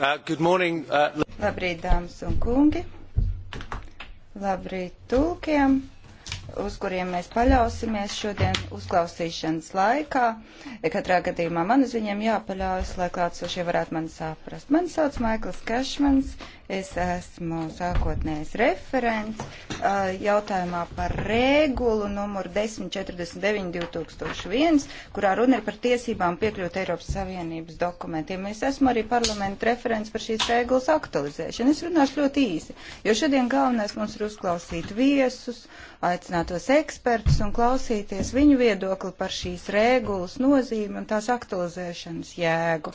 Uh, good morning. Uh... Labrīt, dāmas un kungi. Labrīt tulkiem, uz kuriem mēs paļausimies šodien uzklausīšanas laikā. Katrā gadījumā man uz viņiem jāpaļaujas, lai klātsošie varētu mani saprast. Mani sauc Maikls Kašmans, es esmu sākotnējs referents Eh, jautājumā par regulu numuru 1049-2001, kurā runa ir par tiesībām piekļūt Eiropas Savienības dokumentiem. Es esmu arī parlamenta referents par šīs regulas aktualizēšanu. Es runāšu ļoti īsi, jo šodien galvenais mums ir uzklausīt viesus, aicinātos ekspertus un klausīties viņu viedokli par šīs regulas nozīmi un tās aktualizēšanas jēgu.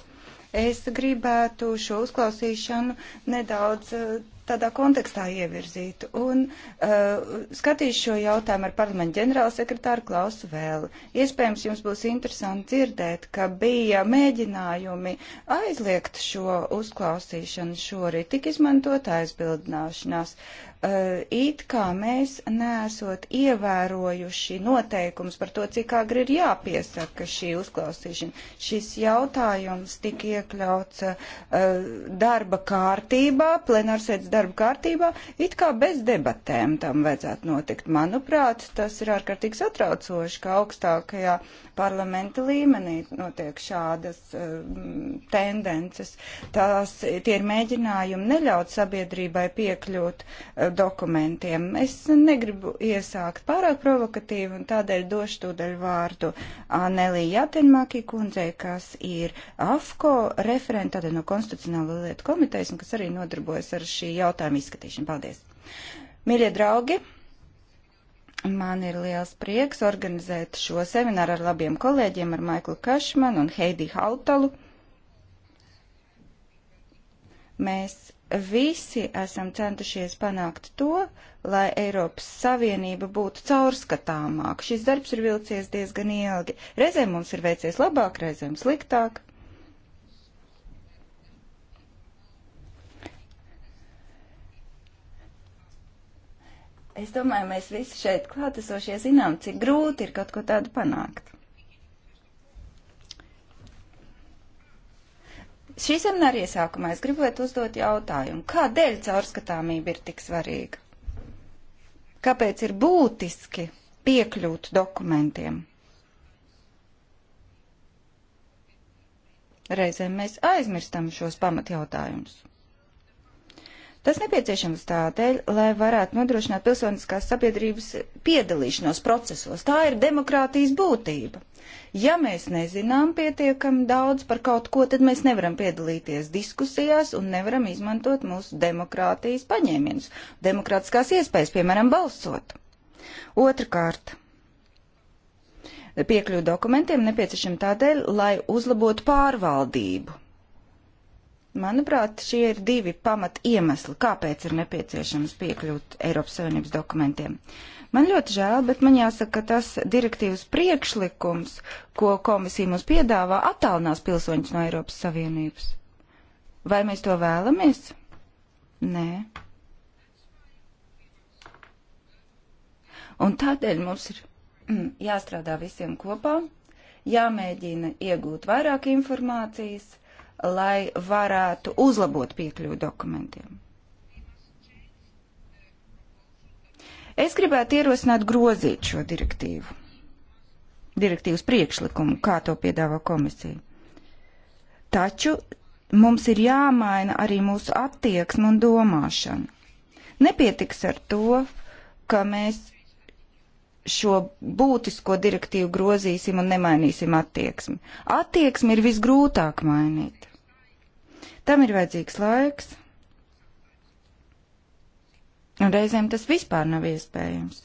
Es gribētu šo uzklausīšanu nedaudz eh, tādā kontekstā ievirzītu. Un uh, skatīšu šo jautājumu ar parlamentu ģenerālsekretāru Klausu Vēlu. Iespējams, jums būs interesanti dzirdēt, ka bija mēģinājumi aizliegt šo uzklausīšanu šorīt, tik izmantot aizbildināšanās. Eh, it kā mēs nesot ievērojuši noteikums par to, cik agri ir jāpiesaka šī uzklausīšana. Šis jautājums tika iekļauts eh, darba kārtībā, plenārsēdes darba kārtībā, it kā bez debatēm tam vajadzētu notikt. Manuprāt, tas ir ārkārtīgi satraucoši, ka augstākajā parlamenta līmenī notiek šādas eh, tendences. Tās, tie ir mēģinājumi neļaut sabiedrībai piekļūt dokumentiem. Es negribu iesākt pārāk provokatīvi un tādēļ došu tūdaļ vārdu Anelī Jatenmākī kundzei, kas ir AFCO referenta, tātad no Konstitucionālo lietu komitejas un kas arī nodarbojas ar šī jautājuma izskatīšanu. Paldies! Mīļie draugi! Man ir liels prieks organizēt šo semināru ar labiem kolēģiem, ar Maiklu Kašmanu un Heidi Hautalu. Mēs visi esam centušies panākt to, lai Eiropas Savienība būtu caurskatāmāk. Šis darbs ir vilcies diezgan ilgi. Reizēm mums ir veicies labāk, reizēm sliktāk. Es domāju, mēs visi šeit klātesošie zinām, cik grūti ir kaut ko tādu panākt. Šī semināra iesākumā es gribētu uzdot jautājumu, kādēļ caurskatāmība ir tik svarīga? Kāpēc ir būtiski piekļūt dokumentiem? Reizēm mēs aizmirstam šos pamatjautājumus. Tas nepieciešams tādēļ, lai varētu nodrošināt pilsoniskās sabiedrības piedalīšanos procesos. Tā ir demokrātijas būtība. Ja mēs nezinām pietiekami daudz par kaut ko, tad mēs nevaram piedalīties diskusijās un nevaram izmantot mūsu demokrātijas paņēmienus, demokrātiskās iespējas, piemēram, balsot. Otrakārt piekļuvu dokumentiem nepieciešama tādēļ, lai uzlabotu pārvaldību. Manuprāt, šie ir divi pamat iemesli, kāpēc ir nepieciešams piekļūt Eiropas Savienības dokumentiem. Man ļoti žēl, bet man jāsaka, ka tas direktīvas priekšlikums, ko komisija mums piedāvā, attālinās pilsoņus no Eiropas Savienības. Vai mēs to vēlamies? Nē. Un tādēļ mums ir mm, jāstrādā visiem kopā, jāmēģina iegūt vairāk informācijas lai varētu uzlabot piekļuvi dokumentiem. Es gribētu ierosināt grozīt šo direktīvu, direktīvas priekšlikumu, kā to piedāvā komisija. Taču mums ir jāmaina arī mūsu attieksme un domāšana. Nepietiks ar to, ka mēs šo būtisko direktīvu grozīsim un nemainīsim attieksmi. Attieksmi ir visgrūtāk mainīt. Tam ir vajadzīgs laiks. Un reizēm tas vispār nav iespējams.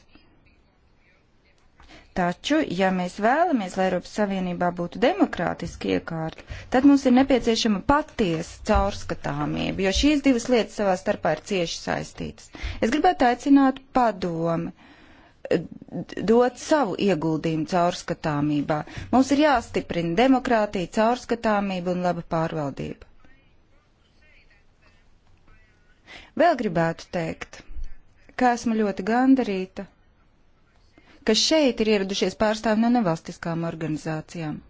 Taču, ja mēs vēlamies, lai Eiropas Savienībā būtu demokrātiski iekārta, tad mums ir nepieciešama patiesa caurskatāmība, jo šīs divas lietas savā starpā ir cieši saistītas. Es gribētu aicināt padomi dot savu ieguldījumu caurskatāmībā. Mums ir jāstiprina demokrātija, caurskatāmība un laba pārvaldība. Vēl gribētu teikt, ka esmu ļoti gandarīta, ka šeit ir ieradušies pārstāvi no nevalstiskām organizācijām.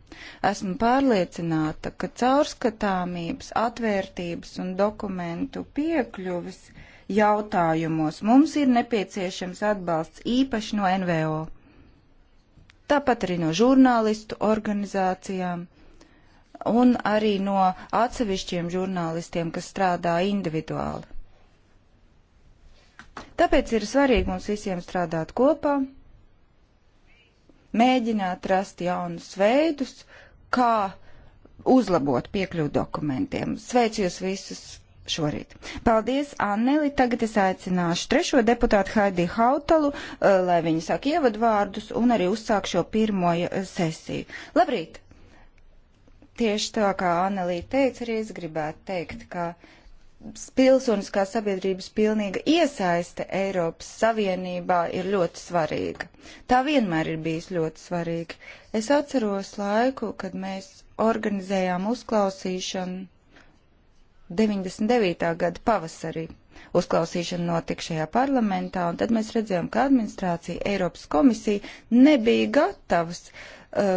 Esmu pārliecināta, ka caurskatāmības, atvērtības un dokumentu piekļuvis uh, jautājumos. Mums ir nepieciešams atbalsts īpaši no NVO, tāpat arī no žurnālistu organizācijām un arī no atsevišķiem žurnālistiem, kas strādā individuāli. Tāpēc ir svarīgi mums visiem strādāt kopā, mēģināt rast jaunus veidus, kā uzlabot piekļuvu dokumentiem. Sveicu jūs visus šorīt. Paldies, Anneli. Tagad es aicināšu trešo deputātu Haidī Hautalu, eh, lai viņa sāk ievadvārdus un arī uzsāk šo pirmo eh, sesiju. Labrīt! Tieši tā kā Annelī teica, arī es gribētu teikt, ka pilsoniskās sabiedrības pilnīga iesaiste Eiropas Savienībā ir ļoti svarīga. Tā vienmēr ir bijis ļoti svarīga. Es atceros laiku, kad mēs organizējām uzklausīšanu 99. gada pavasarī. Uzklausīšana notika šajā parlamentā, un tad mēs redzējām, ka administrācija, Eiropas komisija nebija gatavs uh,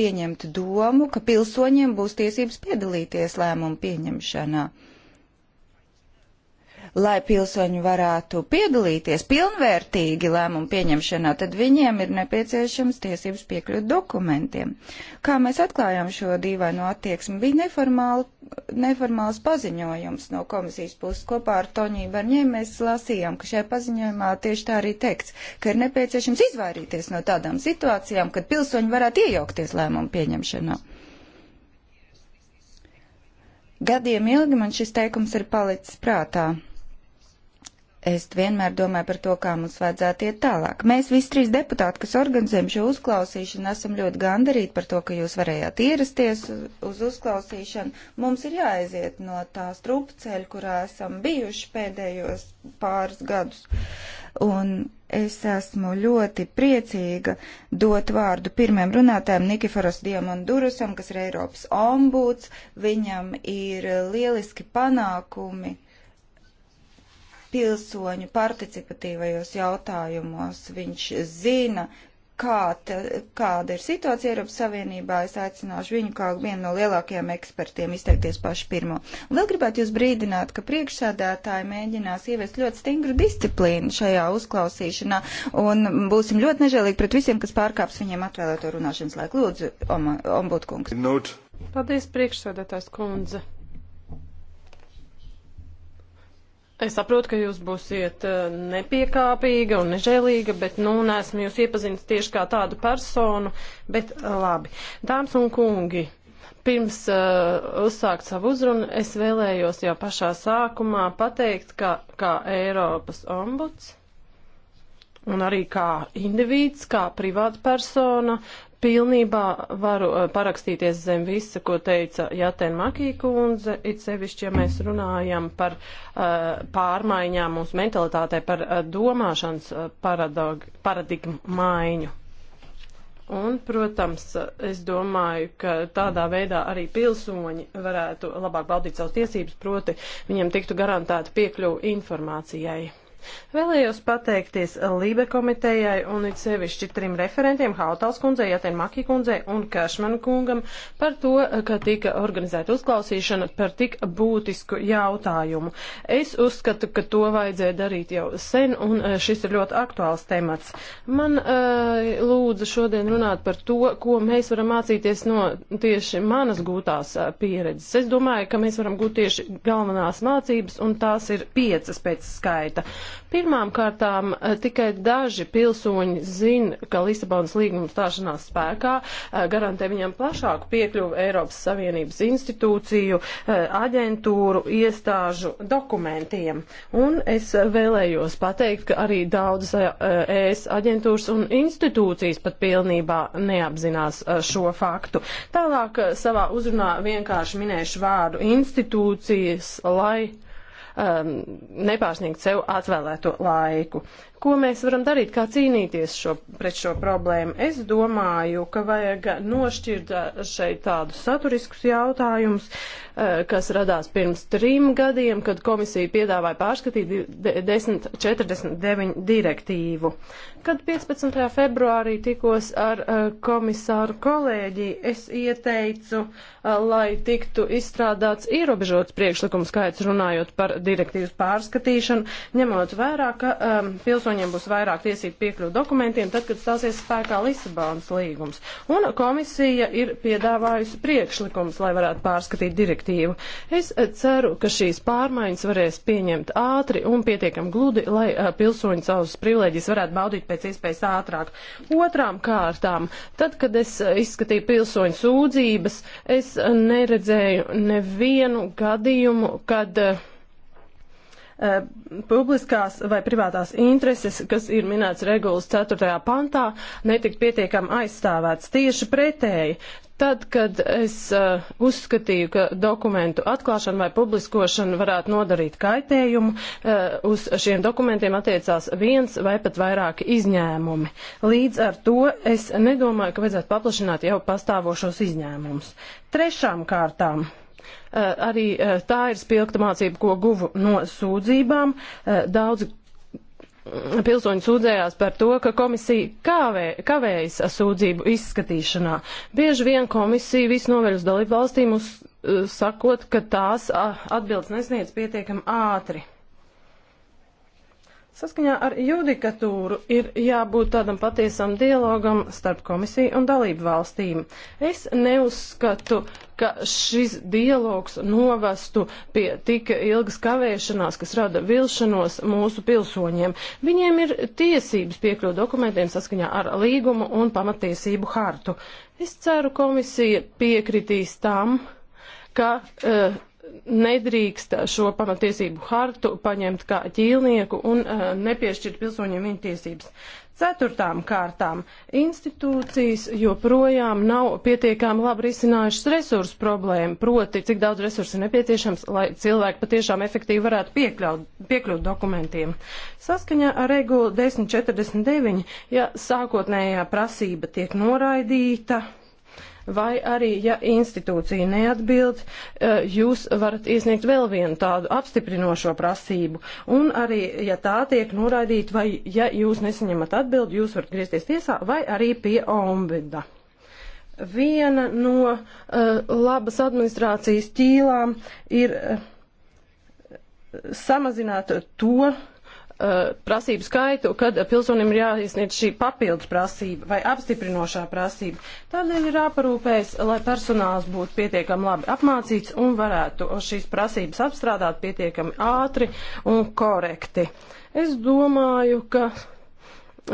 pieņemt domu, ka pilsoņiem būs tiesības piedalīties lēmumu pieņemšanā. Uh, lai pilsoņi varētu piedalīties pilnvērtīgi lēmumu pieņemšanā, tad viņiem ir nepieciešams tiesības piekļūt dokumentiem. Kā mēs atklājām šo dīvaino attieksmi, bija neformāli, neformāls paziņojums no komisijas puses. Kopā ar Toņiju Barņēm mēs lasījām, ka šajā paziņojumā tieši tā arī teikts, ka ir nepieciešams izvairīties no tādām situācijām, kad pilsoņi varētu iejaukties lēmumu pieņemšanā. Gadiem ilgi man šis teikums ir palicis prātā es vienmēr domāju par to, kā mums vajadzētu iet tālāk. Mēs visi trīs deputāti, kas organizējam šo uzklausīšanu, esam ļoti gandarīti par to, ka jūs varējāt ierasties uz uzklausīšanu. Mums ir jāaiziet no tā strupceļa, kurā esam bijuši pēdējos pāris gadus. Un es esmu ļoti priecīga dot vārdu pirmiem runātājiem Nikiforos Diamondurusam, kas ir Eiropas ombuds. Viņam ir lieliski panākumi pilsoņu participatīvajos jautājumos. Viņš zina, kā te, kāda ir situācija Eiropas Savienībā. Es aicināšu viņu kā vienu no lielākajiem ekspertiem izteikties pašu pirmo. Un vēl gribētu jūs brīdināt, ka priekšsādātāji mēģinās ieviest ļoti stingru disciplīnu šajā uzklausīšanā un būsim ļoti nežēlīgi pret visiem, kas pārkāps viņiem atvēlēto runāšanas laiku. Lūdzu, Ombudkungs. Paldies, priekšsādātājs kundze. Es saprotu, ka jūs būsiet eh, nepiekāpīga un nežēlīga, bet, nu, nesmu jūs iepazinis tieši kā tādu personu, bet eh, labi. Dāmas un kungi, pirms uh, uzsākt savu uzrunu, es vēlējos jau pašā sākumā pateikt, ka kā Eiropas ombuds un arī kā indivīds, kā privāta persona, Pilnībā varu eh, parakstīties zem visa, ko teica Jātēna Makī kundze, it sevišķi, ja mēs runājam par uh, pārmaiņām mūsu mentalitātē, par uh, domāšanas paradog, paradigmu maiņu. Un, protams, es domāju, ka tādā veidā arī pilsoņi varētu labāk baudīt savas tiesības, proti viņiem tiktu garantēta piekļuva informācijai. Vēlējos pateikties Lībe komitejai un it sevišķi trim referentiem - Hautals kundzei, Jātien Maki kundzei un Kašmanu kungam par to, ka tika organizēta uzklausīšana par tik būtisku jautājumu. Es uzskatu, ka to vajadzēja darīt jau sen un e, šis ir ļoti aktuāls temats. Man uh, lūdza šodien runāt par to, ko mēs varam mācīties no tieši manas gūtās e, pieredzes. Es domāju, ka mēs varam gūt tieši galvenās mācības un tās ir piecas pēc skaita. Uh, Pirmām kārtām eh, tikai daži pilsoņi zina, ka Lisabonas līguma stāšanās spēkā eh, garantē viņam plašāku piekļuvu Eiropas Savienības institūciju, eh, aģentūru, iestāžu dokumentiem. Un es vēlējos pateikt, ka arī daudzas ES e aģentūras un institūcijas pat pilnībā neapzinās šo faktu. Tālāk savā uzrunā vienkārši minēšu vārdu institūcijas, lai um, nepārsniegt sev atvēlēto laiku. Ko mēs varam darīt, kā cīnīties šo, pret šo problēmu? Es domāju, ka vajag nošķirt eh, šeit tādus saturiskus jautājumus, eh, kas radās pirms trim gadiem, kad komisija piedāvāja pārskatīt 1049 direktīvu. Kad 15. februārī tikos ar eh, komisāru kolēģi, es ieteicu, lai tiktu izstrādāts ierobežots priekšlikums skaits runājot par direktīvas pārskatīšanu, ņemot vērā, ka um, pilsonības pilsoņiem būs vairāk tiesību piekļuvu dokumentiem, tad, kad stāsies spēkā Lisabonas līgums. Un komisija ir piedāvājusi priekšlikums, lai varētu pārskatīt direktīvu. Es eh, ceru, ka šīs pārmaiņas varēs pieņemt ātri un pietiekam gludi, lai eh, pilsoņi savus privileģijas varētu baudīt pēc iespējas ātrāk. Otrām kārtām, tad, kad es eh, izskatīju pilsoņu sūdzības, es neredzēju nevienu gadījumu, kad uh, Eh, publiskās vai privātās intereses, kas ir minēts regulas 4. pantā, netikt pietiekam aizstāvēts. Tieši pretēji, Tad, kad es uh, uzskatīju, ka dokumentu atklāšana vai publiskošana varētu nodarīt kaitējumu, uh, uz šiem dokumentiem attiecās viens vai pat vairāki izņēmumi. Līdz ar to es nedomāju, ka vajadzētu paplašināt jau pastāvošos izņēmumus. Trešām kārtām. Uh, Eh, arī eh, tā ir spilgta mācība, ko guvu no sūdzībām. Eh, Daudzi pilsoņi sūdzējās par to, ka komisija kavē, kavējas sūdzību izskatīšanā. Bieži vien komisija visu noveļ uz dalību valstīm, uz, sakot, ka tās atbildes nesniedz pietiekam ātri. Saskaņā ar judikatūru ir jābūt tādam patiesam dialogam starp komisiju un dalību valstīm. Es neuzskatu, ka šis dialogs novestu pie tik ilgas kavēšanās, kas rada vilšanos mūsu pilsoņiem. Viņiem ir tiesības piekļūt dokumentiem saskaņā ar līgumu un pamatiesību hartu. Es ceru, komisija piekritīs tam, ka. Uh, nedrīkst šo pamatiesību hartu paņemt kā ķīlnieku un uh, nepiešķirt pilsoņiem viņa tiesības. Ceturtām kārtām institūcijas joprojām nav pietiekami labi risinājušas resursu problēmu, proti cik daudz resursu ir nepieciešams, lai cilvēki patiešām efektīvi varētu piekļaut, piekļūt dokumentiem. Saskaņā ar regulu 1049, ja sākotnējā prasība tiek noraidīta, vai arī, ja institūcija neatbild, eh, jūs varat iesniegt vēl vienu tādu apstiprinošo prasību. Un arī, ja tā tiek noraidīta, vai ja jūs nesaņemat atbildi, jūs varat griezties tiesā vai arī pie ombida viena no uh, labas administrācijas ķīlām ir uh, samazināt to, uh, prasību skaitu, kad pilsonim ir jāiesniedz šī papildus prasība vai apstiprinošā prasība. Tādēļ ir jāparūpējas, lai personāls būtu pietiekami labi apmācīts un varētu šīs prasības apstrādāt pietiekami ātri un korekti. Es domāju, ka uh,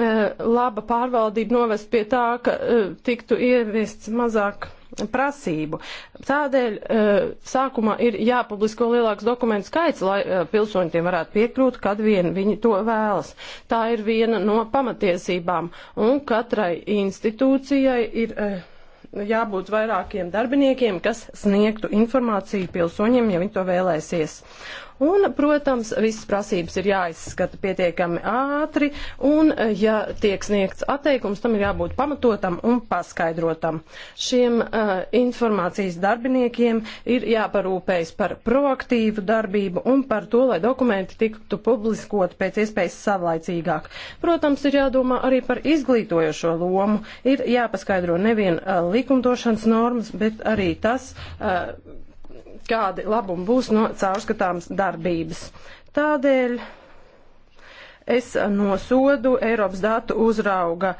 laba pārvaldība novest pie tā, ka uh, tiktu ieviests mazāk prasību. Tādēļ eh, sākumā ir jāpublisko lielāks dokumentu skaits, lai eh, pilsoņi tiem varētu piekļūt, kad vien viņi to vēlas. Tā ir viena no pamatiesībām, un katrai institūcijai ir eh, jābūt vairākiem darbiniekiem, kas sniegtu informāciju pilsoņiem, ja viņi to vēlēsies. Un, protams, visas prasības ir jāizskata pietiekami ātri, un, eh, ja tiek sniegts atteikums, tam ir jābūt pamatotam un paskaidrotam. Šiem uh, informācijas darbiniekiem ir jāparūpējas par proaktīvu darbību un par to, lai dokumenti tiktu publiskot pēc iespējas savlaicīgāk. Protams, ir jādomā arī par izglītojošo lomu. Ir jāpaskaidro nevien uh, likumdošanas normas, bet arī tas, uh, kādi labumi būs no caurskatāmas darbības. Tādēļ es nosodu Eiropas datu uzrauga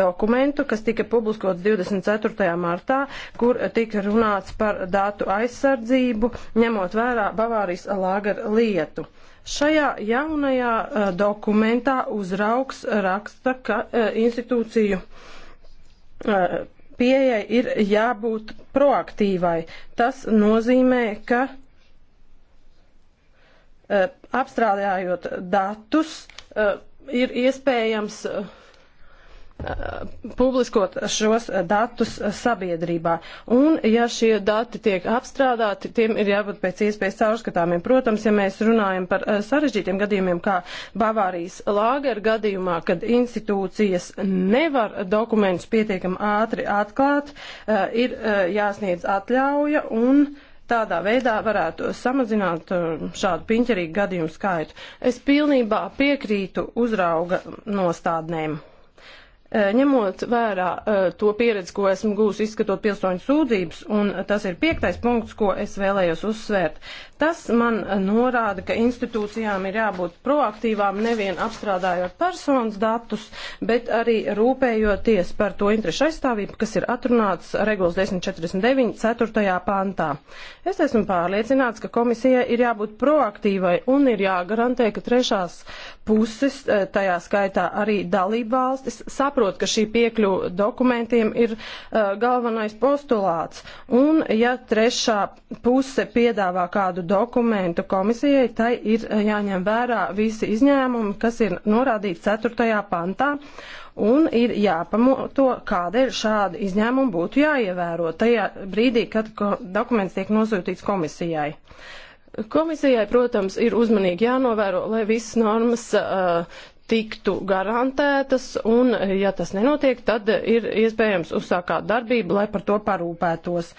dokumentu, kas tika publiskots 24. martā, kur tika runāts par datu aizsardzību, ņemot vērā Bavārijas lāgara lietu. Šajā jaunajā eh, dokumentā uzraugs raksta, ka eh, institūciju eh, pieejai ir jābūt proaktīvai. Tas nozīmē, ka eh, apstrādājot datus, eh, ir iespējams uh, Eh, publiskot šos datus sabiedrībā. Un, ja šie dati tiek apstrādāti, tiem ir jābūt pēc iespējas caurskatāmiem. Protams, ja mēs runājam par eh, sarežģītiem gadījumiem, kā Bavārijas lāgera gadījumā, kad institūcijas nevar dokumentus pietiekami ātri atklāt, eh, ir jāsniedz atļauja un tādā veidā varētu samazināt šādu piņķerīgu gadījumu skaitu. Es pilnībā piekrītu uzrauga nostādnēm. Eh, ņemot vērā eh, to pieredzi, ko esmu gūs izskatot pilsoņu sūdzības, un tas ir piektais punkts, ko es vēlējos uzsvērt. Tas man eh, norāda, ka institūcijām ir jābūt proaktīvām, nevien apstrādājot personas datus, bet arī rūpējoties par to interešu aizstāvību, kas ir atrunāts regulas 1049. 4. pantā. Es esmu pārliecināts, ka komisijai ir jābūt proaktīvai un ir jāgarantē, ka trešās puses, e, tajā skaitā arī dalībvalstis, saprot, ka šī piekļuva dokumentiem ir uh, galvenais postulāts. Un, ja trešā puse piedāvā kādu dokumentu komisijai, tai ir e, jāņem vērā visi izņēmumi, kas ir norādīti 4. pantā un ir jāpamoto, kādēļ šādi izņēmumi būtu jāievēro tajā brīdī, kad dokuments tiek nosūtīts komisijai. Komisijai, protams, ir uzmanīgi jānovēro, lai visas normas uh, tiktu garantētas, un, uh, ja tas nenotiek, tad ir iespējams uzsākāt darbību, lai par to parūpētos.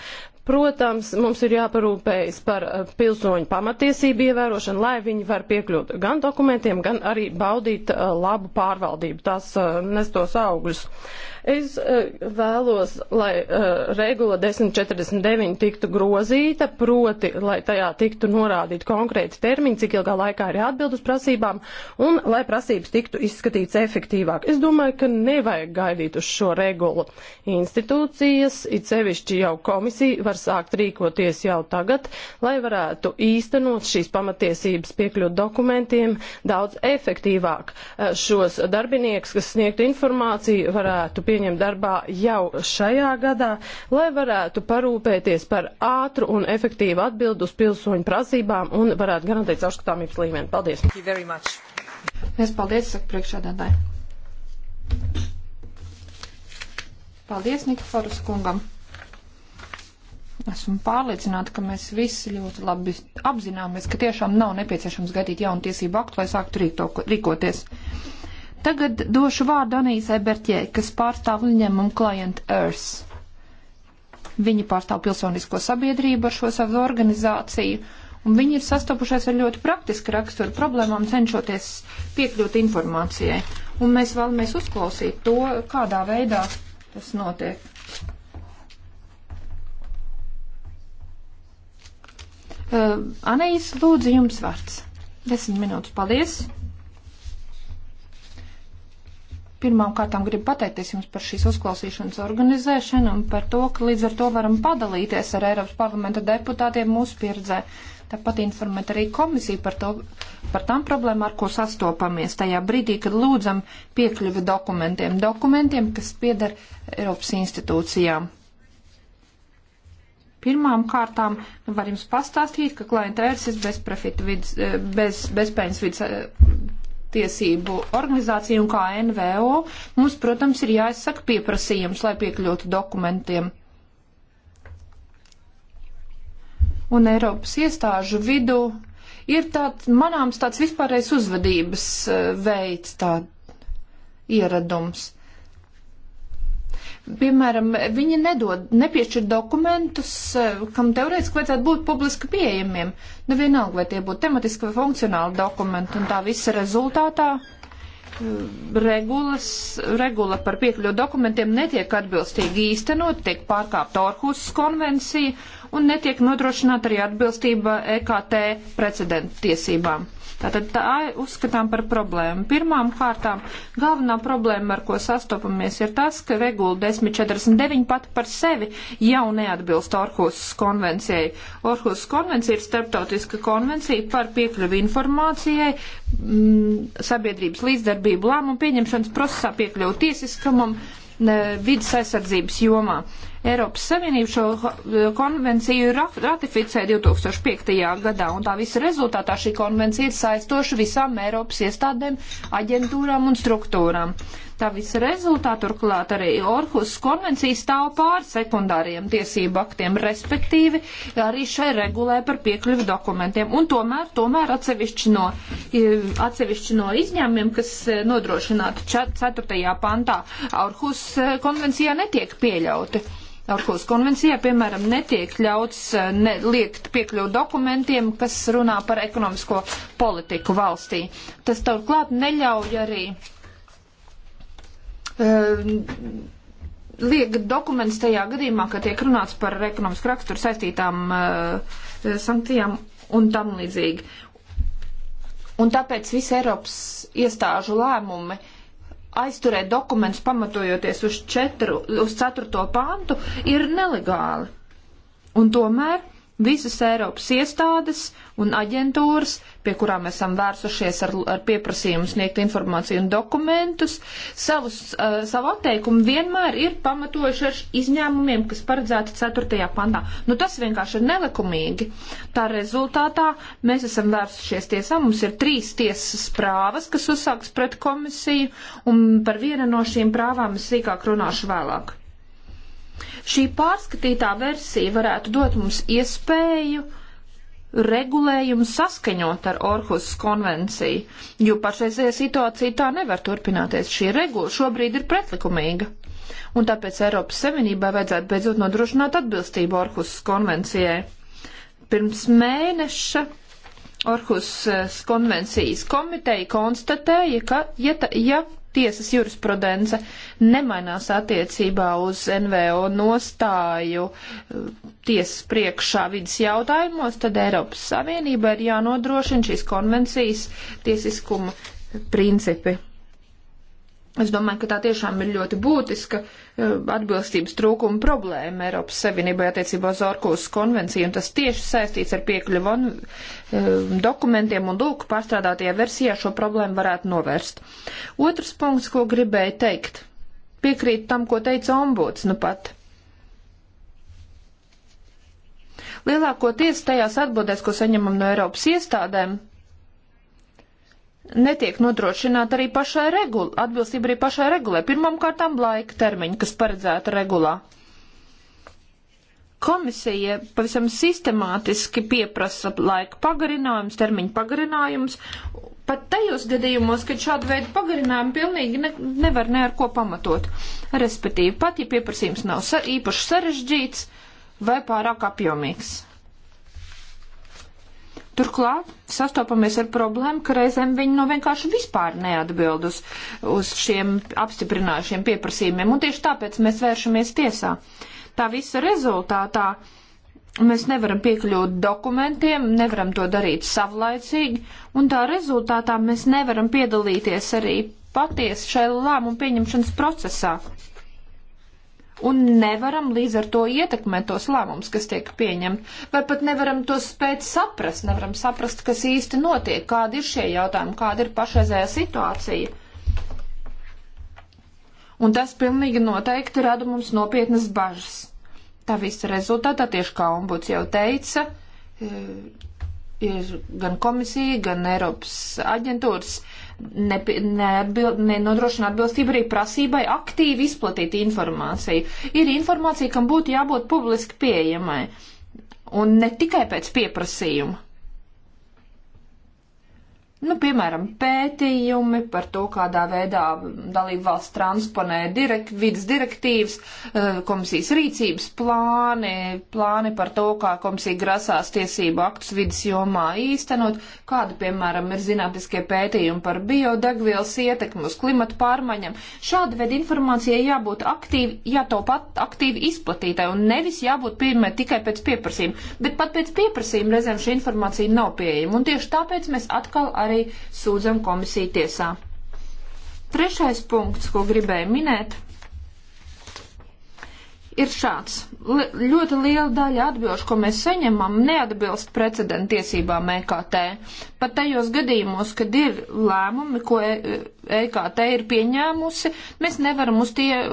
Protams, mums ir jāparūpējas par uh, pilsoņu pamatiesību ievērošanu, lai viņi var piekļūt gan dokumentiem, gan arī baudīt uh, labu pārvaldību, tās nestos augļus. Uh, Es e, vēlos, lai e, regula 1049 tiktu grozīta, proti, lai tajā tiktu norādīti konkrēti termiņi, cik ilgā laikā ir jāatbild uz prasībām, un lai prasības tiktu izskatīts efektīvāk. Es domāju, ka nevajag gaidīt uz šo regulu. Institūcijas, it sevišķi jau komisija, var sākt rīkoties jau tagad, lai varētu īstenot šīs pamatiesības piekļūt dokumentiem daudz efektīvāk. E, šos darbinieks, kas sniegtu informāciju, varētu pieņem darbā jau šajā gadā, lai varētu parūpēties par ātru un efektīvu atbildu uz pilsoņu prasībām un varētu garantēt caurskatāmības līmeni. Paldies! Mēs paldies, saka priekšādātāji. Paldies Nikiforus kungam. Esmu pārliecināta, ka mēs visi ļoti labi apzināmies, ka tiešām nav nepieciešams gaidīt jaunu tiesību aktu, lai sāktu rīkoties. Tagad došu vārdu Anīzai Bertjē, kas pārstāv uzņēmumu Client Earth. Viņi pārstāv pilsonisko sabiedrību ar šo savu organizāciju, un viņi ir sastopušies ar ļoti praktiski raksturu problēmām, cenšoties piekļūt informācijai. Un mēs vēlamies uzklausīt to, kādā veidā tas notiek. Uh, Anīs, lūdzu, jums vārds. Desmit minūtes, paldies! Pirmām kārtām gribu pateikties jums par šīs uzklausīšanas organizēšanu un par to, ka līdz ar to varam padalīties ar Eiropas parlamenta deputātiem mūsu pieredzē. Tāpat informēt arī komisiju par, to, par tām problēmām, ar ko sastopamies tajā brīdī, kad lūdzam piekļuvi dokumentiem, dokumentiem, kas pieder Eiropas institūcijām. Pirmām kārtām var jums pastāstīt, ka klienta ērsis bez, vids, eh, bez, bezpējas vidas eh, tiesību organizācija un kā NVO, mums, protams, ir jāizsaka pieprasījums, lai piekļūtu dokumentiem. Un Eiropas iestāžu vidū ir tāds manāms tāds vispārējais uzvedības eh, veids, tā ieradums piemēram, viņi nedod, nepiešķir dokumentus, eh, kam teorētiski vajadzētu būt publiski pieejamiem. Nu, vienalga, vai tie būtu tematiski vai funkcionāli dokumenti, un tā visa rezultātā eh, regulas, regula par piekļuvu dokumentiem netiek atbilstīgi īstenot, tiek pārkāpta Orhusas konvencija un netiek nodrošināta arī atbilstība EKT precedentu tiesībām. Tātad tā uzskatām par problēmu. Pirmām kārtām galvenā problēma, ar ko sastopamies, ir tas, ka regula 1049 pat par sevi jau neatbilst Orhusas konvencijai. Orhusas konvencija ir starptautiska konvencija par piekļuvi informācijai, m, mm, sabiedrības līdzdarbību lēmumu pieņemšanas procesā piekļuvu tiesiskumam, vidas aizsardzības jomā. Eiropas Savienība šo eh, konvenciju ratificēja 2005. gadā, un tā visa rezultātā šī konvencija ir saistoša visām Eiropas iestādēm, aģentūrām un struktūrām. Tā visa rezultāta turklāt arī Orhus konvencija stāv pār sekundāriem tiesību aktiem, respektīvi arī šai regulē par piekļuvi dokumentiem. Un tomēr, tomēr atsevišķi no, atsevišķi no izņēmumiem, kas e, nodrošināti 4. pantā, Orhus e, konvencijā netiek pieļauti. Orhus konvencijā, piemēram, netiek ļauts eh, ne, liekt piekļūt dokumentiem, kas runā par ekonomisko politiku valstī. Tas turklāt neļauj arī. Uh, liek dokuments tajā gadījumā, ka tiek runāts par ekonomisku raksturu saistītām uh, sankcijām un tam līdzīgi. Un tāpēc visi Eiropas iestāžu lēmumi uh, aizturēt dokumentus pamatojoties uz, četru, uz ceturto pantu ir nelegāli. Un tomēr visas Eiropas iestādes un aģentūras, pie kurām esam vērsušies ar, ar pieprasījumu sniegt informāciju un dokumentus, savus, uh, savu atteikumu vienmēr ir pamatojuši ar izņēmumiem, kas paredzēti 4. pantā. Nu, tas vienkārši ir nelikumīgi. Tā rezultātā mēs esam vērsušies tiesā, mums ir trīs tiesas prāvas, kas uzsāks pret komisiju, un par vienu no šīm prāvām es sīkāk runāšu vēlāk. Šī pārskatītā versija varētu dot mums iespēju regulējumu saskaņot ar Orhusas konvenciju, jo pašreizējā situācija tā nevar turpināties. Šī regula šobrīd ir pretlikumīga. Un tāpēc Eiropas Savienībai vajadzētu beidzot nodrošināt atbilstību Orhusas konvencijai. Pirms mēneša Orhusas eh, konvencijas komiteja konstatēja, ka, ja, ta, ja tiesas jurisprudence nemainās attiecībā uz NVO nostāju eh, tiesas priekšā vidas jautājumos, tad Eiropas Savienība ir jānodrošina šīs konvencijas tiesiskuma principi. Es domāju, ka tā tiešām ir ļoti būtiska eh, atbilstības trūkuma problēma Eiropas Savienībai attiecībā uz Orkūzes konvenciju, un tas tieši saistīts ar piekļuvu eh, dokumentiem, un lūk, pārstrādātajā versijā šo problēmu varētu novērst. Otrs punkts, ko gribēju teikt, piekrīt tam, ko teica ombuds nu pat. Lielākoties tajās atbildēs, ko saņemam no Eiropas iestādēm, netiek nodrošināta arī pašai regulai, atbilstība arī pašai regulai. Pirmkārtām laika termiņi, kas paredzēta regulā. Komisija pavisam sistemātiski pieprasa laika pagarinājums, termiņu pagarinājums, pat tajos gadījumos, kad šāda veida pagarinājumu pilnīgi ne, nevar ne ar ko pamatot. Respektīvi, pat ja pieprasījums nav sa īpaši sarežģīts vai pārāk apjomīgs. Turklāt sastopamies ar problēmu, ka reizēm viņi no vienkārši vispār neatbild uz, uz šiem apstiprinājušiem pieprasījumiem, un tieši tāpēc mēs vēršamies tiesā. Tā visa rezultātā mēs nevaram piekļūt dokumentiem, nevaram to darīt savlaicīgi, un tā rezultātā mēs nevaram piedalīties arī patiesi šai lēmumu pieņemšanas procesā un nevaram līdz ar to ietekmēt tos lēmumus, kas tiek pieņemti, vai pat nevaram tos spēt saprast, nevaram saprast, kas īsti notiek, kādi ir šie jautājumi, kāda ir pašreizējā situācija. Un tas pilnīgi noteikti rada mums nopietnas bažas. Tā visa rezultātā, tieši kā ombuds jau teica, e, ir gan komisija, gan Eiropas aģentūras nenodrošina ne, ne atbilstību arī prasībai aktīvi izplatīt informāciju. Ir informācija, kam būtu jābūt publiski pieejamai, un ne tikai pēc pieprasījuma. Nu, piemēram, pētījumi par to, kādā veidā dalību valsts transponē direkt, vidas direktīvas, eh, komisijas rīcības plāni, plāni par to, kā komisija grasās tiesību aktus vidas jomā īstenot, kāda, piemēram, ir zinātniskie pētījumi par biodegvielas ietekmu uz klimatu pārmaiņam. Šāda veida informācijai jābūt aktīvi, jātop aktīvi izplatītai un nevis jābūt pieejamai tikai pēc pieprasījuma, bet pat pēc pieprasījuma reizēm šī informācija nav pieejama. Un tieši tāpēc mēs atkal arī arī sūdzam komisiju tiesā. Trešais punkts, ko gribēju minēt, ir šāds. L ļoti liela daļa atbilžu, ko mēs saņemam, neatbilst precedenta tiesībām EKT. Pat tajos gadījumos, kad ir lēmumi, ko EKT e ir pieņēmusi, mēs nevaram uz, tie,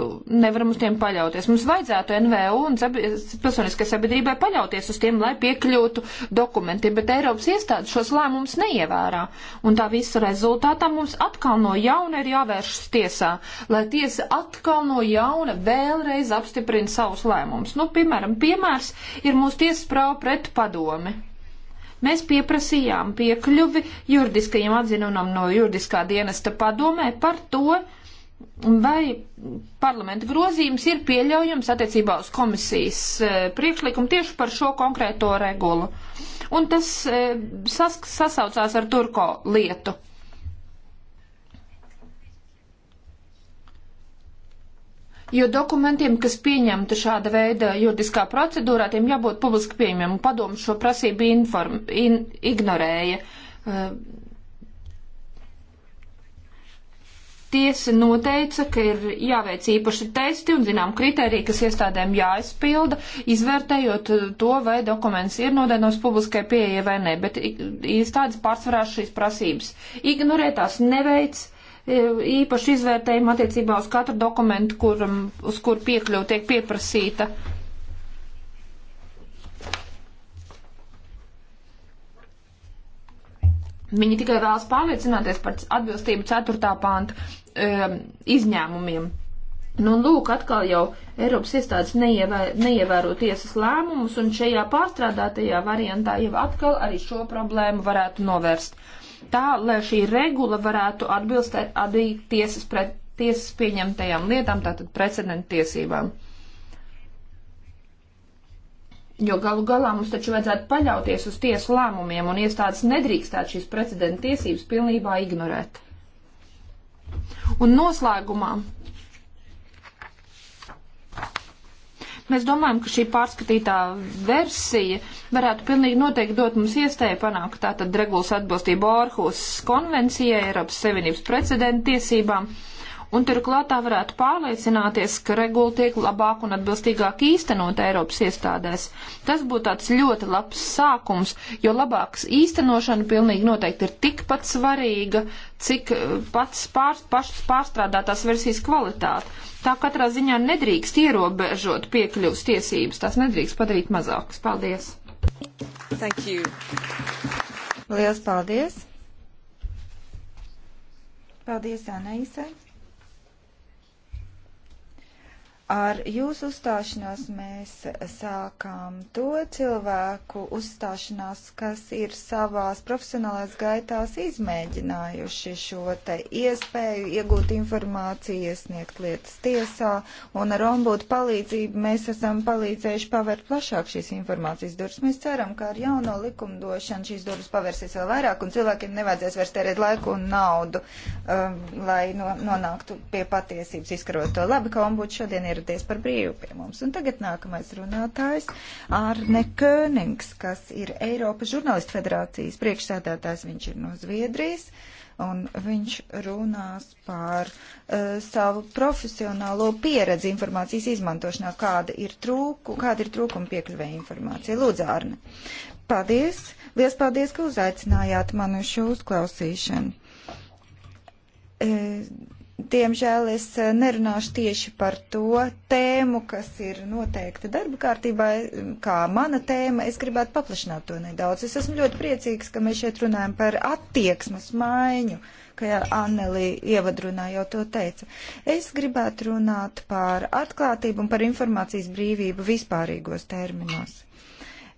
nevaram uz tiem paļauties. Mums vajadzētu NVO un sabi pilsoniskai sabiedrībai paļauties uz tiem, lai piekļūtu dokumentiem, bet Eiropas iestādes šos lēmumus neievērā. Un tā visa rezultātā mums atkal no jauna ir jāvēršas tiesā, lai tiesa atkal no jauna vēlreiz apstiprina pieņemt savus lēmumus. Nu, piemēram, piemērs ir mūsu tiesas prāva pret padomi. Mēs pieprasījām piekļuvi juridiskajiem atzinumam no juridiskā dienesta padomē par to, vai parlamenta grozījums ir pieļaujams attiecībā uz komisijas e, priekšlikumu tieši par šo konkrēto regulu. Un tas e, sas, sasaucās ar Turko lietu. Jo dokumentiem, kas pieņemti šāda veida juridiskā procedūrā, tiem jābūt publiski pieņemam. Padomu šo prasību inform, in, ignorēja. Uh, tiesa noteica, ka ir jāveic īpaši testi un zinām kriteriji, kas iestādēm jāizpilda, izvērtējot eh, to, vai dokuments ir nodēnos publiskai pieeja vai ne, bet iestādes pārsvarā šīs prasības ignorē, tās neveic īpašu izvērtējumu attiecībā uz katru dokumentu, kur, um, uz kur piekļuva tiek pieprasīta. Viņi tikai vēlas pārliecināties par atbilstību 4. pānta um, izņēmumiem. Nu, lūk, atkal jau Eiropas iestādes neievēro, neievēro tiesas lēmumus, un šajā pārstrādātajā variantā jau atkal arī šo problēmu varētu novērst. Uh, tā, lai šī regula varētu atbilstēt arī tiesas, pret, tiesas pieņemtajām lietām, tātad precedentu tiesībām. Jo galu galā mums taču vajadzētu paļauties uz tiesu lēmumiem, un iestādes nedrīkstētu šīs precedenta tiesības pilnībā ignorēt. Un noslēgumā Mēs domājam, ka šī pārskatītā versija varētu pilnīgi noteikti dot mums iestēju panākt tātad regulas atbilstību Orhus konvencijai, Eiropas Savienības precedenta tiesībām. Uh, un turklāt tā varētu pārliecināties, ka regula tiek labāk un atbilstīgāk īstenot Eiropas iestādēs. Tas būtu tāds ļoti labs sākums, jo labāks īstenošana pilnīgi noteikti ir tikpat svarīga, cik eh, pats pār, pašas pārstrādātās versijas kvalitāte. Tā katrā ziņā nedrīkst ierobežot piekļuvas tiesības, tās nedrīkst padarīt mazākas. Paldies! Thank you. Lielas paldies! Paldies, Anna Isai! Ar jūsu uzstāšanos mēs sākām to cilvēku uzstāšanās, kas ir savās profesionālās gaitās izmēģinājuši šo te iespēju iegūt informāciju, iesniegt lietas tiesā, un ar ombudu palīdzību mēs esam palīdzējuši pavērt plašāk šīs informācijas durvis. Mēs ceram, ka ar jauno likumdošanu šīs durvis pavērsies vēl vairāk, un cilvēkiem nevajadzēs vairs tērēt laiku un naudu, um, lai no, nonāktu pie patiesības izkarot to. Labi, ka ombuds šodien ir ieradies par brīvu pie mums. Un tagad nākamais runātājs Ārne Königs, kas ir Eiropas žurnālistu federācijas priekšsēdētājs, viņš ir no Zviedrijas. Un viņš runās par uh, savu profesionālo pieredzi informācijas izmantošanā, kāda ir, trūku, kāda ir trūkuma piekļuvē informācija. Lūdzu, Arne. Paldies! Lielas paldies, ka uzaicinājāt mani uz šo uzklausīšanu. Uh, Diemžēl es e, nerunāšu tieši par to tēmu, kas ir noteikti darba kārtībā, e, kā mana tēma. Es gribētu paplašināt to nedaudz. Es esmu ļoti priecīgs, ka mēs šeit runājam par attieksmes maiņu, kā Anneli ievadrunā jau to teica. Es gribētu runāt par atklātību un par informācijas brīvību vispārīgos terminos.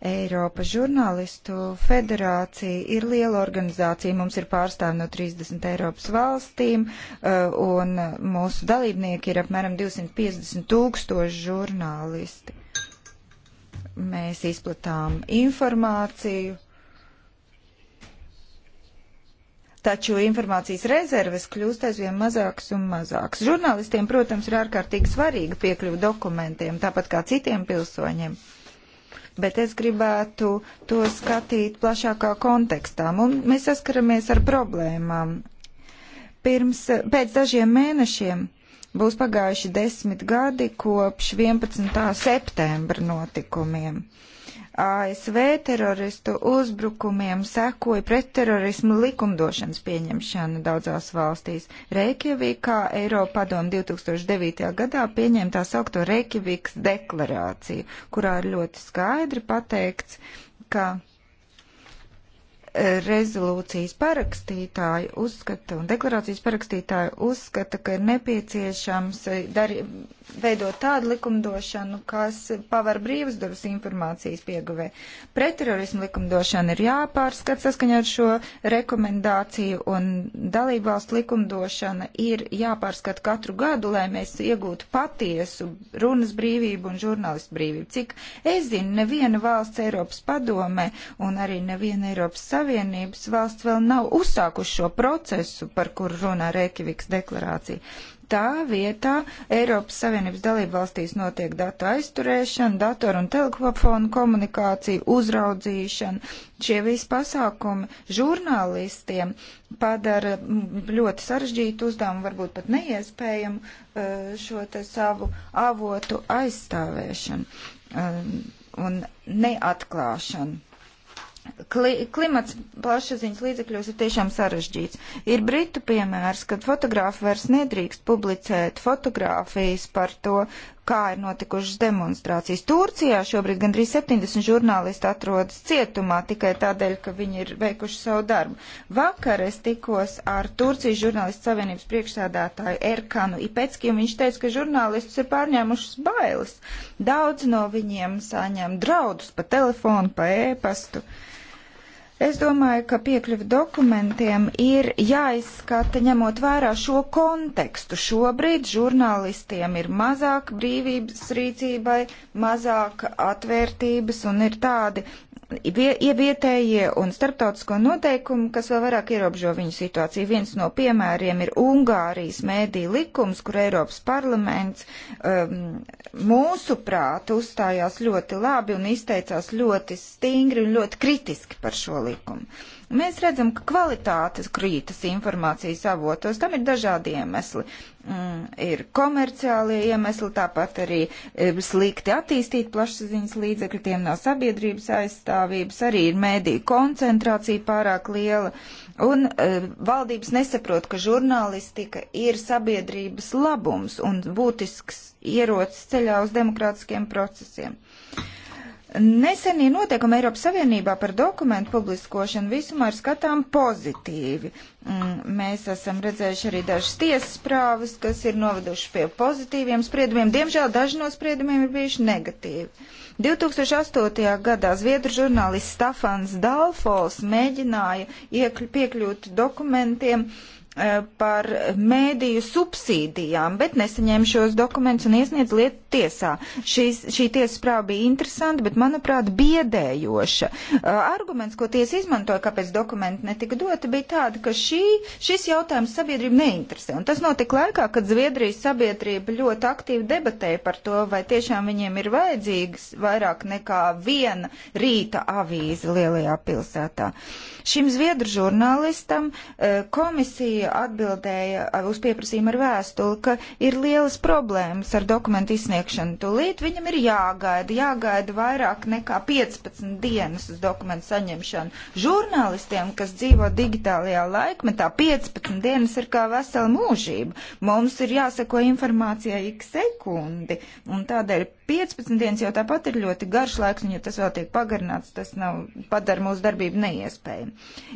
Eiropas žurnālistu federācija ir liela organizācija, mums ir pārstāvi no 30 Eiropas valstīm, uh, un mūsu dalībnieki ir apmēram 250 tūkstoši žurnālisti. Mēs izplatām informāciju, taču informācijas rezerves kļūst aizvien mazākas un mazākas. Žurnālistiem, protams, ir ārkārtīgi svarīga piekļuva dokumentiem, tāpat kā citiem pilsoņiem. Uh, bet es gribētu to skatīt plašākā kontekstā. Un mēs saskaramies ar problēmām. Pirms, pēc dažiem mēnešiem būs pagājuši desmit gadi kopš 11. septembra notikumiem. Uh, ASV teroristu uzbrukumiem sekoja pretterorismu likumdošanas pieņemšana daudzās valstīs. Reikjavīkā Eiropa padomu 2009. gadā pieņēma tā saukto Reikjavīks deklarāciju, kurā ir ļoti skaidri pateikts, ka e, rezolūcijas parakstītāji uzskata un deklarācijas parakstītāji uzskata, ka ir nepieciešams e, darīt veidot tādu likumdošanu, kas paver brīvas durvis informācijas pieguvē. Pretterorismu likumdošana ir jāpārskat saskaņā ar šo rekomendāciju, un dalībvalstu likumdošana ir jāpārskat katru gadu, lai mēs iegūtu patiesu runas brīvību un žurnālistu brīvību. Cik es zinu, neviena valsts Eiropas padome un arī neviena Eiropas Savienības valsts vēl nav uzsākuši šo procesu, par kuru runā Reikjaviks deklarācija tā vietā Eiropas Savienības dalību valstīs notiek datu aizturēšana, datoru un telefonu komunikācija, uzraudzīšana. Šie visi pasākumi žurnālistiem padara ļoti sarežģītu uzdevumu, varbūt pat neiespējamu eh, šo te savu avotu aizstāvēšanu eh, un neatklāšanu. Kli, klimats plašsaziņas līdzekļos ir tiešām sarežģīts. Ir britu piemērs, kad fotogrāfi vairs nedrīkst publicēt fotogrāfijas par to, kā ir notikušas demonstrācijas. Turcijā šobrīd gandrīz 70 žurnālisti atrodas cietumā tikai tādēļ, ka viņi ir veikuši savu darbu. Vakar es tikos ar Turcijas žurnālistu savienības priekšsādātāju Erkanu Ipecki, un viņš teica, ka žurnālistus ir pārņēmušas bailes. Daudz no viņiem saņem draudus pa telefonu, pa ēpastu. E Es domāju, ka piekļuvi dokumentiem ir jāizskata ņemot vērā šo kontekstu. Šobrīd žurnālistiem ir mazāk brīvības rīcībai, mazāk atvērtības un ir tādi ievietējie un starptautisko noteikumu, kas vēl vairāk ierobežo viņu situāciju. Viens no piemēriem ir Ungārijas mēdī likums, kur Eiropas parlaments um, mūsuprāt uzstājās ļoti labi un izteicās ļoti stingri un ļoti kritiski par šo likumu. Mēs redzam, ka kvalitātes krītas informācijas avotos, tam ir dažādi iemesli. Mm, ir komerciālie iemesli, tāpat arī e, slikti attīstīt plašsaziņas līdzekļi, tiem nav sabiedrības aizstāvības, arī ir mēdīja koncentrācija pārāk liela, un e, valdības nesaprot, ka žurnālistika ir sabiedrības labums un būtisks ierocis ceļā uz demokrātiskiem procesiem. Nesenie noteikumi Eiropas Savienībā par dokumentu publiskošanu visumā ir skatām pozitīvi. Mm, mēs esam redzējuši arī dažas tiesas prāvas, kas ir noveduši pie pozitīviem spriedumiem. Diemžēl daži no spriedumiem ir bijuši negatīvi. 2008. gadā zviedru žurnālists Stefans Dalfols mēģināja piekļūt dokumentiem Eh, par mēdīju subsīdijām, bet nesaņēma šos dokumentus un iesniedz lietu tiesā. Šīs, šī tiesas prāva bija interesanta, bet, manuprāt, biedējoša. Eh, arguments, ko tiesa izmantoja, kāpēc dokumenti netika doti, bija tāda, ka šī, šis jautājums sabiedrību neinteresē. Un tas notika laikā, kad Zviedrijas sabiedrība ļoti aktīvi debatēja par to, vai tiešām viņiem ir vajadzīgs vairāk nekā viena rīta avīze lielajā pilsētā. Šim Zviedru žurnālistam eh, komisija atbildēja uz pieprasījumu ar vēstuli, ka ir lielas problēmas ar dokumentu izsniegšanu. Tūlīt viņam ir jāgaida, jāgaida vairāk nekā 15 dienas uz dokumentu saņemšanu. Žurnālistiem, kas dzīvo digitālajā laikmetā, 15 dienas ir kā vesela mūžība. Mums ir jāseko informācijai ik sekundi, un tādēļ 15 dienas jau tāpat ir ļoti garš laiks, un ja tas vēl tiek pagarināts, tas nav, padara mūsu darbību neiespējamu.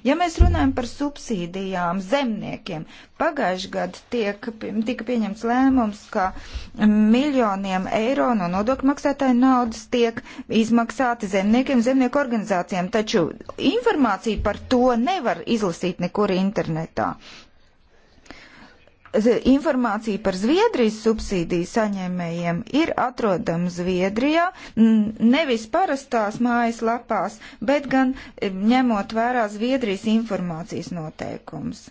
Ja mēs runājam par subsīdijām zemniekiem, pagājuši gadu tiek, tika pieņemts lēmums, ka miljoniem eiro no nodokļu maksātāju naudas tiek izmaksāti zemniekiem, zemnieku organizācijām, taču informāciju par to nevar izlasīt nekur internetā informācija par Zviedrijas subsīdiju saņēmējiem ir atrodama Zviedrijā, nevis parastās mājas lapās, bet gan e, ņemot vērā Zviedrijas informācijas noteikums.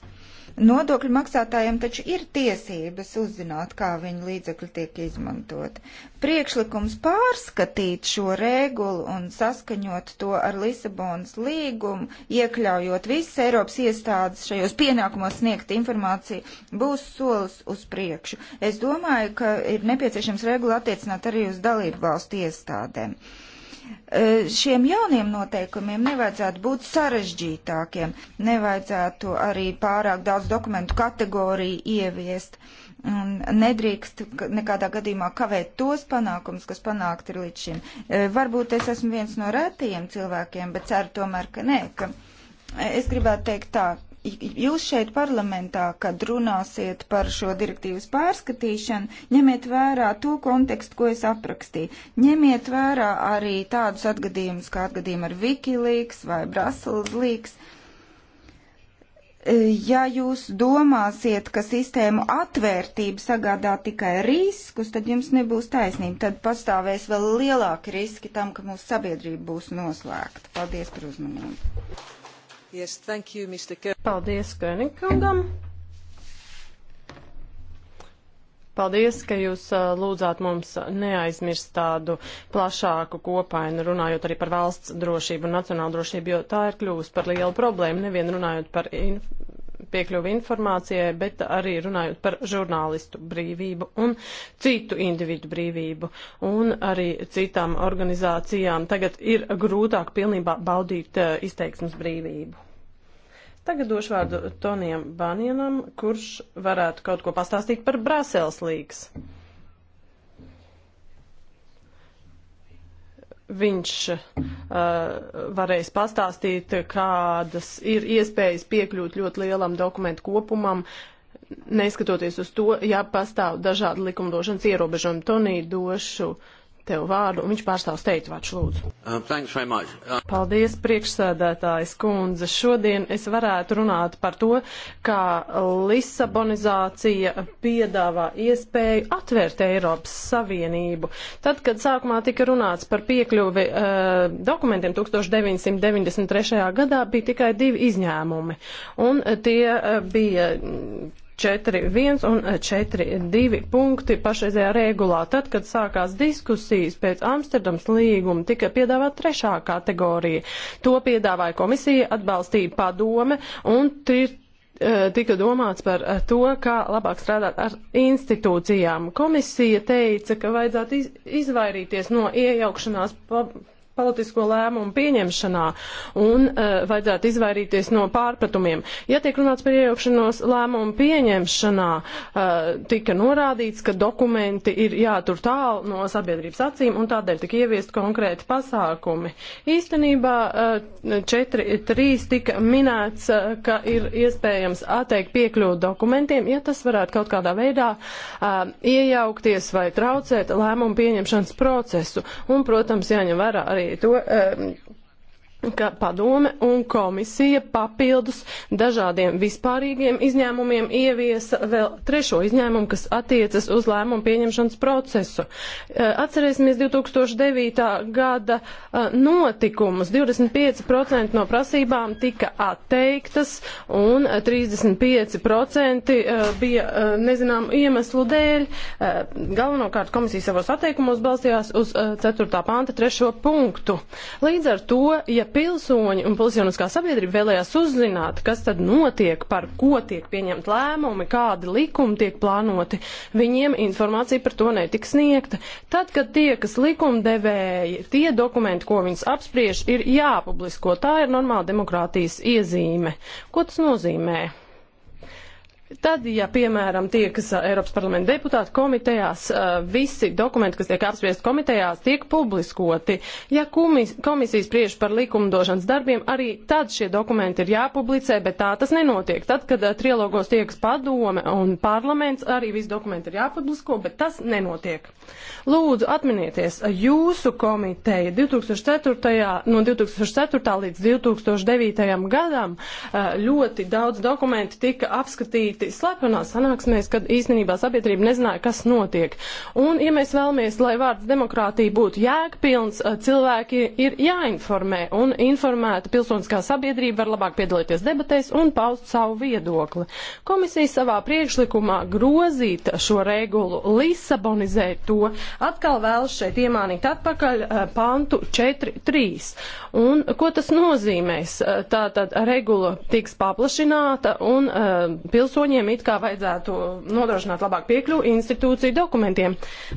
Nodokļu maksātājiem taču ir tiesības uzzināt, kā viņu līdzekļi tiek izmantot. Priekšlikums pārskatīt šo regulu un saskaņot to ar Lisabonas līgumu, iekļaujot visas Eiropas iestādes šajos pienākumos sniegt informāciju, būs solis uz priekšu. Es domāju, ka ir nepieciešams regula attiecināt arī uz dalību valstu iestādēm. Uh, Eh, šiem jauniem noteikumiem nevajadzētu būt sarežģītākiem, nevajadzētu arī pārāk daudz dokumentu kategoriju ieviest. Un nedrīkst nekādā gadījumā kavēt tos panākumus, kas panākti ir līdz šim. Eh, varbūt es esmu viens no retajiem cilvēkiem, bet ceru tomēr, ka nē, ka es gribētu teikt tā, jūs šeit parlamentā, kad runāsiet par šo direktīvas pārskatīšanu, ņemiet vērā to kontekstu, ko es aprakstīju. Ņemiet vērā arī tādus atgadījumus, kā atgadījumi ar Wikileaks vai Brussels Leaks. Ja jūs domāsiet, ka sistēmu atvērtība sagādā tikai riskus, tad jums nebūs taisnība. Tad pastāvēs vēl lielāki riski tam, ka mūsu sabiedrība būs noslēgta. Paldies par uzmanību! Yes, thank you, Mr. Ke Paldies, Königkungam. Paldies, ka jūs uh, lūdzāt mums neaizmirst tādu plašāku kopainu, runājot arī par valsts drošību un nacionālu drošību, jo tā ir kļuvusi par lielu problēmu, nevien runājot par inf piekļuvi informācijai, bet arī runājot par žurnālistu brīvību un citu individu brīvību. Un arī citām organizācijām tagad ir grūtāk pilnībā baudīt uh, izteiksmes brīvību. Tagad došu vārdu Tonijam Banienam, kurš varētu kaut ko pastāstīt par Brāsēls līgas. viņš uh, varēs pastāstīt, kādas ir iespējas piekļūt ļoti lielam dokumentu kopumam, neskatoties uz to, ja pastāv dažādi likumdošanas ierobežojumi. Tonī, došu uh, tev vārdu, un viņš pārstāv Steitvāču lūdzu. Uh, uh. Paldies, priekšsēdētājs kundze. Šodien es varētu runāt par to, kā Lisabonizācija piedāvā iespēju atvērt Eiropas Savienību. Tad, kad sākumā tika runāts par piekļuvi uh, dokumentiem 1993. gadā, bija tikai divi izņēmumi, un tie uh, bija 4.1 un 4.2 punkti pašreizējā regulā. Tad, kad sākās diskusijas pēc Amsterdams līguma, tika piedāvāta trešā kategorija. To piedāvāja komisija, atbalstīja padome un tir, e, tika domāts par to, kā labāk strādāt ar institūcijām. Komisija teica, ka vajadzētu iz, izvairīties no iejaukšanās politisko lēmumu pieņemšanā un uh, vajadzētu izvairīties no pārpratumiem. Ja tiek runāts par iejaukšanos lēmumu pieņemšanā, uh, tika norādīts, ka dokumenti ir jātur tālu no sabiedrības acīm un tādēļ tika ieviest konkrēti pasākumi. Īstenībā uh, eh, 4.3 tika minēts, uh, ka ir iespējams atteikt piekļūt dokumentiem, ja tas varētu kaut kādā veidā uh, iejaukties vai traucēt lēmumu pieņemšanas procesu. Un, protams, jāņem vērā arī arī to, um, ka padome un komisija papildus dažādiem vispārīgiem izņēmumiem ieviesa vēl trešo izņēmumu, kas attiecas uz lēmumu pieņemšanas procesu. Eh, atcerēsimies 2009. gada eh, notikumus. 25% no prasībām tika atteiktas un 35% eh, bija nezinām iemeslu dēļ. Galvenokārt komisija savos atteikumos balstījās uz 4. panta 3. punktu. Līdz ar to, ja pilsoņi un pilsoniskā sabiedrība vēlējās uzzināt, kas tad notiek, par ko tiek pieņemt lēmumi, kādi likumi tiek plānoti. Viņiem informācija par to netika sniegta. Tad, kad tie, kas likumdevēji, tie dokumenti, ko viņas apspriež, ir jāpublisko. Tā ir normāla demokrātijas iezīme. Ko tas nozīmē? Tad, ja, piemēram, tie, kas Eiropas parlamenta deputāti komitejās, visi dokumenti, kas tiek apspriest komitejās, tiek publiskoti. Ja komisijas priež par likumdošanas darbiem, arī tad šie dokumenti ir jāpublicē, bet tā tas nenotiek. Tad, kad trilogos tiekas padome un parlaments, arī visi dokumenti ir jāpublisko, bet tas nenotiek. Lūdzu, atminieties, jūsu komiteja 2004. no 2004. līdz 2009. gadam ļoti daudz dokumenti tika apskatīti noteikti slepenās sanāksmēs, kad īstenībā sabiedrība nezināja, kas notiek. Un, ja mēs vēlamies, lai vārds demokrātija būtu jēgpilns, eh, cilvēki ir jāinformē, un informēta pilsoniskā sabiedrība var labāk piedalīties debatēs un paust savu viedokli. Komisija savā priekšlikumā grozīt šo regulu, lisabonizēt to, atkal vēlas šeit iemānīt atpakaļ eh, pantu 4.3. Un ko tas nozīmēs? Eh, Tātad regula tiks paplašināta un pilsoņi pilsoņiem it kā vajadzētu nodrošināt labāk piekļuvu institūciju dokumentiem.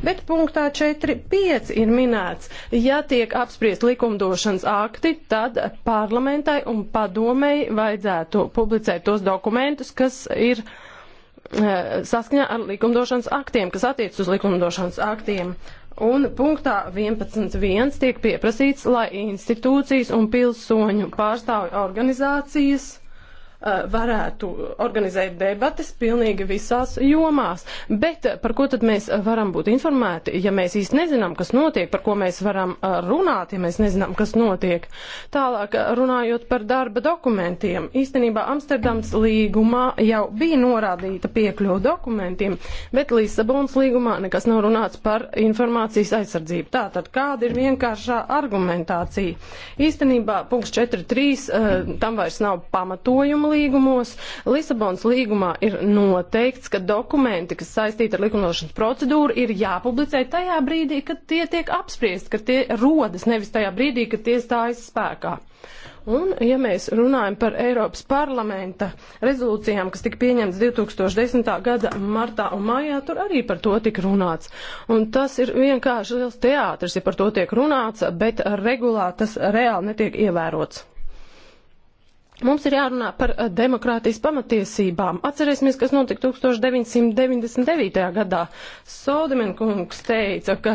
Bet punktā 4.5 ir minēts, ja tiek apspriest likumdošanas akti, tad parlamentai un padomei vajadzētu publicēt tos dokumentus, kas ir eh, saskaņā ar likumdošanas aktiem, kas attiec uz likumdošanas aktiem. Un punktā 11.1 tiek pieprasīts, lai institūcijas un pilsoņu pārstāvju organizācijas Eh, varētu organizēt debates pilnīgi visās jomās. Bet eh, par ko tad mēs eh, varam būt informēti, ja mēs īsti nezinām, kas notiek, par ko mēs varam runāt, ja mēs nezinām, kas notiek. Tālāk runājot par darba dokumentiem. Īstenībā Amsterdams līgumā jau bija norādīta piekļuva dokumentiem, bet Lisabonas līgumā nekas nav runāts par informācijas aizsardzību. Tātad kāda ir vienkāršā argumentācija? Īstenībā punkts 4.3 tam vairs nav pamatojuma līgumos. Lisabons līgumā ir noteikts, ka dokumenti, kas saistīti ar likumdošanas procedūru, ir jāpublicē tajā brīdī, kad tie tiek apspriesti, kad tie rodas, nevis tajā brīdī, kad tie stājas spēkā. Un, ja mēs runājam par Eiropas parlamenta rezolūcijām, kas tika pieņemtas 2010. gada martā un maijā, tur arī par to tika runāts. Un tas ir vienkārši liels teātris, ja par to tiek runāts, bet regulā tas reāli netiek ievērots. Mums ir jārunā par eh, demokrātijas pamatiesībām. Atcerēsimies, kas notika 1999. gadā. Sodemenkungs teica, ka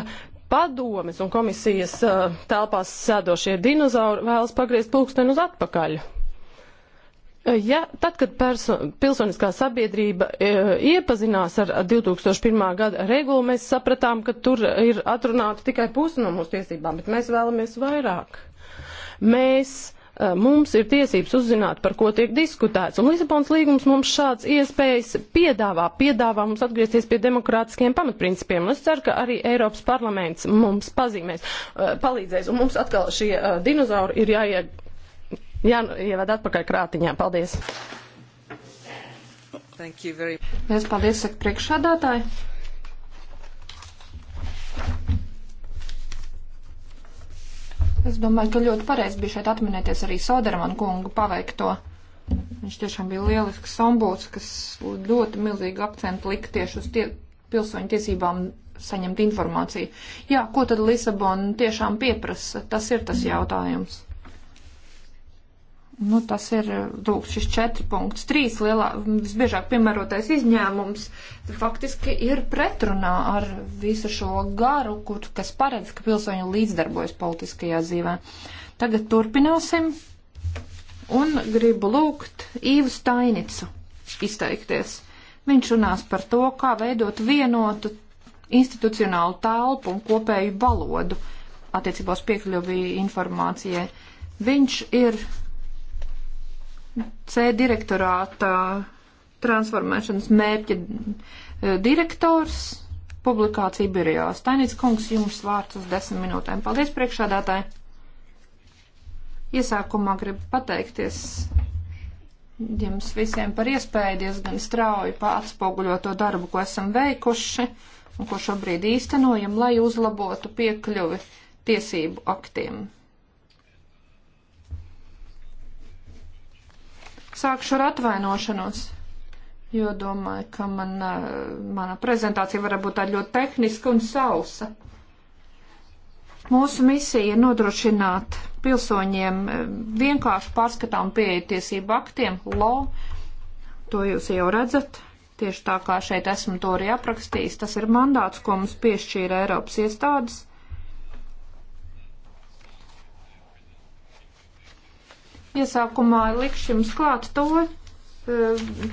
padomes un komisijas eh, telpās sēdošie dinozauri vēlas pagriezt pulksteni uz atpakaļ. Eh, ja, tad, kad perso, pilsoniskā sabiedrība e, iepazinās ar 2001. gada regulu, mēs sapratām, ka tur ir atrunāta tikai pusi no mūsu tiesībām, bet mēs vēlamies vairāk. Mēs mums ir tiesības uzzināt, par ko tiek diskutēts. Un Lisabons līgums mums šāds iespējas piedāvā, piedāvā mums atgriezties pie demokrātiskiem pamatprincipiem. Un es ceru, ka arī Eiropas parlaments mums pazīmēs, palīdzēs. Un mums atkal šie dinozauri ir jāiet. Jā, ievēd atpakaļ krātiņā. Paldies! Liels paldies, saka priekšādātāji! Es domāju, ka ļoti pareizi bija šeit atminēties arī Sodermanu kungu paveikto. Viņš tiešām bija lielisks ombuds, kas ļoti milzīgu akcentu lika tieši uz tie, pilsoņu tiesībām saņemt informāciju. Jā, ko tad Lisabona tiešām pieprasa? Tas ir tas jautājums. Nu, tas ir, lūk, šis 4.3 lielā, visbiežāk piemērotais izņēmums, faktiski ir pretrunā ar visu šo garu, kur, kas paredz, ka pilsoņi līdzdarbojas politiskajā dzīvē. Tagad turpināsim un gribu lūgt Īvu Stainicu izteikties. Viņš runās par to, kā veidot vienotu institucionālu telpu un kopēju valodu attiecībos piekļuvi informācijai. Viņš ir C direktorāta transformēšanas mērķa e, direktors publikācija birojā. Stainīts kungs, jums vārds uz desmit minūtēm. Paldies priekšādātāji. Iesākumā gribu pateikties jums visiem par iespēju diezgan strauji atspoguļot to darbu, ko esam veikuši un ko šobrīd īstenojam, lai uzlabotu piekļuvi tiesību aktiem. Sākšu ar atvainošanos, jo domāju, ka man, eh, mana prezentācija varētu būt tāda ļoti tehniska un sausa. Mūsu misija ir nodrošināt pilsoņiem eh, vienkārši pārskatām pieeja tiesību aktiem, lo, to jūs jau redzat, tieši tā kā šeit esmu to arī aprakstījis. Tas ir mandāts, ko mums piešķīra Eiropas iestādes Iesākumā likšu jums klāt to, e,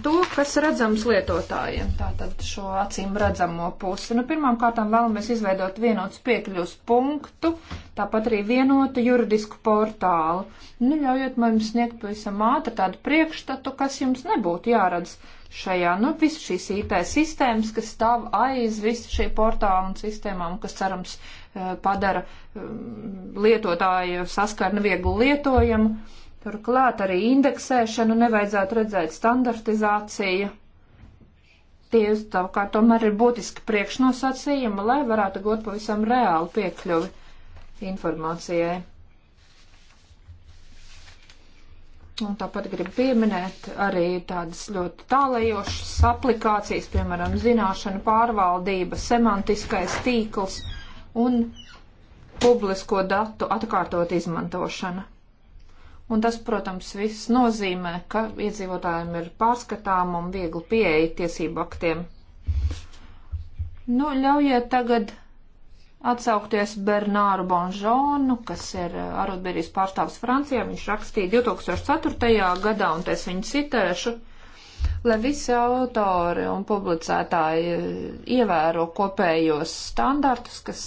to, kas redzams lietotājiem, tātad šo acīm redzamo pusi. Nu, pirmām kārtām vēlamies izveidot vienotus piekļuvs punktu, tāpat arī vienotu juridisku portālu. Nu, ļaujiet man jums sniegt pavisam ātri tādu priekšstatu, kas jums nebūtu jāredz šajā, nu, visu šīs IT sistēmas, kas stāv aiz visu šī portāla un sistēmām, kas cerams e, padara mm, lietotāju saskarni viegli lietojumu Turklāt arī indeksēšanu nevajadzētu redzēt standartizāciju. Tie savukārt tomēr ir būtiski priekšnosacījumi, lai varētu gūt pavisam reālu piekļuvi informācijai. Un tāpat gribu pieminēt arī tādas ļoti tālējošas aplikācijas, piemēram, zināšana pārvaldība, semantiskais tīkls un publisko datu atkārtot izmantošana. Un tas, protams, viss nozīmē, ka iedzīvotājiem ir pārskatām un viegli pieeja tiesību aktiem. Nu, ļaujiet tagad atsaukties Bernāru Bonžonu, kas ir eh, arotbiedrīs pārstāvs Francijā. Viņš rakstīja 2004. gadā, un es viņu citēšu, lai visi autori un publicētāji eh, ievēro kopējos standartus, kas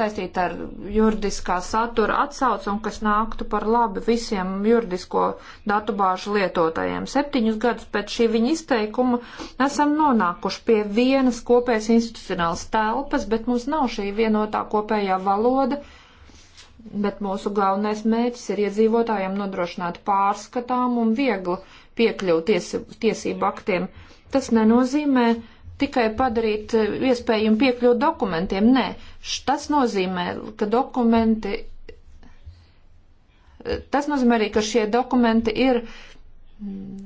saistīta ar juridiskā satura atsaucu un kas nāktu par labi visiem juridisko datubāžu lietotājiem. Septiņus gadus pēc šī viņa izteikuma esam nonākuši pie vienas kopējas institucionālas telpas, bet mums nav šī vienotā kopējā valoda. Bet mūsu galvenais mērķis ir iedzīvotājiem nodrošināt pārskatām un vieglu piekļuvu tiesi, tiesību aktiem. Tas nenozīmē, tikai padarīt eh, iespējumu piekļūt dokumentiem. Nē, tas nozīmē, ka dokumenti. Eh, tas nozīmē arī, ka šie dokumenti ir mm,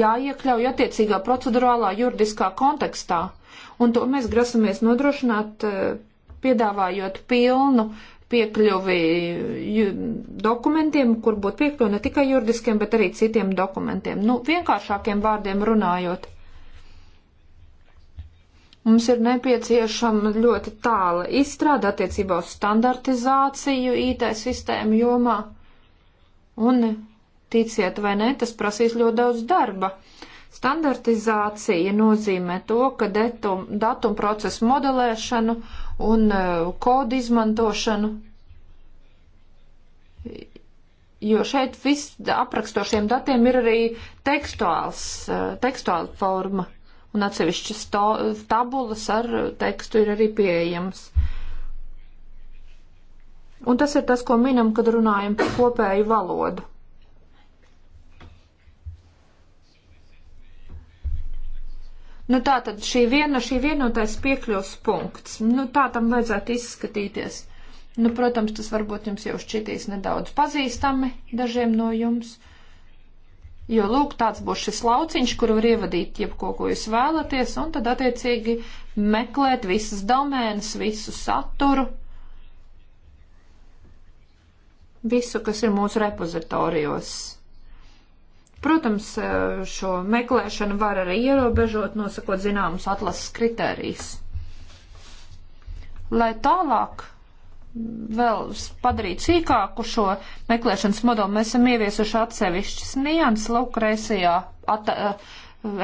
jāiekļauj attiecīgā procedurālā juridiskā kontekstā. Un to mēs grasamies nodrošināt, eh, piedāvājot pilnu piekļuvi dokumentiem, kur būtu piekļuvi ne tikai juridiskiem, bet arī citiem dokumentiem. Nu, vienkāršākiem vārdiem runājot. Mums ir nepieciešama ļoti tāla izstrāda attiecībā uz standartizāciju IT sistēmu jomā. Un, ticiet vai nē, tas prasīs ļoti daudz darba. Standartizācija nozīmē to, ka datum, datum procesu modelēšanu un uh, kodu izmantošanu, jo šeit viss aprakstošiem datiem ir arī tekstuāls, uh, tekstuāla forma un atsevišķas to, tabulas ar tekstu ir arī pieejams. Un tas ir tas, ko minam, kad runājam par kopēju valodu. Nu, tā tad šī, viena, šī vienotais piekļuvs punkts. Nu, tā tam vajadzētu izskatīties. Nu, protams, tas varbūt jums jau šķitīs nedaudz pazīstami dažiem no jums. Uh, Jo, lūk, tāds būs šis lauciņš, kur var ievadīt jebko, ko jūs vēlaties, un tad attiecīgi meklēt visas domēnas, visu saturu, visu, kas ir mūsu repozitorijos. Protams, šo meklēšanu var arī ierobežot, nosakot zināmus atlases kritērijus. Lai tālāk vēl padarīt sīkāku šo meklēšanas modeli, mēs esam ieviesuši atsevišķas nianses lūk kreisajā eh,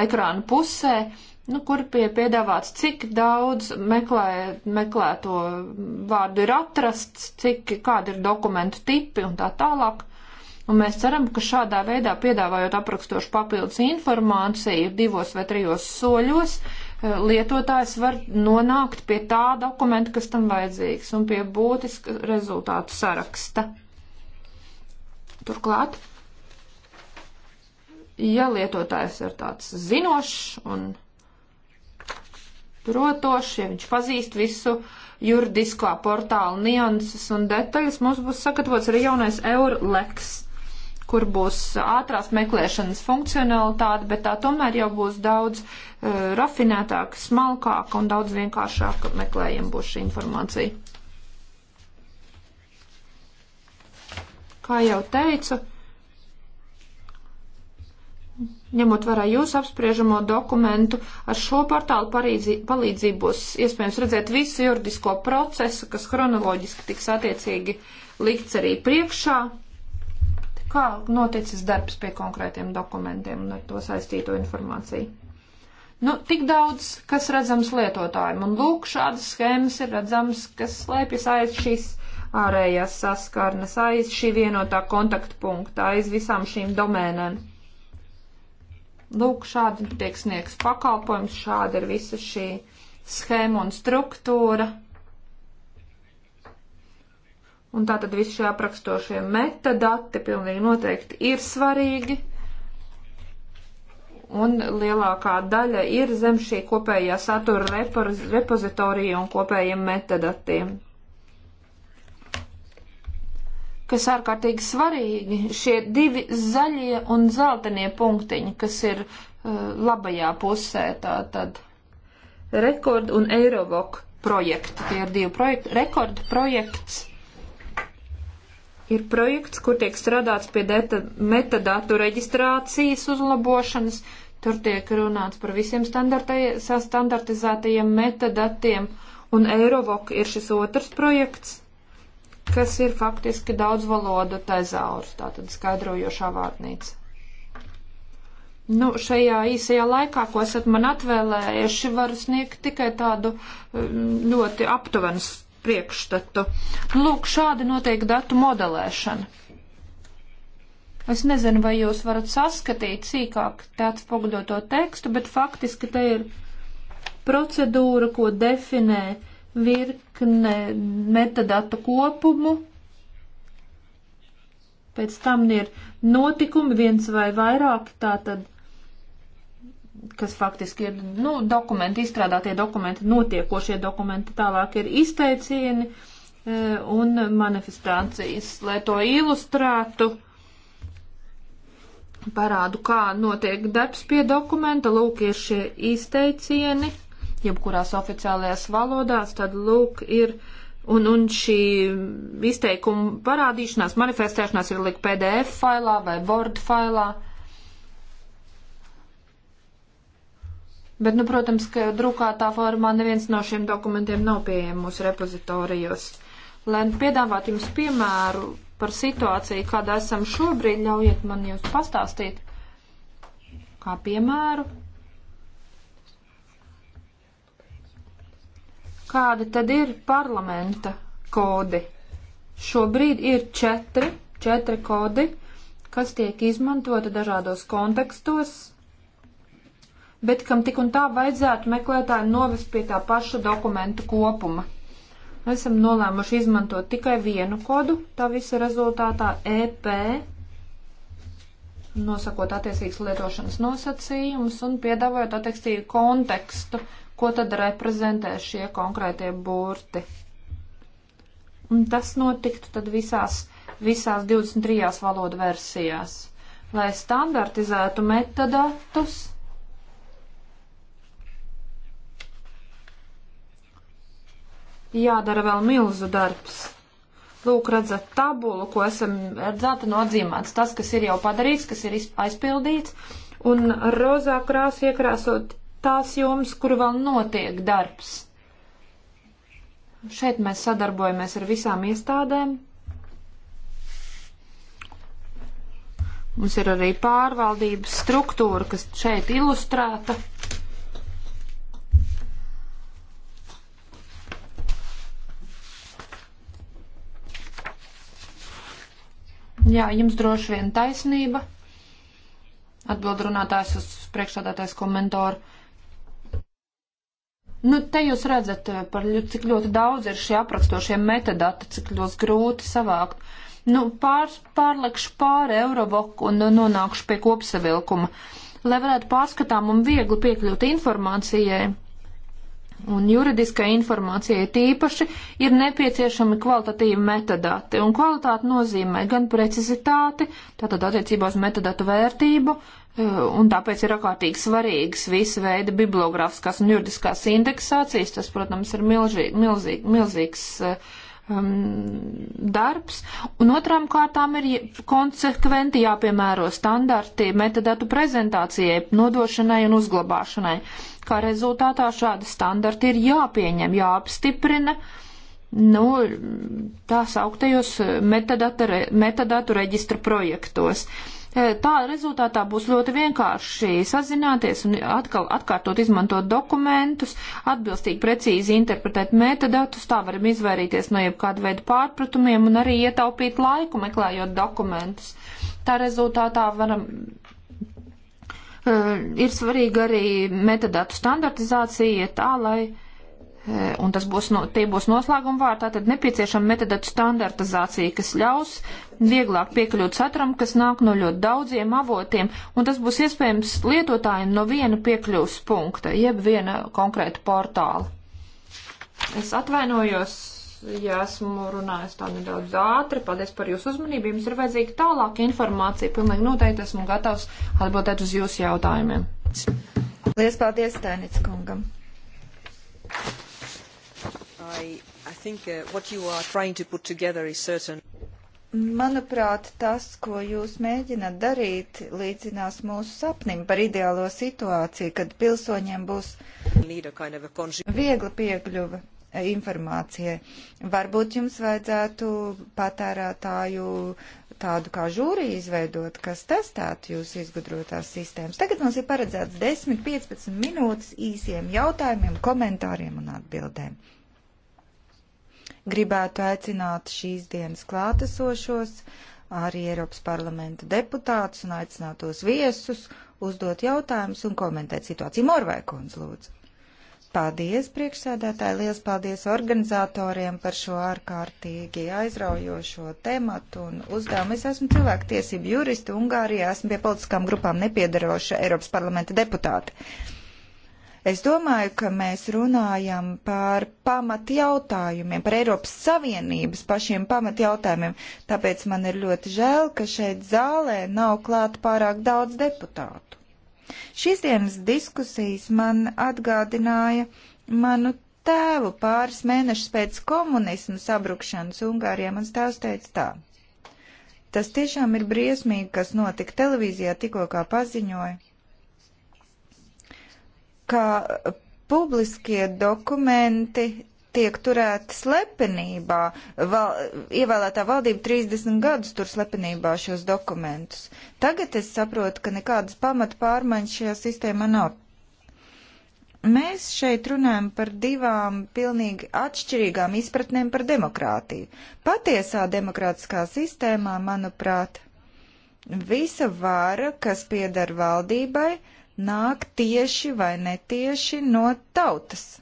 ekrāna pusē, nu, kur pie piedāvāts, cik daudz meklē, meklēto vārdu ir atrasts, cik, kādi ir dokumentu tipi un tā tālāk. Un mēs ceram, ka šādā veidā piedāvājot aprakstošu papildus informāciju divos vai trijos soļos, uh, Eh, lietotājs var nonākt pie tā dokumenta, kas tam vajadzīgs, un pie būtiska rezultātu saraksta. Turklāt, ja lietotājs ir tāds zinošs un protošs, ja viņš pazīst visu juridiskā portāla nianses un detaļas, mums būs sagatavots arī jaunais Eurleks kur būs ātrās meklēšanas funkcionalitāte, bet tā tomēr jau būs daudz Eh, rafinētāka, smalkāka un daudz vienkāršāka meklējuma būs šī informācija. Kā jau teicu, Ņemot vērā jūsu apspriežamo dokumentu, ar šo portālu parīdzi, palīdzību būs iespējams redzēt visu juridisko procesu, kas chronoloģiski tiks attiecīgi likts arī priekšā, kā noticis darbs pie konkrētiem dokumentiem un ar to saistīto informāciju. Nu, tik daudz, kas redzams lietotājiem, un lūk, šādas schēmas ir redzams, kas slēpjas aiz šīs ārējās saskarnes, aiz šī vienotā kontaktpunkta, aiz visām šīm domēnēm. Lūk, šādi tiek sniegs pakalpojums, šāda ir visa šī schēma un struktūra. Un tātad visi šie aprakstošie metadati pilnīgi noteikti ir svarīgi un lielākā daļa ir zem šī kopējā satura repor, repozitorija un kopējiem metadatiem. Kas ārkārtīgi svarīgi, šie divi zaļie un zeltenie punktiņi, kas ir uh, labajā pusē, tā tad rekord un Eirovok projekti. Tie ir divi projekti. Rekord projekts ir projekts, kur tiek strādāts pie deta, metadatu reģistrācijas uzlabošanas. Tur tiek runāts par visiem standartizētajiem metadatiem, un Eirovok ir šis otrs projekts, kas ir faktiski daudz valodu tezaurs, tātad skaidrojošā vārnīca. Nu, šajā īsajā laikā, ko esat man atvēlējuši, varu sniegt tikai tādu mm, ļoti aptuvenus priekšstatu. Lūk, šādi notiek datu modelēšana. Es nezinu, vai jūs varat saskatīt sīkāk tāds poguļoto tekstu, bet faktiski te ir procedūra, ko definē virkne metadatu kopumu. Pēc tam ir notikumi viens vai vairāk, tātad kas faktiski ir, nu, dokumenti izstrādātie dokumenti, notiekošie dokumenti, tālāk ir izteicieni e, un manifestācijas, lai to ilustrētu, parādu, kā notiek darbs pie dokumenta, lūk, ir šie izteicieni, jebkurās oficiālajās valodās, tad lūk, ir. Un, un šī izteikuma parādīšanās, manifestēšanās ir likt PDF failā vai Word failā. Uh, Bet, nu, protams, ka drukātā formā neviens no šiem dokumentiem nav pieejams mūsu repozitorijos. Lai piedāvātu jums piemēru par situāciju, kādā esam šobrīd, ļaujiet man jūs pastāstīt. Kā piemēru? Kādi tad ir parlamenta kodi? Šobrīd ir četri, četri kodi, kas tiek izmantoti dažādos kontekstos bet kam tik un tā vajadzētu meklētāji novest pie tā paša dokumentu kopuma. Esam nolēmuši izmantot tikai vienu kodu, tā visa rezultātā EP, nosakot attiecīgas lietošanas nosacījumus un piedāvājot attiecīgu kontekstu, ko tad reprezentē šie konkrētie burti. Un tas notiktu tad visās, visās 23 valodu versijās, lai standartizētu metadatus jādara vēl milzu darbs. Lūk, redzat tabulu, ko esam ar dzeltenu atzīmēts. Tas, kas ir jau padarīts, kas ir aizpildīts, un rozā krāsu iekrāsot tās jomas, kur vēl notiek darbs. Šeit mēs sadarbojamies ar visām iestādēm. Mums ir arī pārvaldības struktūra, kas šeit ilustrēta. Jā, jums droši vien taisnība. Atbild runātājs uz priekšstādātais komentāru. Nu, te jūs redzat, eh, par, cik ļoti daudz ir šie aprakstošie metadati, cik ļoti grūti savākt. Nu, pār, pārlekšu pāri Eurovoku un nonākšu pie kopsavilkuma, lai varētu pārskatām un viegli piekļūt informācijai un juridiskai informācijai tīpaši ir nepieciešami kvalitatīvi metadati. Un kvalitāte nozīmē gan precizitāti, tātad attiecībā uz metadatu vērtību, e, un tāpēc ir ārkārtīgi svarīgas visa veida bibliogrāfiskās un juridiskās indeksācijas. Tas, protams, ir milžīgi, milzīgi, milzīgs. milzīgs e, um, darbs, un otrām kārtām ir konsekventi jāpiemēro standarti metadatu prezentācijai, nodošanai un uzglabāšanai. Kā rezultātā šādi standarti ir jāpieņem, jāapstiprina. Nu, tā sauktajos metadata, metadatu reģistra projektos. Uh, Tā rezultātā būs ļoti vienkārši sazināties un atkal atkārtot izmantot dokumentus, atbilstīgi precīzi interpretēt metadatus, tā varam izvairīties no jebkāda veida pārpratumiem un arī ietaupīt laiku meklējot dokumentus. Tā rezultātā varam ir svarīga arī metadatu standartizācija tā, lai E, un tas būs, no, tie būs noslēguma vārdi, tātad nepieciešama metadatu standartizācija, kas ļaus vieglāk piekļūt saturam, kas nāk no ļoti daudziem avotiem, un tas būs iespējams lietotājiem no viena piekļuvs punkta, jeb viena konkrēta portāla. Es atvainojos, ja esmu runājis tā nedaudz ātri, paldies par jūsu uzmanību, jums ir vajadzīga tālāka informācija, pilnīgi noteikti esmu gatavs atbildēt uz jūsu jautājumiem. Lies paldies Tēnic kungam. Thank you. I, I think uh, what you are trying to put together is certain. Manuprāt, tas, ko jūs mēģināt darīt, līdzinās mūsu sapnim par ideālo situāciju, kad pilsoņiem būs viegla piekļuva e, informācijai. Varbūt jums vajadzētu patērētāju tādu kā žūriju izveidot, kas testētu jūsu izgudrotās sistēmas. Tagad mums ir paredzēts 10-15 minūtes īsiem jautājumiem, komentāriem un atbildēm. Gribētu aicināt šīs dienas klātesošos, arī Eiropas parlamenta deputātus un aicināt tos viesus uzdot jautājumus un komentēt situāciju. Morvai kundz, lūdzu. Paldies, priekšsēdētāji, liels paldies organizatoriem par šo ārkārtīgi aizraujošo tematu un uzdevumu. Es esmu cilvēktiesību juristi Ungārijā, esmu pie politiskām grupām nepiedaroša Eiropas parlamenta deputāte. Es domāju, ka mēs runājam par pamatjautājumiem, par Eiropas Savienības pašiem pamatjautājumiem, tāpēc man ir ļoti žēl, ka šeit zālē nav klāt pārāk daudz deputātu. Šīs dienas diskusijas man atgādināja manu tēvu pāris mēnešus pēc komunismu sabrukšanas Ungārijā. Mans tēvs teica tā. Tas tiešām ir briesmīgi, kas notika televīzijā tikko kā paziņoja, ka publiskie dokumenti tiek turēti slepenībā. Val, ievēlētā valdība 30 gadus tur slepenībā šos dokumentus. Tagad es saprotu, ka nekādas pamata pārmaiņas šajā sistēmā nav. Mēs šeit runājam par divām pilnīgi atšķirīgām izpratnēm par demokrātiju. Patiesā demokrātiskā sistēmā, manuprāt, visa vara, kas piedara valdībai, uh, nāk tieši vai netieši no tautas.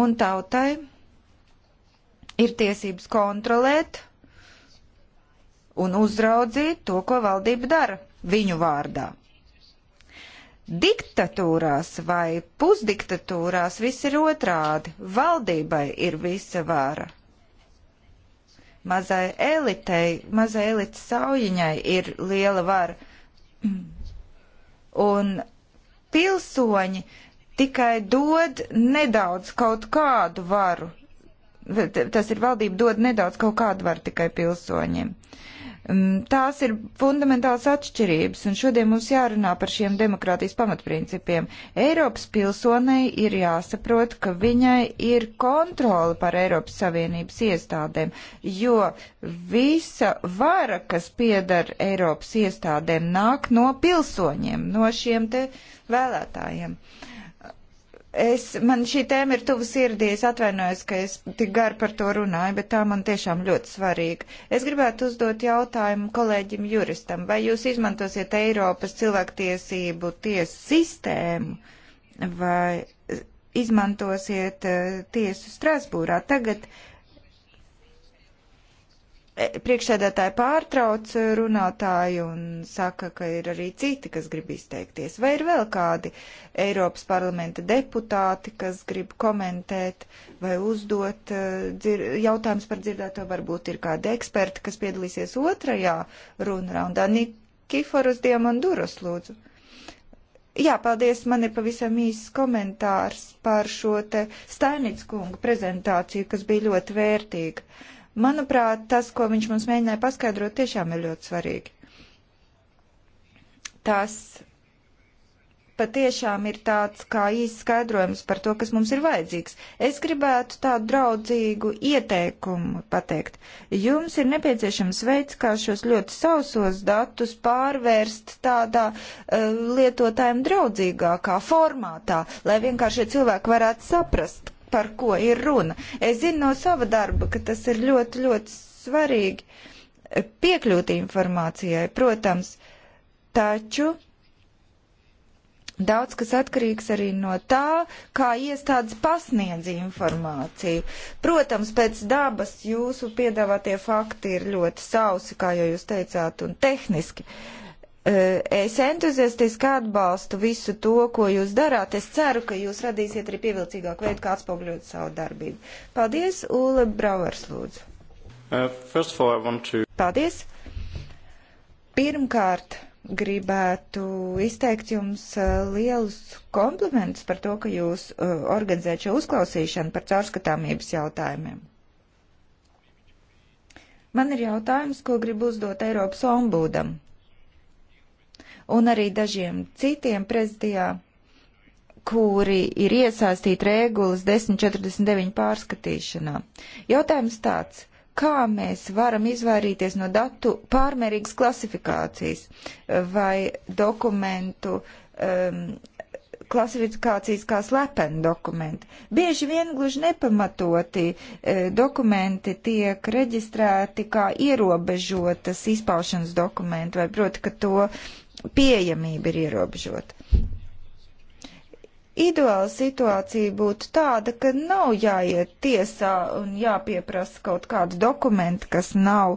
Un tautai ir tiesības kontrolēt un uzraudzīt to, ko valdība dara viņu vārdā. Diktatūrās vai pusdiktatūrās viss ir otrādi. Valdībai ir visa vāra. Mazai elitei, mazai elites saujiņai ir liela vara. un pilsoņi tikai dod nedaudz kaut kādu varu. Tas ir valdība dod nedaudz kaut kādu varu tikai pilsoņiem. Uh, Um, tās ir fundamentāls atšķirības, un šodien mums jārunā par šiem demokrātijas pamatprincipiem. Eiropas pilsonei ir jāsaprot, ka viņai ir kontroli par Eiropas Savienības iestādēm, jo visa vara, kas piedara Eiropas iestādēm, nāk no pilsoņiem, no šiem te vēlētājiem. Uh, Es, man šī tēma ir tuvu sirdī, es atvainojos, ka es tik gar par to runāju, bet tā man tiešām ļoti svarīga. Es gribētu uzdot jautājumu kolēģim juristam, vai jūs izmantosiet Eiropas cilvēktiesību tiesu sistēmu vai izmantosiet uh, tiesu Strasbūrā. Tagad uh, E, priekšsēdētāji pārtrauc runātāju un saka, ka ir arī citi, kas grib izteikties. Vai ir vēl kādi Eiropas parlamenta deputāti, kas grib komentēt vai uzdot e, dzir, jautājums par dzirdēto? Varbūt ir kādi eksperti, kas piedalīsies otrajā runraundā. Nikiforus Diamanduros, lūdzu. Jā, paldies. Man ir pavisam īsts komentārs par šo te Stainīts kungu prezentāciju, kas bija ļoti vērtīga. Uh, Manuprāt, tas, ko viņš mums mēģināja paskaidrot, tiešām ir ļoti svarīgi. Tas patiešām ir tāds kā īsts skaidrojums par to, kas mums ir vajadzīgs. Es gribētu tādu draudzīgu ieteikumu pateikt. Jums ir nepieciešams veids, kā šos ļoti sausos datus pārvērst tādā uh, lietotājiem draudzīgākā formātā, lai vienkārši cilvēki varētu saprast, par ko ir runa. Es zinu no sava darba, ka tas ir ļoti, ļoti svarīgi piekļūt informācijai, protams, taču Daudz kas atkarīgs arī no tā, kā iestādes pasniedz informāciju. Protams, pēc dabas jūsu piedāvātie fakti ir ļoti sausi, kā jau jūs teicāt, un tehniski. Uh, Eh, es entuziastiski atbalstu visu to, ko jūs darāt. Es ceru, ka jūs radīsiet arī pievilcīgāku veidu, kā atspoguļot savu darbību. Paldies, Ule Brauers, lūdzu. Uh, all, to... Paldies. Pirmkārt, gribētu izteikt jums uh, lielus komplimentus par to, ka jūs uh, organizējat šo uzklausīšanu par caurskatāmības jautājumiem. Man ir jautājums, ko gribu uzdot Eiropas ombūdam un arī dažiem citiem prezidijā, kuri ir iesaistīti regulas 1049 pārskatīšanā. Jautājums tāds kā mēs varam izvairīties no datu pārmērīgas klasifikācijas vai dokumentu um, klasifikācijas kā slepeni dokumenti. Bieži vien gluži nepamatoti e, dokumenti tiek reģistrēti kā ierobežotas izpaušanas dokumenti, vai proti, ka to pieejamība ir ierobežota. Ideāla situācija būtu tāda, ka nav jāiet tiesā un jāpieprasa kaut kādu dokumentu, kas nav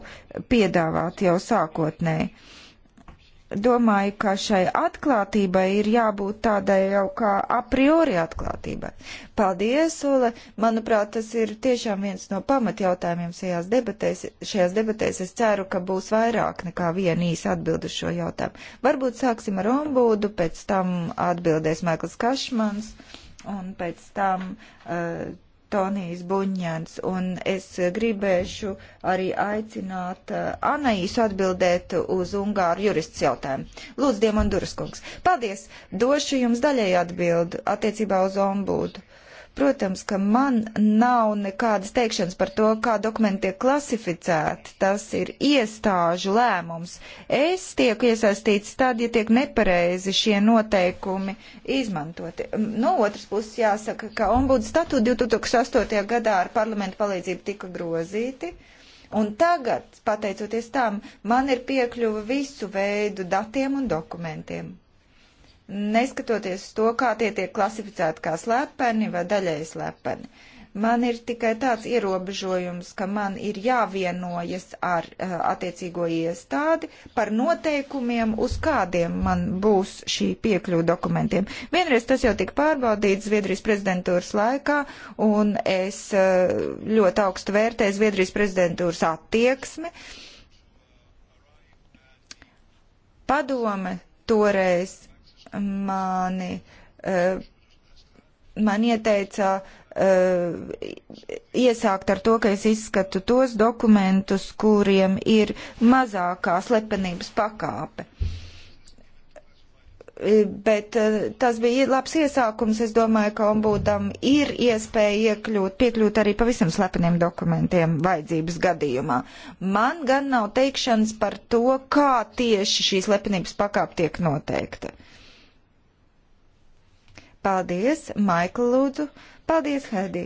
piedāvāti jau sākotnēji domāju, ka šai atklātībai ir jābūt tādai jau kā a priori atklātībai. Paldies, Ule! Manuprāt, tas ir tiešām viens no pamatjautājumiem šajās debatēs. Šajās debatēs es ceru, ka būs vairāk nekā viena īsa atbildu šo jautājumu. Varbūt sāksim ar ombudu, pēc tam atbildēs Maikls Kašmans un pēc tam. Uh, Tonijs Buņjans, un es gribēšu arī aicināt eh, Anaisu atbildēt uz Ungāru jurists jautājumu. Lūdzu, Diemanduras kungs. Paldies! Došu jums daļai atbildu attiecībā uz ombudu. Protams, ka man nav nekādas teikšanas par to, kā dokumenti tiek klasificēti. Tas ir iestāžu lēmums. Es tieku iesaistīts tad, ja tiek nepareizi šie noteikumi izmantoti. No otras puses jāsaka, ka ombuds statūti 2008. gadā ar parlamentu palīdzību tika grozīti. Un tagad, pateicoties tam, man ir piekļuva visu veidu datiem un dokumentiem neskatoties uz to, kā tie tiek klasificēti kā slepeni vai daļēji slepeni. Man ir tikai tāds ierobežojums, ka man ir jāvienojas ar uh, attiecīgo iestādi par noteikumiem, uz kādiem man būs šī piekļuva dokumentiem. Vienreiz tas jau tika pārbaudīts Zviedrijas prezidentūras laikā, un es uh, ļoti augstu vērtēju Zviedrijas prezidentūras attieksmi. Padome toreiz mani, e, man ieteica e, iesākt ar to, ka es izskatu tos dokumentus, kuriem ir mazākā slepenības pakāpe e, bet tas bija labs iesākums. Es domāju, ka ombudam ir iespēja iekļūt, piekļūt arī pavisam slepeniem dokumentiem vajadzības gadījumā. Man gan nav teikšanas par to, kā tieši šī slepenības pakāpe tiek noteikta. Uh, Paldies, Maikla Lūdzu. Paldies, Hedī.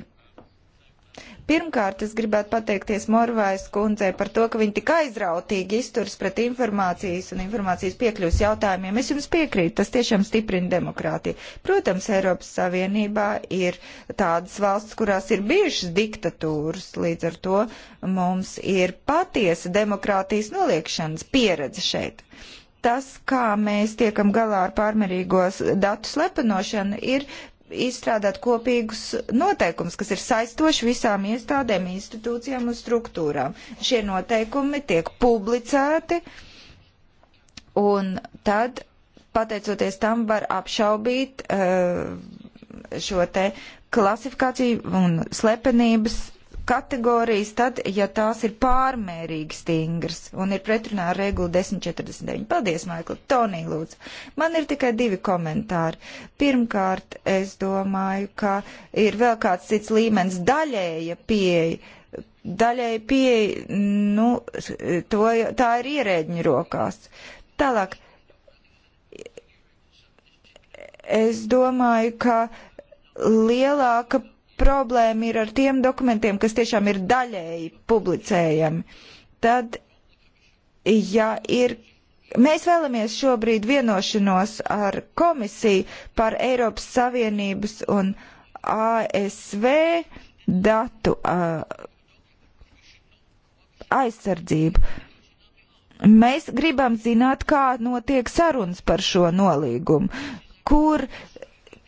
Pirmkārt, es gribētu pateikties Morvais kundzei par to, ka viņa tik aizrautīgi izturs pret informācijas un informācijas piekļuvas jautājumiem. Es jums piekrītu, tas tiešām stiprina demokrātiju. Protams, Eiropas Savienībā ir tādas valsts, kurās ir bijušas diktatūras, līdz ar to mums ir patiesa demokrātijas noliekšanas pieredze šeit tas, kā mēs tiekam galā ar pārmērīgos datu slepenošanu, ir izstrādāt kopīgus noteikumus, kas ir saistoši visām iestādēm, institūcijām un struktūrām. Šie noteikumi tiek publicēti, un tad, pateicoties tam, var apšaubīt uh, šo te klasifikāciju un slepenības kategorijas tad, ja tās ir pārmērīgi stingras un ir pretrunā ar regulu 1049. Paldies, Maikl, Tonī, lūdzu. Man ir tikai divi komentāri. Pirmkārt, es domāju, ka ir vēl kāds cits līmenis daļēja pieeja. Daļēja pieeja, nu, to, tā ir ierēģiņu rokās. Tālāk, es domāju, ka lielāka problēma ir ar tiem dokumentiem, kas tiešām ir daļēji publicējami. Tad, ja ir Mēs vēlamies šobrīd vienošanos ar komisiju par Eiropas Savienības un ASV datu uh, aizsardzību. Mēs gribam zināt, kā notiek sarunas par šo nolīgumu, kur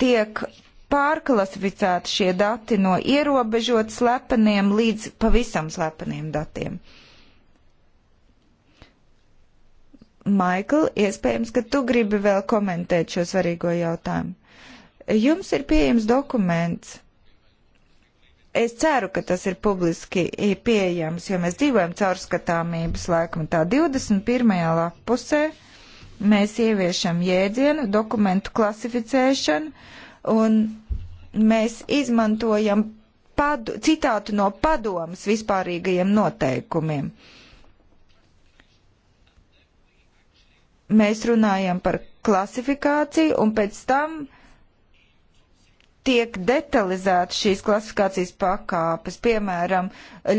tiek pārklasificēti šie dati no ierobežot slepeniem līdz pavisam slepeniem datiem. Maikl, iespējams, ka tu gribi vēl komentēt šo svarīgo jautājumu. Jums ir pieejams dokuments. Es ceru, ka tas ir publiski pieejams, jo mēs dzīvojam caurskatāmības laikmatā. 21. lapusē mēs ieviešam jēdzienu dokumentu klasificēšanu un mēs izmantojam padu, citātu no padomas vispārīgajiem noteikumiem. Mēs runājam par klasifikāciju un pēc tam tiek detalizētas šīs klasifikācijas pakāpes, piemēram,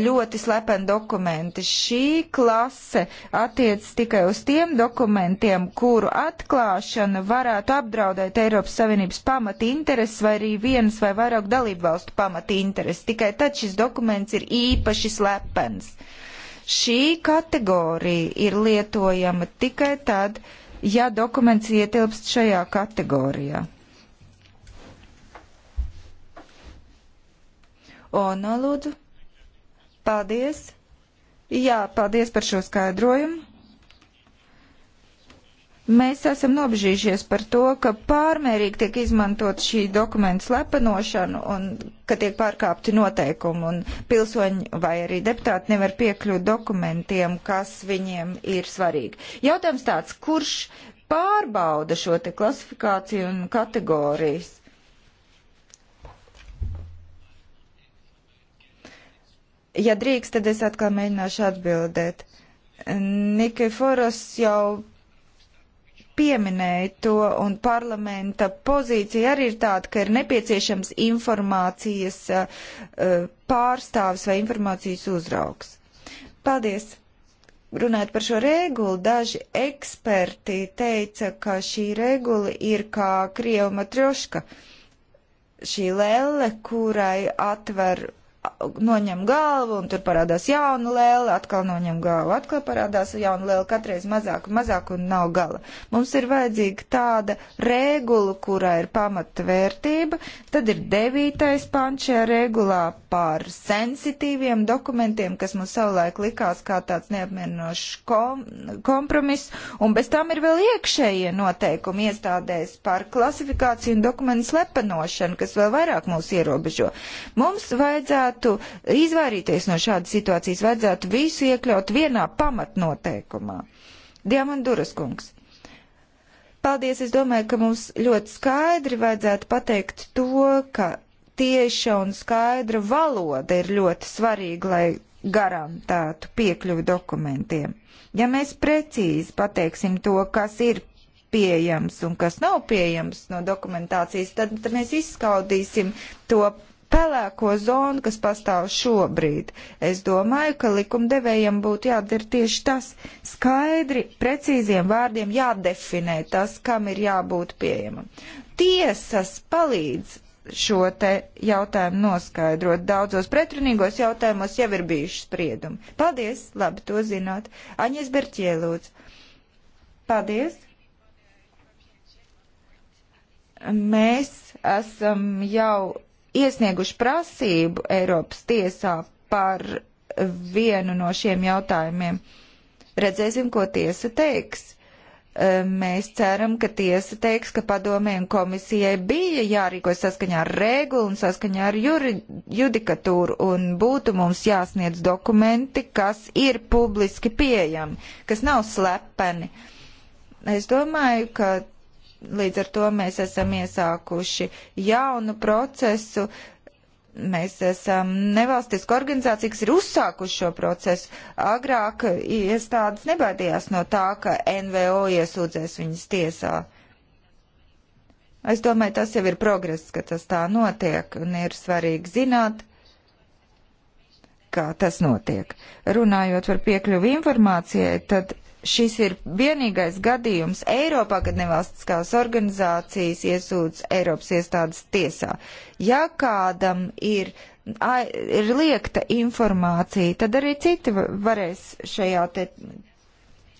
ļoti slepeni dokumenti. Šī klase attiec tikai uz tiem dokumentiem, kuru atklāšana varētu apdraudēt Eiropas Savienības pamati intereses vai arī vienas vai vairāk dalību valstu pamati intereses. Tikai tad šis dokuments ir īpaši slepens. Šī kategorija ir lietojama tikai tad, ja dokuments ietilpst šajā kategorijā. Ono, uh, lūdzu. Paldies. Jā, paldies par šo skaidrojumu. Mēs esam nobežījušies par to, ka pārmērīgi tiek izmantot šī dokumenta slepenošana un ka tiek pārkāpti noteikumi un pilsoņi vai arī deputāti nevar piekļūt dokumentiem, kas viņiem ir svarīgi. Jautājums tāds, kurš pārbauda šo te klasifikāciju un kategorijas? Ja drīkst, tad es atkal mēģināšu atbildēt. Nikiforos jau pieminēja to, un parlamenta pozīcija arī ir tāda, ka ir nepieciešams informācijas eh, pārstāvis vai informācijas uzraugs. Paldies! Runājot par šo regulu, daži eksperti teica, ka šī regula ir kā krieva matrioška, šī lelle, kurai atver noņem galvu un tur parādās jauna lēle, atkal noņem galvu, atkal parādās jauna lēle, katreiz mazāk un mazāk un nav gala. Mums ir vajadzīga tāda regula, kurā ir pamata vērtība, tad ir devītais pants šajā regulā par sensitīviem dokumentiem, kas mums savulaik likās kā tāds neapmierinošs kom kompromiss, un bez tam ir vēl iekšējie noteikumi iestādēs par klasifikāciju un dokumentu slepenošanu, kas vēl vairāk mūs ierobežo. Mums vajadzētu varētu izvairīties no šādas situācijas, vajadzētu visu iekļaut vienā pamatnoteikumā. Diamanduras kungs. Paldies, es domāju, ka mums ļoti skaidri vajadzētu pateikt to, ka tieša un skaidra valoda ir ļoti svarīga, lai garantētu piekļuvi dokumentiem. Ja mēs precīzi pateiksim to, kas ir pieejams un kas nav pieejams no dokumentācijas, tad, tad mēs izskaudīsim to pelēko zonu, kas pastāv šobrīd. Es domāju, ka likumdevējiem būtu jādara tieši tas skaidri, precīziem vārdiem jādefinē tas, kam ir jābūt pieejamam. Tiesas palīdz šo te jautājumu noskaidrot. Daudzos pretrunīgos jautājumos jau ir bijuši spriedumi. Paldies, labi to zināt. Aņies Berķielūds. Paldies. Mēs esam jau iesnieguši prasību Eiropas tiesā par vienu no šiem jautājumiem. Redzēsim, ko tiesa teiks. Ehm, mēs ceram, ka tiesa teiks, ka padomē un komisijai bija jārīkojas saskaņā ar regulu un saskaņā ar juri, judikatūru un būtu mums jāsniedz dokumenti, kas ir publiski pieejami, kas nav slepeni. Es domāju, ka Līdz ar to mēs esam iesākuši jaunu procesu. Mēs esam nevalstisku organizāciju, kas ir uzsākuši šo procesu. Agrāk iestādes nebaidījās no tā, ka NVO iesūdzēs viņas tiesā. Es domāju, tas jau ir progress, ka tas tā notiek, un ir svarīgi zināt, kā tas notiek. Runājot par piekļuvi informācijai, tad šis ir vienīgais gadījums Eiropā, kad nevalstiskās organizācijas iesūdz Eiropas iestādes tiesā. Ja kādam ir, ir liekta informācija, tad arī citi varēs šajā te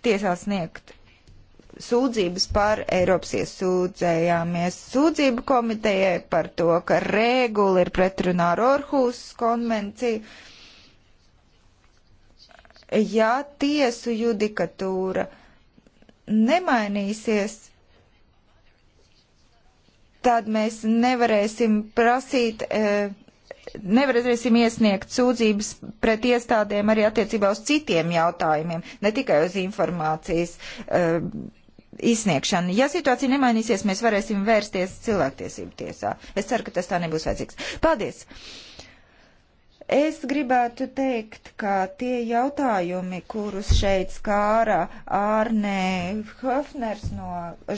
tiesā sniegt sūdzības par Eiropas iesūdzējāmies sūdzību komitejai par to, ka regula ir pretrunā ar Orhus konvenciju ja tiesu judikatūra nemainīsies, tad mēs nevarēsim prasīt, e, nevarēsim iesniegt sūdzības pret iestādēm arī attiecībā uz citiem jautājumiem, ne tikai uz informācijas e, izsniegšanu. Ja situācija nemainīsies, mēs varēsim vērsties cilvēktiesību tiesā. Es ceru, ka tas tā nebūs vajadzīgs. Paldies! Es gribētu teikt, ka tie jautājumi, kurus šeit skāra Ārnē Hofners no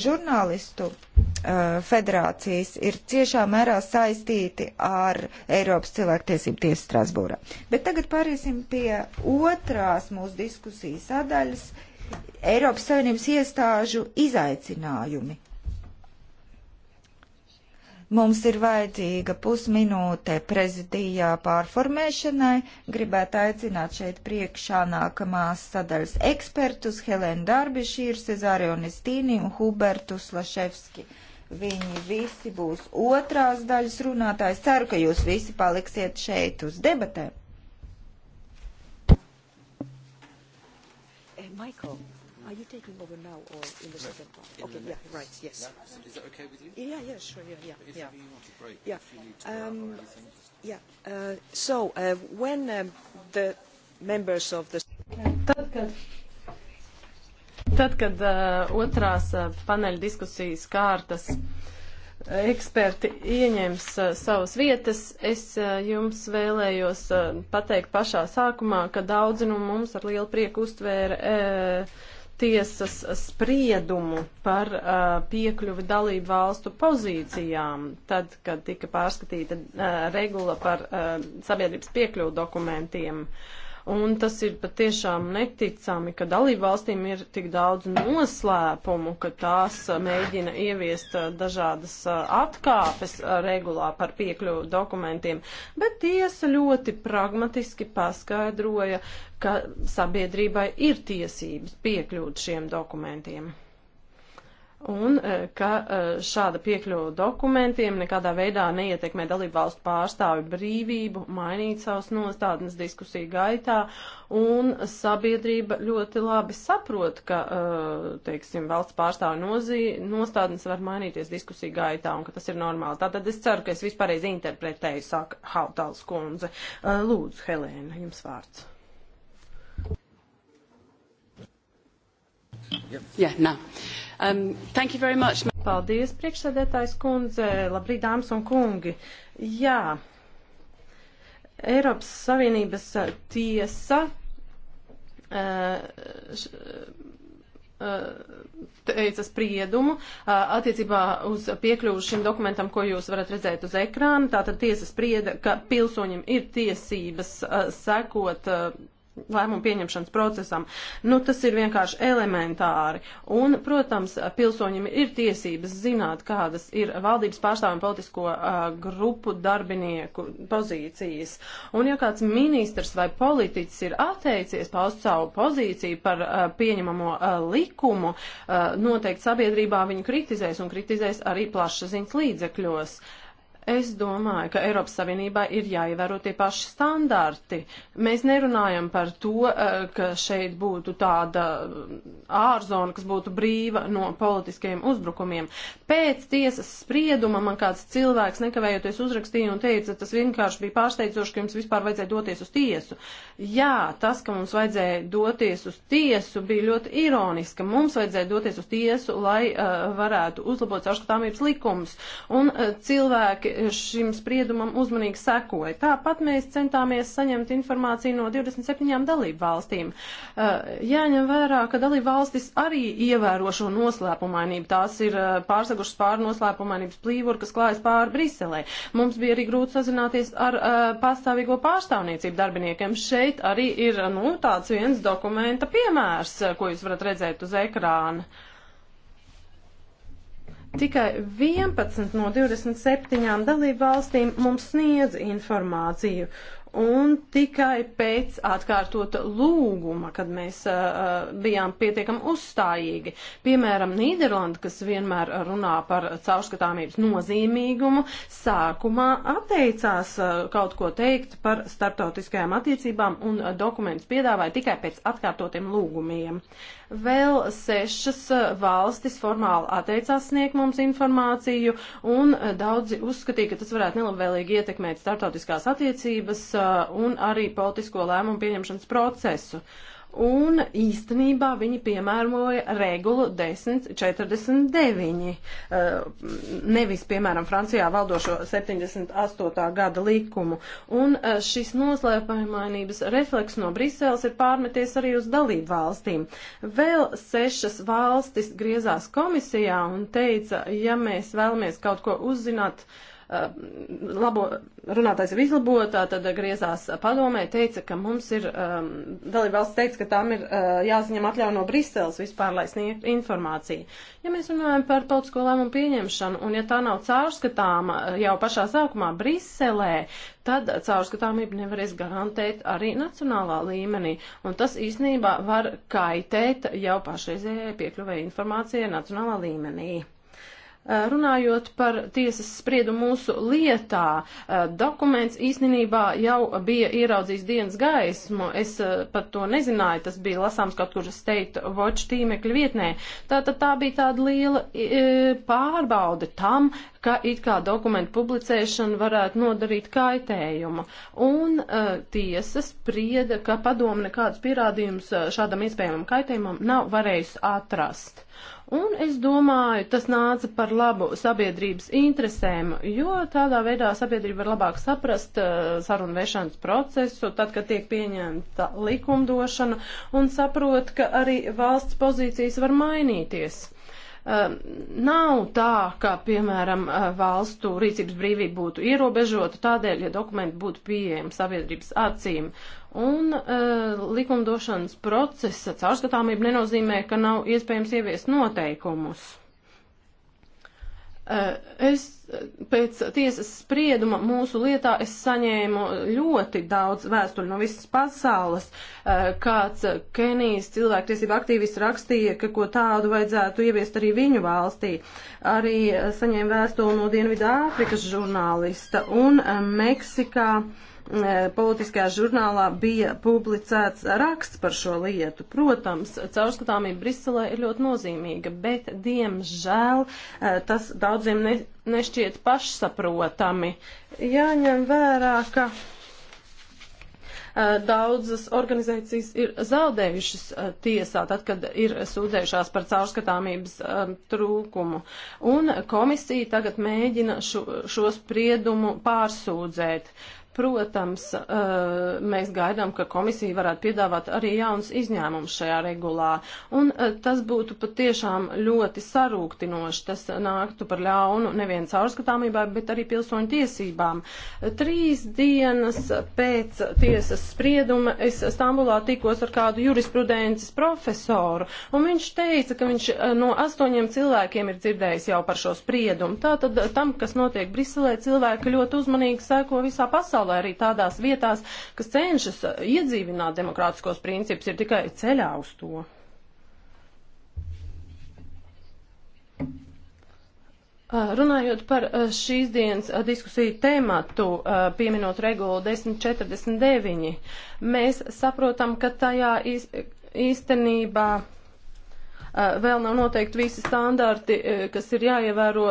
žurnālistu uh, federācijas, ir ciešā mērā saistīti ar Eiropas cilvēktiesību tiesu Strasbūrā. Bet tagad pāriesim pie otrās mūsu diskusijas sadaļas - Eiropas Savienības iestāžu izaicinājumi Mums ir vajadzīga pusminūte prezidijā pārformēšanai. Gribētu aicināt šeit priekšā nākamās sadaļas ekspertus Helēnu Darbišīru, Cezārionis Tīni un Hubertu Slaševski. Viņi visi būs otrās daļas runātājs. Ceru, ka jūs visi paliksiet šeit uz debatēm. Hey, eh, Michael. Are you taking over now or in the no, second part? In okay, the next. yeah, right, yes. Yeah, is that okay with you? Yeah, yeah, sure, yeah, yeah. But if yeah. you want to break, yeah. if you need to um, or anything, just... Yeah, uh, so uh, when um, the members of the... Tad, kad... Tad, kad uh, otrās uh, paneļa diskusijas kārtas uh, eksperti ieņems uh, savas vietas, es uh, jums vēlējos uh, pateikt pašā sākumā, ka daudzi no nu mums ar lielu prieku uztvēra. Uh, tiesas spriedumu par uh, piekļuvi dalību valstu pozīcijām, tad, kad tika pārskatīta uh, regula par uh, sabiedrības piekļuvu dokumentiem. Uh, Un tas ir patiešām neticami, ka dalību valstīm ir tik daudz noslēpumu, ka tās mēģina ieviest dažādas atkāpes regulā par piekļuvu dokumentiem. Bet tiesa ļoti pragmatiski paskaidroja, ka sabiedrībai ir tiesības piekļūt šiem dokumentiem un e, ka e, šāda piekļuva dokumentiem nekādā veidā neietekmē dalību valstu pārstāvi brīvību, mainīt savas nostādnes diskusiju gaitā, un sabiedrība ļoti labi saprot, ka, e, teiksim, valsts pārstāvi nozī, nostādnes var mainīties diskusiju gaitā, un ka tas ir normāli. Tātad es ceru, ka es vispārreiz interpretēju, saka Hautals kundze. Lūdzu, Helēna, jums vārds. Yeah. Yeah, no. Um, thank you very much. Paldies, priekšsēdētājs kundze. Labrīt, dāmas un kungi. Jā. Eiropas Savienības uh, tiesa. Uh, š, uh, teica spriedumu uh, attiecībā uz piekļuvu šim dokumentam, ko jūs varat redzēt uz ekrāna. Tātad tiesa sprieda, ka pilsoņiem ir tiesības uh, sekot lēmumu pieņemšanas procesam. Nu, tas ir vienkārši elementāri. Un, protams, pilsoņiem ir tiesības zināt, kādas ir valdības pārstāvjuma politisko uh, grupu darbinieku pozīcijas. Un, ja kāds ministrs vai politiķis ir atteicies paust savu pozīciju par uh, pieņemamo uh, likumu, uh, noteikti sabiedrībā viņu kritizēs un kritizēs arī plašsaziņas līdzekļos. Uh, Es domāju, ka Eiropas Savienībā ir jāievēro tie paši standarti. Mēs nerunājam par to, eh, ka šeit būtu tāda ārzona, kas būtu brīva no politiskiem uzbrukumiem. Pēc tiesas sprieduma man kāds cilvēks nekavējoties uzrakstīja un teica, tas vienkārši bija pārsteidzoši, ka jums vispār vajadzēja doties uz tiesu. Jā, tas, ka mums vajadzēja doties uz tiesu, bija ļoti ironiski. Mums vajadzēja doties uz tiesu, lai uh, varētu uzlabot caurskatāmības likumus. Un uh, cilvēki šim spriedumam uzmanīgi sekoja. Tāpat mēs centāmies saņemt informāciju no 27 dalību valstīm. Uh, jāņem vērā, ka dalību valstis arī ievēro šo noslēpumainību. Tās ir uh, pārsegušas pāri noslēpumainības plīvuru, kas klājas pāri Briselē. Mums bija arī grūti sazināties ar uh, pastāvīgo pārstāvniecību darbiniekiem. Šeit arī ir nu, tāds viens dokumenta piemērs, ko jūs varat redzēt uz ekrāna. Tikai 11 no 27 dalību valstīm mums sniedz informāciju, un tikai pēc atkārtota lūguma, kad mēs uh, uh, bijām pietiekami uzstājīgi. Piemēram, Nīderlanda, kas vienmēr runā par caurskatāmības nozīmīgumu, sākumā atteicās uh, kaut ko teikt par starptautiskajām attiecībām un uh, dokumentus piedāvāja tikai pēc atkārtotiem lūgumiem. Vēl sešas uh, valstis formāli atteicās sniegt mums informāciju, un uh, daudzi uzskatīja, ka tas varētu nelabvēlīgi ietekmēt starptautiskās attiecības uh, un arī politisko lēmumu pieņemšanas procesu un īstenībā viņi piemēroja regulu 1049, eh, nevis, piemēram, Francijā valdošo 78. gada likumu. Un eh, šis noslēpumainības refleks no Briseles ir pārmeties arī uz dalību valstīm. Vēl sešas valstis griezās komisijā un teica, ja mēs vēlamies kaut ko uzzināt, uh, Um, labo, runātājs ir izlabotā, tad griezās padomē, teica, ka mums ir, um, dalībvalsts teica, ka tām ir uh, jāsaņem atļauj no Briseles vispār, lai sniegtu informāciju. Ja mēs runājam par tautisko lēmumu pieņemšanu, un ja tā nav caurskatāma uh, jau pašā sākumā Briselē, tad caurskatāmību nevarēs garantēt arī nacionālā līmenī, un tas īstenībā var kaitēt jau pašreizējai piekļuvai informācijai nacionālā līmenī. Eh, runājot par tiesas spriedumu mūsu lietā, eh, dokuments īstenībā jau bija ieraudzījis dienas gaismu. Es eh, pat to nezināju, tas bija lasāms kaut kur State Watch tīmekļa vietnē. Tātad tā bija tāda liela pārbaude tam, ka it kā dokumentu publicēšana varētu nodarīt kaitējumu. Un tiesa sprieda, ka padoma nekādus pierādījumus šādam iespējamam kaitējumam nav varējusi atrast. Un es domāju, tas nāca par labu sabiedrības interesēm, jo tādā veidā sabiedrība var labāk saprast uh, sarunu vešanas procesu, tad, kad tiek pieņemta likumdošana, un saprot, ka arī valsts pozīcijas var mainīties. Ehm, nav tā, ka, piemēram, eh, valstu rīcības brīvība būtu ierobežota tādēļ, ja dokumenti būtu pieejami sabiedrības acīm. Un uh, likumdošanas procesa caurskatāmība nenozīmē, ka nav iespējams ieviest noteikumus. Eh, es eh, pēc tiesas sprieduma mūsu lietā es saņēmu ļoti daudz vēstuļu no visas pasaules. Eh, kāds Kenijas cilvēktiesība aktīvists rakstīja, ka ko tādu vajadzētu ieviest arī viņu valstī. Arī saņēmu vēstuli no Dienvidā Āfrikas žurnālista un Meksikā. Uh, E, politiskajā žurnālā bija publicēts raksts par šo lietu. Protams, caurskatāmība Briselē ir ļoti nozīmīga, bet, diemžēl, e, tas daudziem ne, nešķiet pašsaprotami. Jāņem vērā, ka e, daudzas organizācijas ir zaudējušas tiesā, tad, kad ir sūdzējušās par caurskatāmības trūkumu. Un komisija tagad mēģina šo, šo spriedumu pārsūdzēt. Uh, Protams, eh, mēs gaidām, ka komisija varētu piedāvāt arī jauns izņēmums šajā regulā, un eh, tas būtu patiešām ļoti sarūktinoši. Tas nāktu par ļaunu nevien caurskatāmībai, bet arī pilsoņu tiesībām. Trīs dienas pēc tiesas sprieduma es Stambulā tikos ar kādu jurisprudences profesoru, un viņš teica, ka viņš eh, no astoņiem cilvēkiem ir dzirdējis jau par šo spriedumu. Tātad tam, kas notiek Briselē, cilvēki ļoti uzmanīgi sēko visā pasaulē pasaulē, arī tādās vietās, kas cenšas uh, iedzīvināt demokrātiskos principus, ir tikai ceļā uz to. Uh, runājot par uh, šīs dienas diskusiju tēmatu, pieminot regulu 1049, mēs saprotam, ka tajā īstenībā. Iz, Vēl nav noteikti visi standarti, kas ir jāievēro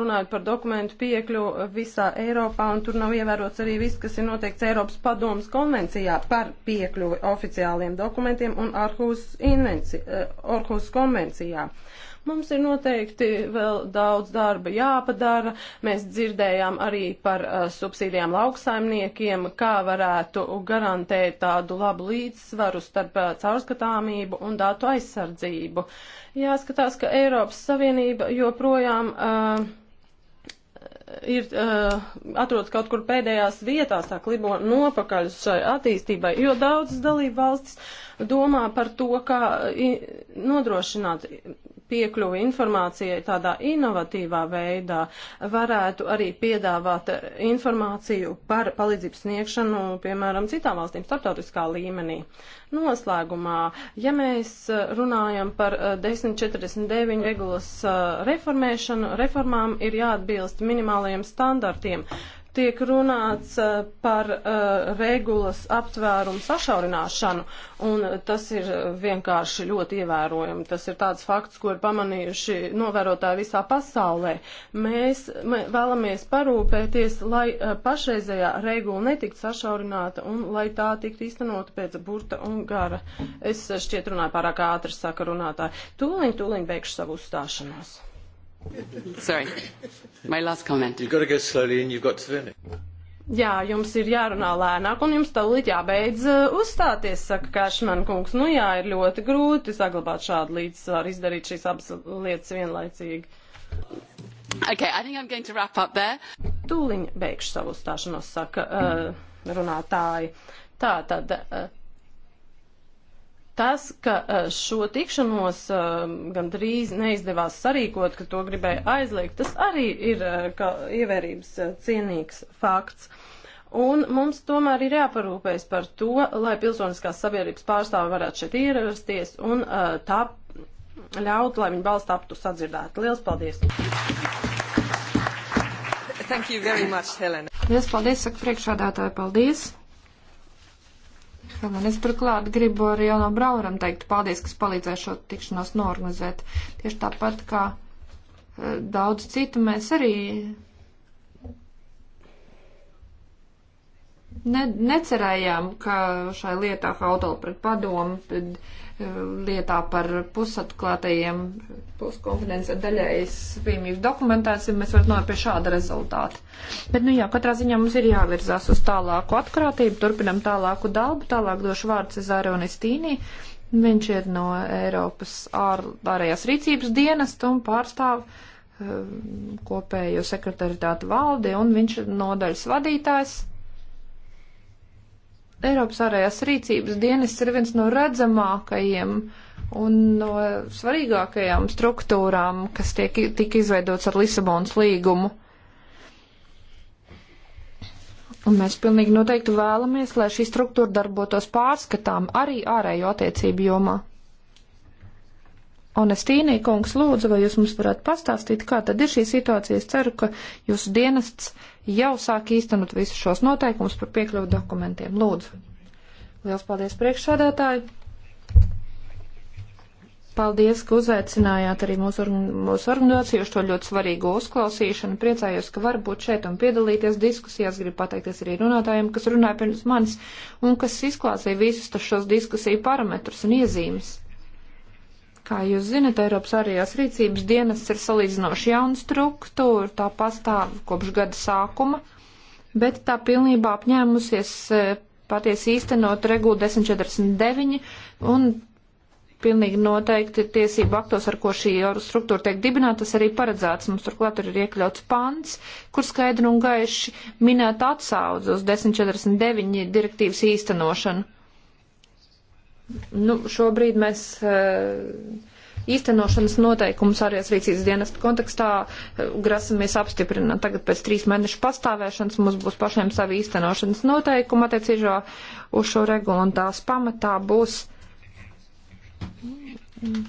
runājot par dokumentu piekļuvu visā Eiropā, un tur nav ievērots arī viss, kas ir noteikts Eiropas padomas konvencijā par piekļuvi oficiāliem dokumentiem un Arhus, invenci, Arhus konvencijā. Uh, Mums ir noteikti vēl daudz darba jāpadara. Mēs dzirdējām arī par uh, subsīdijām lauksaimniekiem, kā varētu garantēt tādu labu līdzsvaru starp uh, caurskatāmību un datu aizsardzību. Jāskatās, ka Eiropas Savienība joprojām. Uh, ir uh, atrodas kaut kur pēdējās vietās, tā klibo nopakaļ šai attīstībai, jo daudzas dalība valstis domā par to, kā nodrošināt piekļuvi informācijai tādā inovatīvā veidā, varētu arī piedāvāt informāciju par palīdzību sniegšanu, piemēram, citām valstīm starptautiskā līmenī. Noslēgumā, ja mēs runājam par 1049 eh, regulas eh, reformēšanu, reformām ir jāatbilst minimālajiem standartiem tiek runāts eh, par uh, regulas aptvērumu sašaurināšanu, un tas ir vienkārši ļoti ievērojami. Tas ir tāds fakts, ko ir pamanījuši novērotāji visā pasaulē. Mēs, mēs vēlamies parūpēties, lai uh, pašreizējā regula netiktu sašaurināta un lai tā tiktu īstenota pēc burta un gara. Es šķiet runāju pārāk ātri, saka runātāji. Tūliņ, tūliņ beigšu savu uzstāšanos. Sorry. My last comment. You've got to go slowly and you've got to finish. Jā, jums ir jārunā lēnāk, un jums tālīt jābeidz uh, uzstāties, saka Kašman kungs. Nu jā, ir ļoti grūti saglabāt šādu līdzsvaru, izdarīt šīs abas lietas vienlaicīgi. Okay, I think I'm going to wrap up there. Tūliņ beigšu savu uzstāšanos, saka uh, runātāji. Tā tad. Uh, Tas, ka e, šo tikšanos e, gandrīz neizdevās sarīkot, ka to gribēja aizliegt, tas arī ir e, kā ievērības cienīgs fakts. Un mums tomēr ir jāparūpējas par to, lai pilsoniskās sabiedrības pārstāvi varētu šeit ierasties un tā ļaut, lai viņu balsts aptu sadzirdēt. Lielas paldies! Thank you very much, Helena. Lielas paldies, saka priekšādātāji, paldies! Ham, un es turklāt gribu arī Jono Brauram teikt paldies, kas palīdzēja šo tikšanos norganizēt. Tieši tāpat kā e, daudz citu mēs arī ne, necerējām, ka šai lietā hautala pret padomu, pret lietā par pusatklātajiem, puskonfidences daļējas pieejamības dokumentāciju, mēs varam nonākt pie šāda rezultāta. Bet, nu jā, katrā ziņā mums ir jāvirzās uz tālāku atkrātību, turpinam tālāku darbu, tālāk došu vārdu Cezāronis Tīnī. Viņš ir no Eiropas ār, ārējās rīcības dienesta un pārstāv uh, kopējo sekretaritātu valdi, un viņš ir nodaļas vadītājs. Eiropas ārējās rīcības dienas ir viens no redzamākajiem un no svarīgākajām struktūrām, kas tiek, tika izveidots ar Lisabonas līgumu. Un mēs pilnīgi noteikti vēlamies, lai šī struktūra darbotos pārskatām arī ārējo attiecību jomā. Onestīnī, kungs, lūdzu, vai jūs mums varētu pastāstīt, kā tad ir šī situācija? Es ceru, ka jūsu dienests jau sāk īstenot visus šos noteikumus par piekļuvu dokumentiem. Lūdzu. Liels paldies priekšsādātāji. Paldies, ka uzaicinājāt arī mūsu, mūsu organizāciju uz to ļoti svarīgo uzklausīšanu. Priecājos, ka var būt šeit un piedalīties diskusijās. Gribu pateikties arī runātājiem, kas runāja pirms manis un kas izklāsīja visus šos diskusiju parametrus un iezīmes. Kā jūs zinat, Eiropas ārējās rīcības dienas ir salīdzinoši jauna struktūra, tā pastāv kopš gada sākuma, bet tā pilnībā apņēmusies e, patiesi īstenot regulu 1049 un pilnīgi noteikti tiesību aktos, ar ko šī struktūra tiek dibināta, tas arī paredzēts. Mums turklāt ir iekļauts pants, kur skaidri un gaiši minēta atsaudzes uz 1049 direktīvas īstenošanu. Nu, šobrīd mēs eh, īstenošanas noteikumus arī rīcības dienestu kontekstā eh, grasamies apstiprināt. Tagad pēc trīs mēnešu pastāvēšanas mums būs pašiem savi īstenošanas noteikumi attiecībā uz šo regulu un tās pamatā būs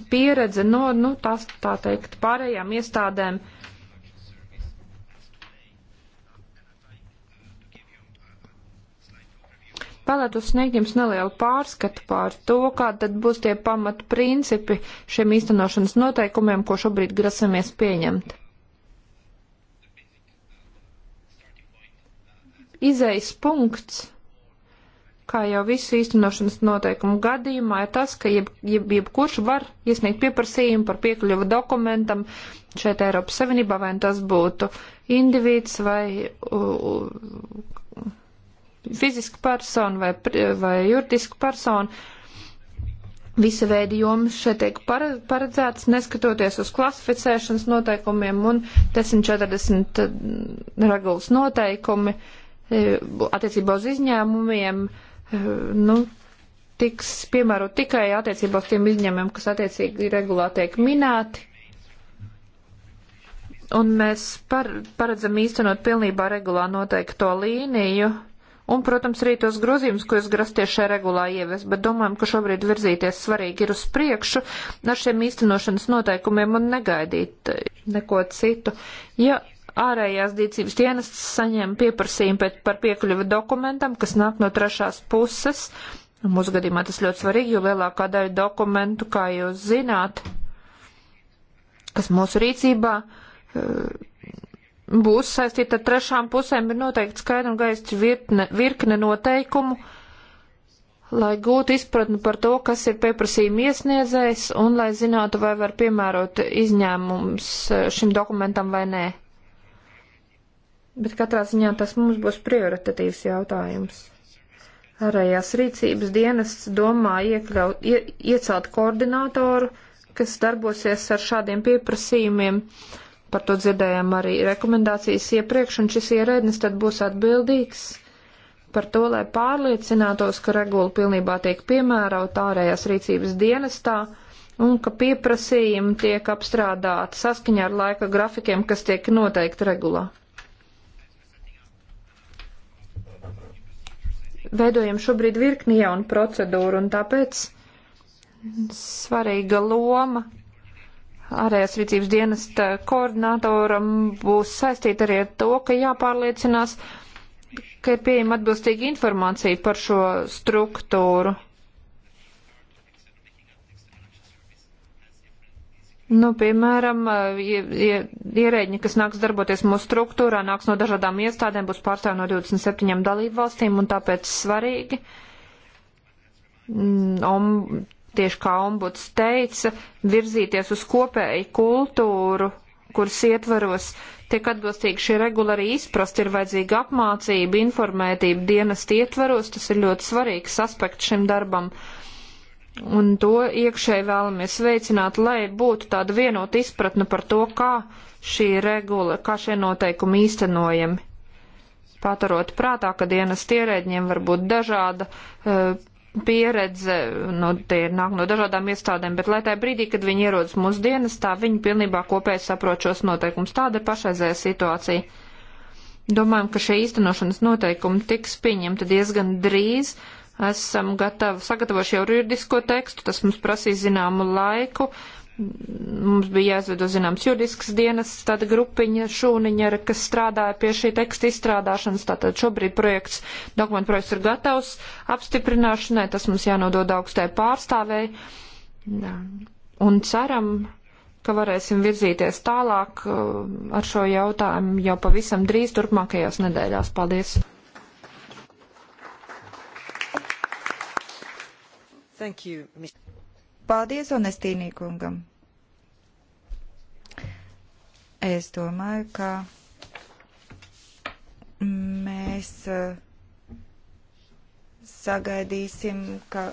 pieredze no, nu, tās, tā teikt, pārējām iestādēm uh, Vēlētos sniegt jums nelielu pārskatu pār to, kāda tad būs tie pamata principi šiem īstenošanas noteikumiem, ko šobrīd grasamies pieņemt. Izejas punkts, kā jau visu īstenošanas noteikumu gadījumā, ir tas, ka jeb, jeb, jebkurš var iesniegt pieprasījumu par piekļuvu dokumentam šeit Eiropas Savienībā, vai nu tas būtu individs vai u, u, fizisku personu vai, vai juridisku personu. Visa veida jomas šeit tiek paredzētas, neskatoties uz klasificēšanas noteikumiem un 1040 eh, regulas noteikumi eh, attiecībā uz izņēmumiem. Eh, nu, tiks piemērot tikai attiecībā uz tiem izņēmumiem, kas attiecīgi regulā tiek minēti. Un mēs par, paredzam īstenot pilnībā regulā noteikto līniju Un, protams, arī tos grozījumus, ko es grasties šajā regulā ievies, bet domājam, ka šobrīd virzīties svarīgi ir uz priekšu ar šiem īstenošanas noteikumiem un negaidīt eh, neko citu. Ja ārējās dīcības dienestas saņem pieprasījumu pēc par piekļuvi dokumentam, kas nāk no trešās puses, mūsu gadījumā tas ļoti svarīgi, jo lielākā daļa dokumentu, kā jūs zināt, kas mūsu rīcībā, uh, būs saistīta ar trešām pusēm, ir noteikti skaidra un gaista virkne, virkne noteikumu, lai gūtu izpratni par to, kas ir pieprasījuma iesniedzējs un lai zinātu, vai var piemērot izņēmums eh, šim dokumentam vai nē. Bet katrā ziņā tas mums būs prioritatīvs jautājums. Ārējās rīcības dienests domā iekļaut, ie, iecelt koordinātoru, kas darbosies ar šādiem pieprasījumiem. Uh, Par to dzirdējām arī rekomendācijas iepriekš, un šis ierēdnis tad būs atbildīgs par to, lai pārliecinātos, ka regula pilnībā tiek piemērota ārējās rīcības dienestā un ka pieprasījumi tiek apstrādāti saskaņā ar laika grafikiem, kas tiek noteikti regulā. Veidojam šobrīd virkni jaunu procedūru, un tāpēc svarīga loma ārējās rīcības dienesta koordinatoram būs saistīta arī ar to, ka jāpārliecinās, ka ir pieejama atbilstīga informācija par šo struktūru. Nu, piemēram, ierēģi, kas nāks darboties mūsu struktūrā, nāks no dažādām iestādēm, būs pārstāvji no 27 dalību valstīm, un tāpēc svarīgi, um, tieši kā ombuds teica, virzīties uz kopēju kultūru, kuras ietvaros tiek atbilstīgi šī regula arī izprast, ir vajadzīga apmācība, informētība dienas ietvaros, tas ir ļoti svarīgs aspekts šim darbam. Un to iekšēji vēlamies veicināt, lai būtu tāda vienota izpratne par to, kā šī regula, kā šie noteikumi īstenojami paturot prātā, ka dienas ierēģiem var būt dažāda uh, pieredze, nu, tie ir nāk no dažādām iestādēm, bet lai tajā brīdī, kad viņi ierodas mūsu dienas, tā viņi pilnībā kopēji saprot šos noteikumus. Tāda ir pašreizēja situācija. Domājam, ka šie īstenošanas noteikumi tiks pieņemti diezgan drīz. Esam gatavi sagatavošu jau juridisko tekstu, tas mums prasīs zināmu laiku, Mums bija jāizved uz zināms juridisks dienas, tāda grupiņa šūniņa, kas strādāja pie šī teksta izstrādāšanas. Tātad šobrīd projekts, dokumentu projekts ir gatavs apstiprināšanai, tas mums jānodod augstai pārstāvēji. Un ceram, ka varēsim virzīties tālāk uh, ar šo jautājumu jau pavisam drīz turpmākajās nedēļās. Paldies! Thank you, Mr. Paldies Onestīnī kungam. Es domāju, ka mēs eh, sagaidīsim, ka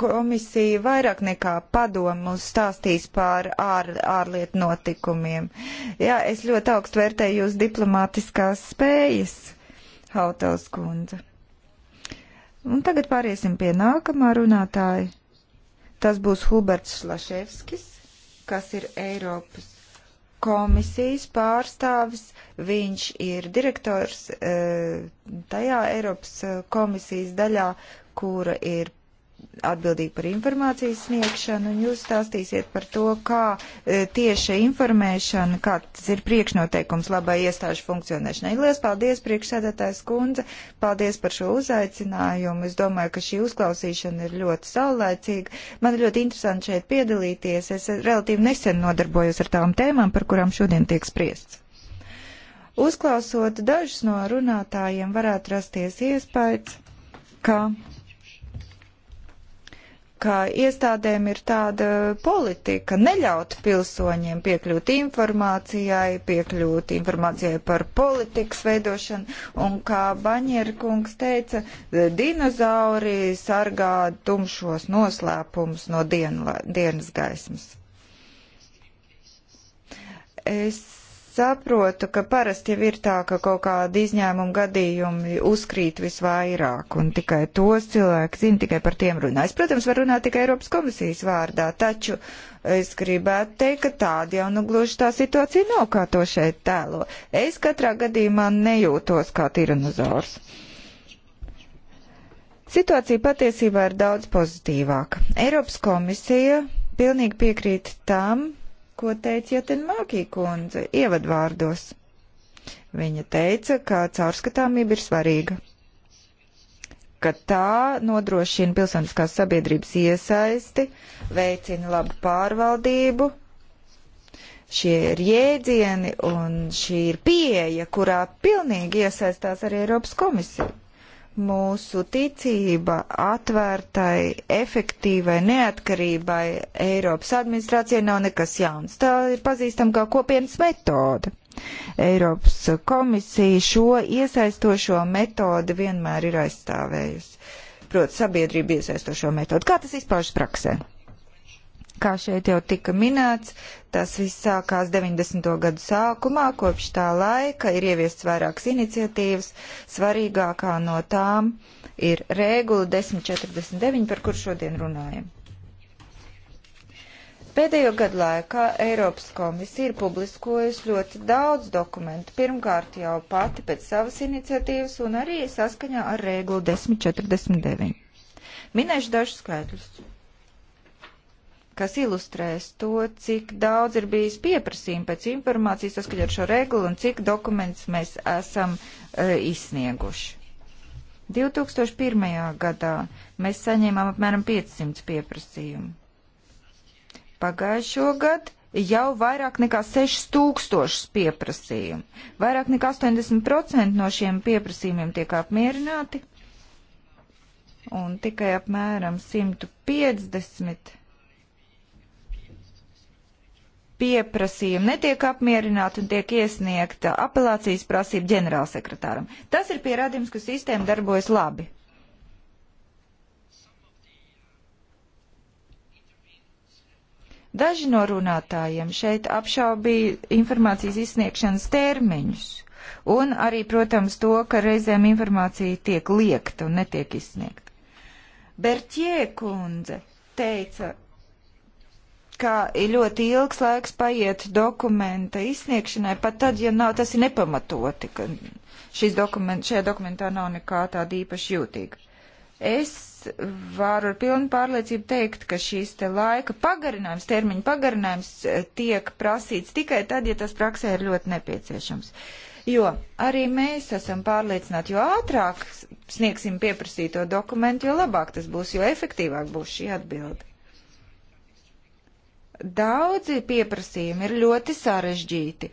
komisija vairāk nekā padomu stāstīs par ār, ārlietu notikumiem. Jā, es ļoti augstu vērtēju jūs diplomātiskās spējas, Hautels kundze. Un tagad pāriesim pie nākamā runātāja. Tas būs Huberts Šlaševskis, kas ir Eiropas komisijas pārstāvis. Viņš ir direktors eh, tajā Eiropas eh, komisijas daļā, kura ir atbildīgi par informācijas sniegšanu, un jūs stāstīsiet par to, kā e, tieša informēšana, kāds ir priekšnoteikums labai iestāžu funkcionēšanai. Lielas paldies, priekšsēdētājs kundze, paldies par šo uzaicinājumu. Es domāju, ka šī uzklausīšana ir ļoti saulēcīga. Man ir ļoti interesanti šeit piedalīties. Es relatīvi nesen nodarbojos ar tām tēmām, par kurām šodien tiek spriests. Uzklausot dažus no runātājiem, varētu rasties iespējas, ka ka iestādēm ir tāda politika neļaut pilsoņiem piekļūt informācijai, piekļūt informācijai par politikas veidošanu, un kā Baņierkungs teica, dinozauri sargā tumšos noslēpumus no dienu, dienas gaismas. Es saprotu, ka parasti jau ir tā, ka kaut kādi izņēmumi gadījumi uzkrīt visvairāk, un tikai tos cilvēki zina, tikai par tiem runā. Es, protams, varu runāt tikai Eiropas komisijas vārdā, taču es gribētu teikt, ka tāda jau nu gluži tā situācija nav, kā to šeit tēlo. Es katrā gadījumā nejūtos kā tiranozors. Situācija patiesībā ir daudz pozitīvāka. Eiropas komisija pilnīgi piekrīt tam, ko teica Jatenmākī kundze ievadvārdos. Viņa teica, ka caurskatāmība ir svarīga, ka tā nodrošina pilsoniskās sabiedrības iesaisti, veicina labu pārvaldību. Šie ir jēdzieni un šī ir pieeja, kurā pilnīgi iesaistās arī Eiropas komisija mūsu ticība atvērtai, efektīvai neatkarībai Eiropas administrācijai nav nekas jauns. Tā ir pazīstama kā kopienas metode. Eiropas komisija šo iesaistošo metodi vienmēr ir aizstāvējusi. Proti, sabiedrība iesaistošo metodi. Kā tas izpaužas praksē? Kā šeit jau tika minēts, tas viss sākās 90. gadu sākumā, kopš tā laika ir ieviests vairākas iniciatīvas. Svarīgākā no tām ir regula 1049, par kur šodien runājam. Pēdējo gadu laikā Eiropas komisija ir publiskojusi ļoti daudz dokumentu, pirmkārt jau pati pēc savas iniciatīvas un arī saskaņā ar regulu 1049. Minēšu dažus skaitļus kas ilustrēs to, cik daudz ir bijis pieprasījumi pēc informācijas saskaņā ar šo regulu un cik dokumentus mēs esam uh, izsnieguši. 2001. gadā mēs saņēmām apmēram 500 pieprasījumu. Pagājušo gadu jau vairāk nekā 6000 pieprasījumu. Vairāk nekā 80% no šiem pieprasījumiem tiek apmierināti un tikai apmēram 150 pieprasījumi netiek apmierināti un tiek iesniegta apelācijas prasība ģenerālsekretāram. Tas ir pierādījums, ka sistēma darbojas labi. Daži no runātājiem šeit apšaubīja informācijas izsniegšanas termiņus un arī, protams, to, ka reizēm informācija tiek liekta un netiek izsniegta. Berķie kundze teica, ka ir ļoti ilgs laiks paiet dokumenta izsniegšanai, pat tad, ja nav, tas ir nepamatoti, ka dokument, šajā dokumentā nav nekā tāda īpaši jūtīga. Es varu ar pilnu pārliecību teikt, ka šīs te laika pagarinājums, termiņa pagarinājums e, tiek prasīts tikai tad, ja tas praksē ir ļoti nepieciešams. Jo arī mēs esam pārliecināti, jo ātrāk sniegsim pieprasīto dokumentu, jo labāk tas būs, jo efektīvāk būs šī atbilde. Daudzi pieprasījumi ir ļoti sarežģīti.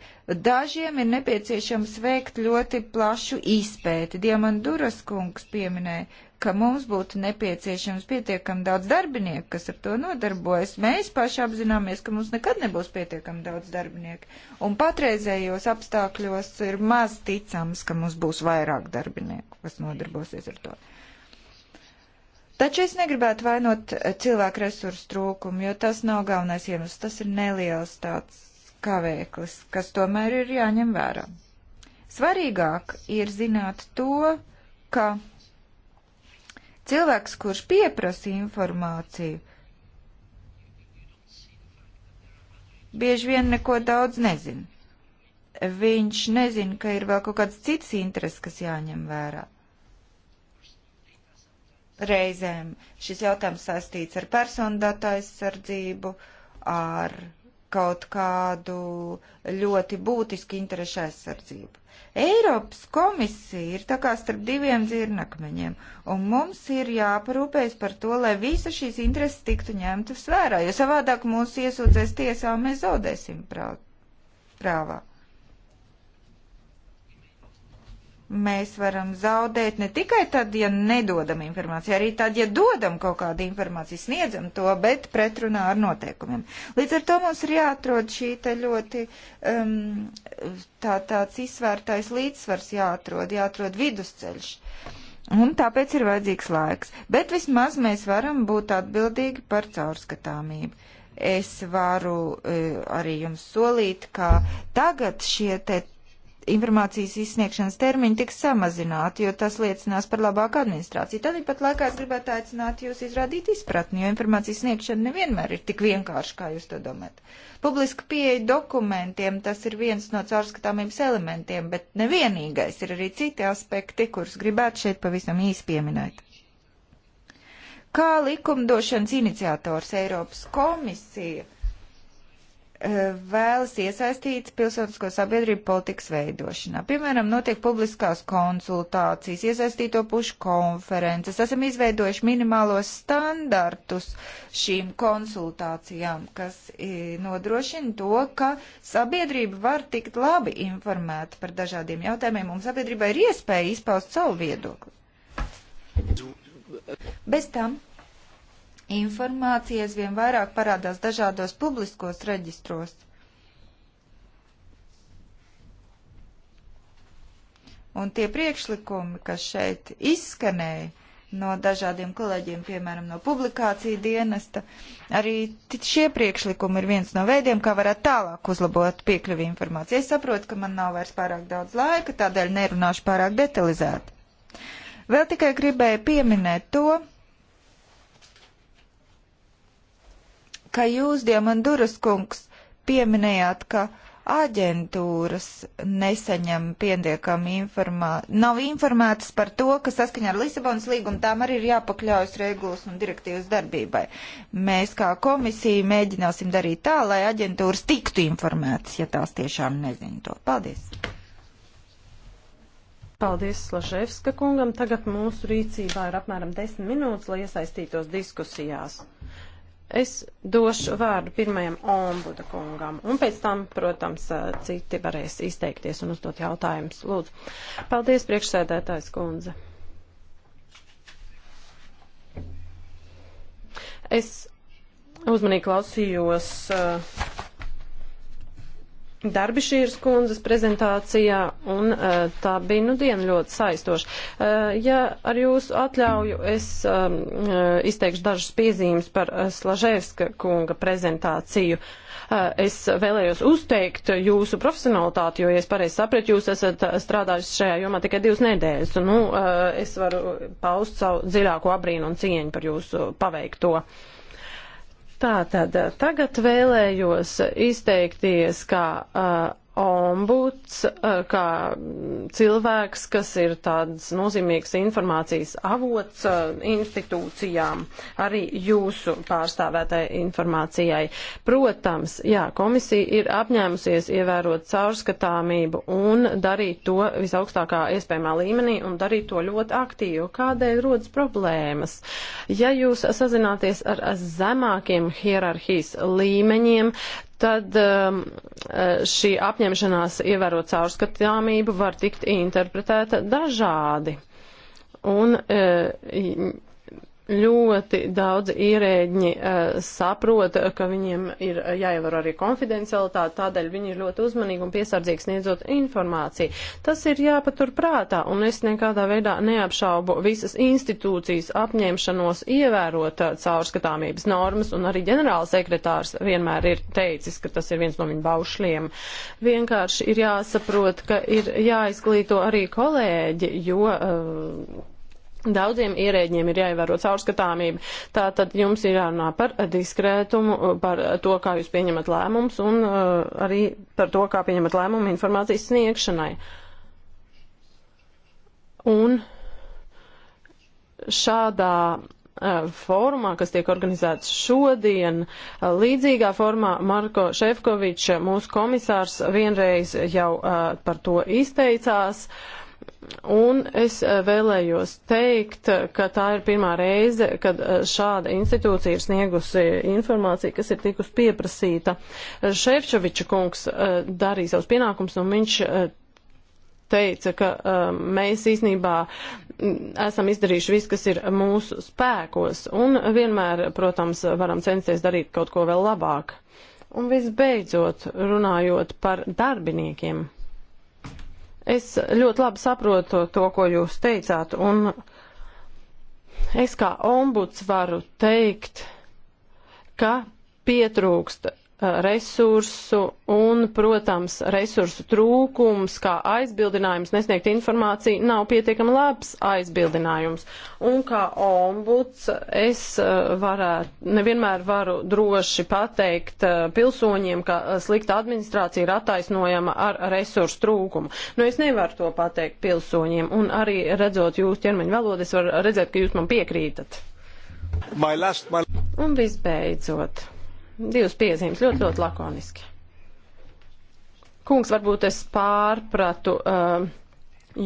Dažiem ir nepieciešams veikt ļoti plašu izpēti. Diemanduras kungs pieminēja, ka mums būtu nepieciešams pietiekami daudz darbinieku, kas ar to nodarbojas. Mēs paši apzināmies, ka mums nekad nebūs pietiekami daudz darbinieku. Un patreizējos apstākļos ir maz ticams, ka mums būs vairāk darbinieku, kas nodarbosies ar to. Uh, Taču es negribētu vainot eh, cilvēku resursu trūkumu, jo tas nav galvenais iemesls, tas ir neliels tāds kavēklis, kas tomēr ir jāņem vērā. Svarīgāk ir zināt to, ka cilvēks, kurš pieprasa informāciju, bieži vien neko daudz nezina. Viņš nezina, ka ir vēl kaut kādas citas intereses, kas jāņem vērā. Reizēm šis jautājums saistīts ar personu datu aizsardzību, ar kaut kādu ļoti būtisku interešu aizsardzību. Eiropas komisija ir tā kā starp diviem dzirnakmeņiem, un mums ir jāparūpējas par to, lai visa šīs intereses tiktu ņemtas vērā, jo savādāk mūs iesūdzēs tiesā un mēs zaudēsim prāvā. mēs varam zaudēt ne tikai tad, ja nedodam informāciju, arī tad, ja dodam kaut kādu informāciju, sniedzam to, bet pretrunā ar noteikumiem. Līdz ar to mums ir jāatrod šī te ļoti um, tā, tāds izsvērtais līdzsvars jāatrod, jāatrod vidusceļš. Un tāpēc ir vajadzīgs laiks. Bet vismaz mēs varam būt atbildīgi par caurskatāmību es varu uh, arī jums solīt, ka tagad šie te informācijas izsniegšanas termiņi tiks samazināti, jo tas liecinās par labāku administrāciju. Tad pat laikā es gribētu aicināt jūs izrādīt izpratni, jo informācijas sniegšana nevienmēr ir tik vienkārši, kā jūs to domājat. Publiska pieeja dokumentiem, tas ir viens no caurskatāmības elementiem, bet nevienīgais ir arī citi aspekti, kurus gribētu šeit pavisam īsi pieminēt. Kā likumdošanas iniciators Eiropas komisija vēlas iesaistīt pilsonisko sabiedrību politikas veidošanā. Piemēram, notiek publiskās konsultācijas, iesaistīto pušu konferences. Esam izveidojuši minimālos standartus šīm konsultācijām, kas e, nodrošina to, ka sabiedrība var tikt labi informēta par dažādiem jautājumiem, un sabiedrībai ir iespēja izpaust savu viedokli. Bez tam Informācijas vien vairāk parādās dažādos publiskos reģistros. Un tie priekšlikumi, kas šeit izskanēja no dažādiem kolēģiem, piemēram, no publikāciju dienesta, arī šie priekšlikumi ir viens no veidiem, kā varētu tālāk uzlabot piekļuvi informācijai. Es saprotu, ka man nav vairs pārāk daudz laika, tādēļ nerunāšu pārāk detalizēti. Vēl tikai gribēju pieminēt to, ka jūs, Diemanduras kungs, pieminējāt, ka aģentūras nesaņem pietiekami informāciju, nav informētas par to, ka saskaņā ar Lisabonas līgumu tām arī ir jāpakļaujas regulas un direktīvas darbībai. Mēs kā komisija mēģināsim darīt tā, lai aģentūras tiktu informētas, ja tās tiešām nezina to. Paldies! Paldies Slaževska kungam. Tagad mūsu rīcībā ir apmēram 10 minūtes, lai iesaistītos diskusijās. Es došu vārdu pirmajam ombuda kungam, un pēc tam, protams, citi varēs izteikties un uzdot jautājumus. Lūdzu. Paldies, priekšsēdētājs kundze. Es uzmanīgi klausījos uh, Darbišīras kundzes prezentācijā, un e, tā bija nu diena ļoti saistoša. E, ja ar jūsu atļauju es e, izteikšu dažas piezīmes par Slažēvska kunga prezentāciju. Es vēlējos uzteikt jūsu profesionalitāti, jo, ja es pareizi sapratu, jūs esat strādājis šajā jomā tikai divas nedēļas, un nu, es varu paust savu dziļāko abrīnu un cieņu par jūsu paveikto. Tātad tagad vēlējos izteikties kā uh, ombuds kā cilvēks, kas ir tāds nozīmīgs informācijas avots institūcijām, arī jūsu pārstāvētai informācijai. Protams, jā, komisija ir apņēmusies ievērot caurskatāmību un darīt to visaugstākā iespējamā līmenī un darīt to ļoti aktīvu. Kādēļ rodas problēmas? Ja jūs sazināties ar zemākiem hierarhijas līmeņiem, tad um, eh, šī apņemšanās ievērot caurskatāmību var tikt interpretēta dažādi. Un, uh, ļoti daudz ierēģi uh, saprot, ka viņiem ir eh, jāievar arī konfidencialitāte, tādēļ viņi ir ļoti uzmanīgi un piesardzīgi sniedzot informāciju. Tas ir jāpatur prātā, un es nekādā veidā neapšaubu visas institūcijas apņemšanos ievērot uh, caurskatāmības normas, un arī ģenerālsekretārs vienmēr ir teicis, ka tas ir viens no viņa baušļiem. Vienkārši ir jāsaprot, ka ir jāizglīto arī kolēģi, jo uh, Daudziem ierēģiem ir jāievēro caurskatāmība. Tā tad jums ir jārunā par diskrētumu, par to, kā jūs pieņemat lēmumus un uh, arī par to, kā pieņemat lēmumu informācijas sniegšanai. Un šādā uh, formā, kas tiek organizēts šodien. Uh, līdzīgā formā Marko Šefkovičs, mūsu komisārs, vienreiz jau uh, par to izteicās. Uh, Un es eh, vēlējos teikt, eh, ka tā ir pirmā reize, kad eh, šāda institūcija ir sniegusi informāciju, kas ir tikus pieprasīta. Šefčoviča kungs darīja savus pienākums, un viņš teica, ka mēs īsnībā mm, esam izdarījuši visu, kas ir mūsu spēkos, un vienmēr, protams, varam censties darīt kaut ko vēl labāk. Un visbeidzot, runājot par darbiniekiem. Es ļoti labi saprotu to, ko jūs teicāt, un es kā ombuds varu teikt, ka pietrūkst resursu un, protams, resursu trūkums, kā aizbildinājums nesniegt informāciju, nav pietiekami labs aizbildinājums. Un kā ombuds es eh, varētu, nevienmēr varu droši pateikt eh, pilsoņiem, ka eh, slikta administrācija ir attaisnojama ar resursu trūkumu. Nu, es nevaru to pateikt pilsoņiem, un arī redzot jūsu ķermeņa valodu, es varu redzēt, ka jūs man piekrītat. My last, my... Un visbeidzot Divas piezīmes, ļoti, ļoti lakoniski. Kungs, varbūt es pārpratu uh,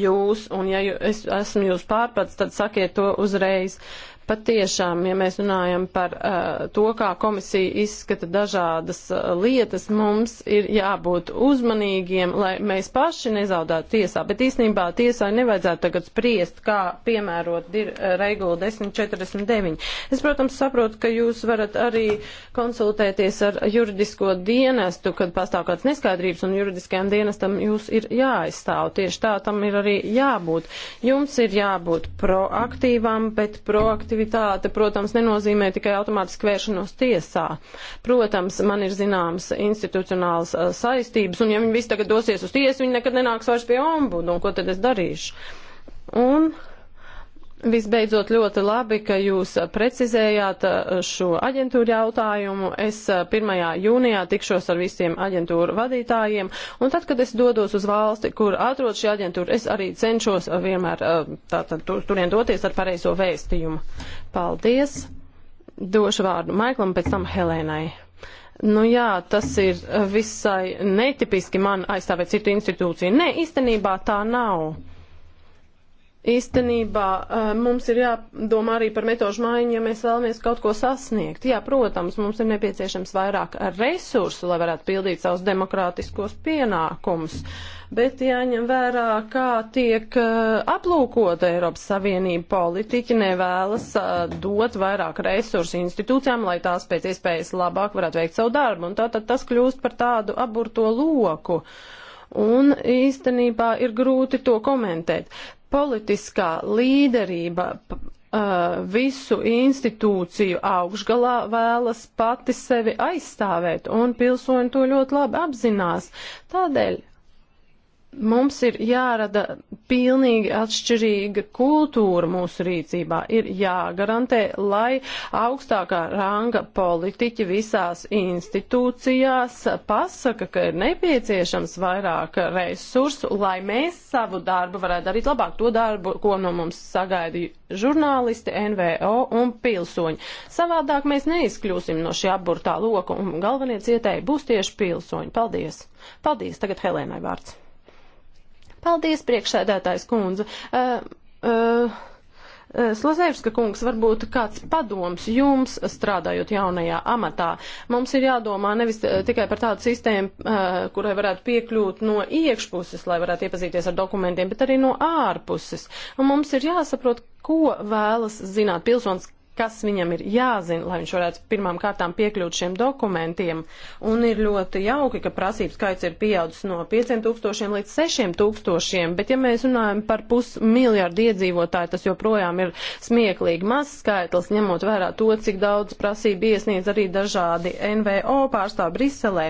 jūs, un ja jū, es esmu jūs pārpratis, tad sakiet to uzreiz. Patiešām, ja mēs runājam par uh, to, kā komisija izskata dažādas uh, lietas, mums ir jābūt uzmanīgiem, lai mēs paši nezaudētu tiesā. Bet īstenībā tiesai nevajadzētu tagad spriest, kā piemērot dir, uh, regulu 1049. Es, protams, saprotu, ka jūs varat arī konsultēties ar juridisko dienestu, kad pastāv kāds neskaidrības, un juridiskajam dienestam jūs ir jāaizstāv. Tieši tā tam ir arī jābūt. Jums ir jābūt proaktīvam, bet proaktīvam aktivitāte, protams, nenozīmē tikai automātiski vēršanos tiesā. Protams, man ir zināmas institucionālas saistības, un ja viņi visi tagad dosies uz tiesu, viņi nekad nenāks vairs pie ombudu, un ko tad es darīšu? Un Visbeidzot, ļoti labi, ka jūs uh, precizējāt uh, šo aģentūru jautājumu. Es 1. Uh, jūnijā tikšos ar visiem aģentūru vadītājiem, un tad, kad es dodos uz valsti, kur atrod šī aģentūra, es arī cenšos vienmēr tātad, tur, turien doties ar pareizo vēstījumu. Paldies! Došu vārdu Maiklam, pēc tam Helēnai. Nu jā, tas ir visai netipiski man aizstāvēt citu institūciju. Nē, īstenībā tā nav. Īstenībā eh, mums ir jādomā arī par metožu maiņu, ja mēs vēlamies kaut ko sasniegt. Jā, protams, mums ir nepieciešams vairāk resursu, lai varētu pildīt savus demokrātiskos pienākumus bet jāņem vērā, kā tiek eh, aplūkota Eiropas Savienība. Politiķi nevēlas eh, dot vairāk resursu institūcijām, lai tās pēc iespējas labāk varētu veikt savu darbu, un tātad tas kļūst par tādu aburto loku. Un īstenībā ir grūti to komentēt politiskā līderība visu institūciju augšgalā vēlas pati sevi aizstāvēt, un pilsoņi to ļoti labi apzinās. Tādēļ mums ir jārada pilnīgi atšķirīga kultūra mūsu rīcībā. Ir jāgarantē, lai augstākā ranga politiķi visās institūcijās pasaka, ka ir nepieciešams vairāk resursu, lai mēs savu darbu varētu darīt labāk. To darbu, ko no mums sagaida žurnālisti, NVO un pilsoņi. Savādāk mēs neizkļūsim no šī apburtā loka un galvenie cietēji būs tieši pilsoņi. Paldies! Paldies! Tagad Helēnai vārds. Paldies, priekšsēdētājs kundze. Uh, uh, Slazevska kungs, varbūt kāds padoms jums strādājot jaunajā amatā. Mums ir jādomā nevis tikai par tādu sistēmu, kurai varētu piekļūt no iekšpuses, lai varētu iepazīties ar dokumentiem, bet arī no ārpuses. Un mums ir jāsaprot, ko vēlas zināt pilsonis, kas viņam ir jāzina, lai viņš varētu pirmām kārtām piekļūt šiem dokumentiem. Un ir ļoti jauki, ka prasību skaits ir pieaudzis no 5000 līdz 6000, bet ja mēs runājam par pusmiljardu iedzīvotāju, tas joprojām ir smieklīgi maz skaitlis, ņemot vērā to, cik daudz prasību iesniedz arī dažādi NVO pārstāv Briselē.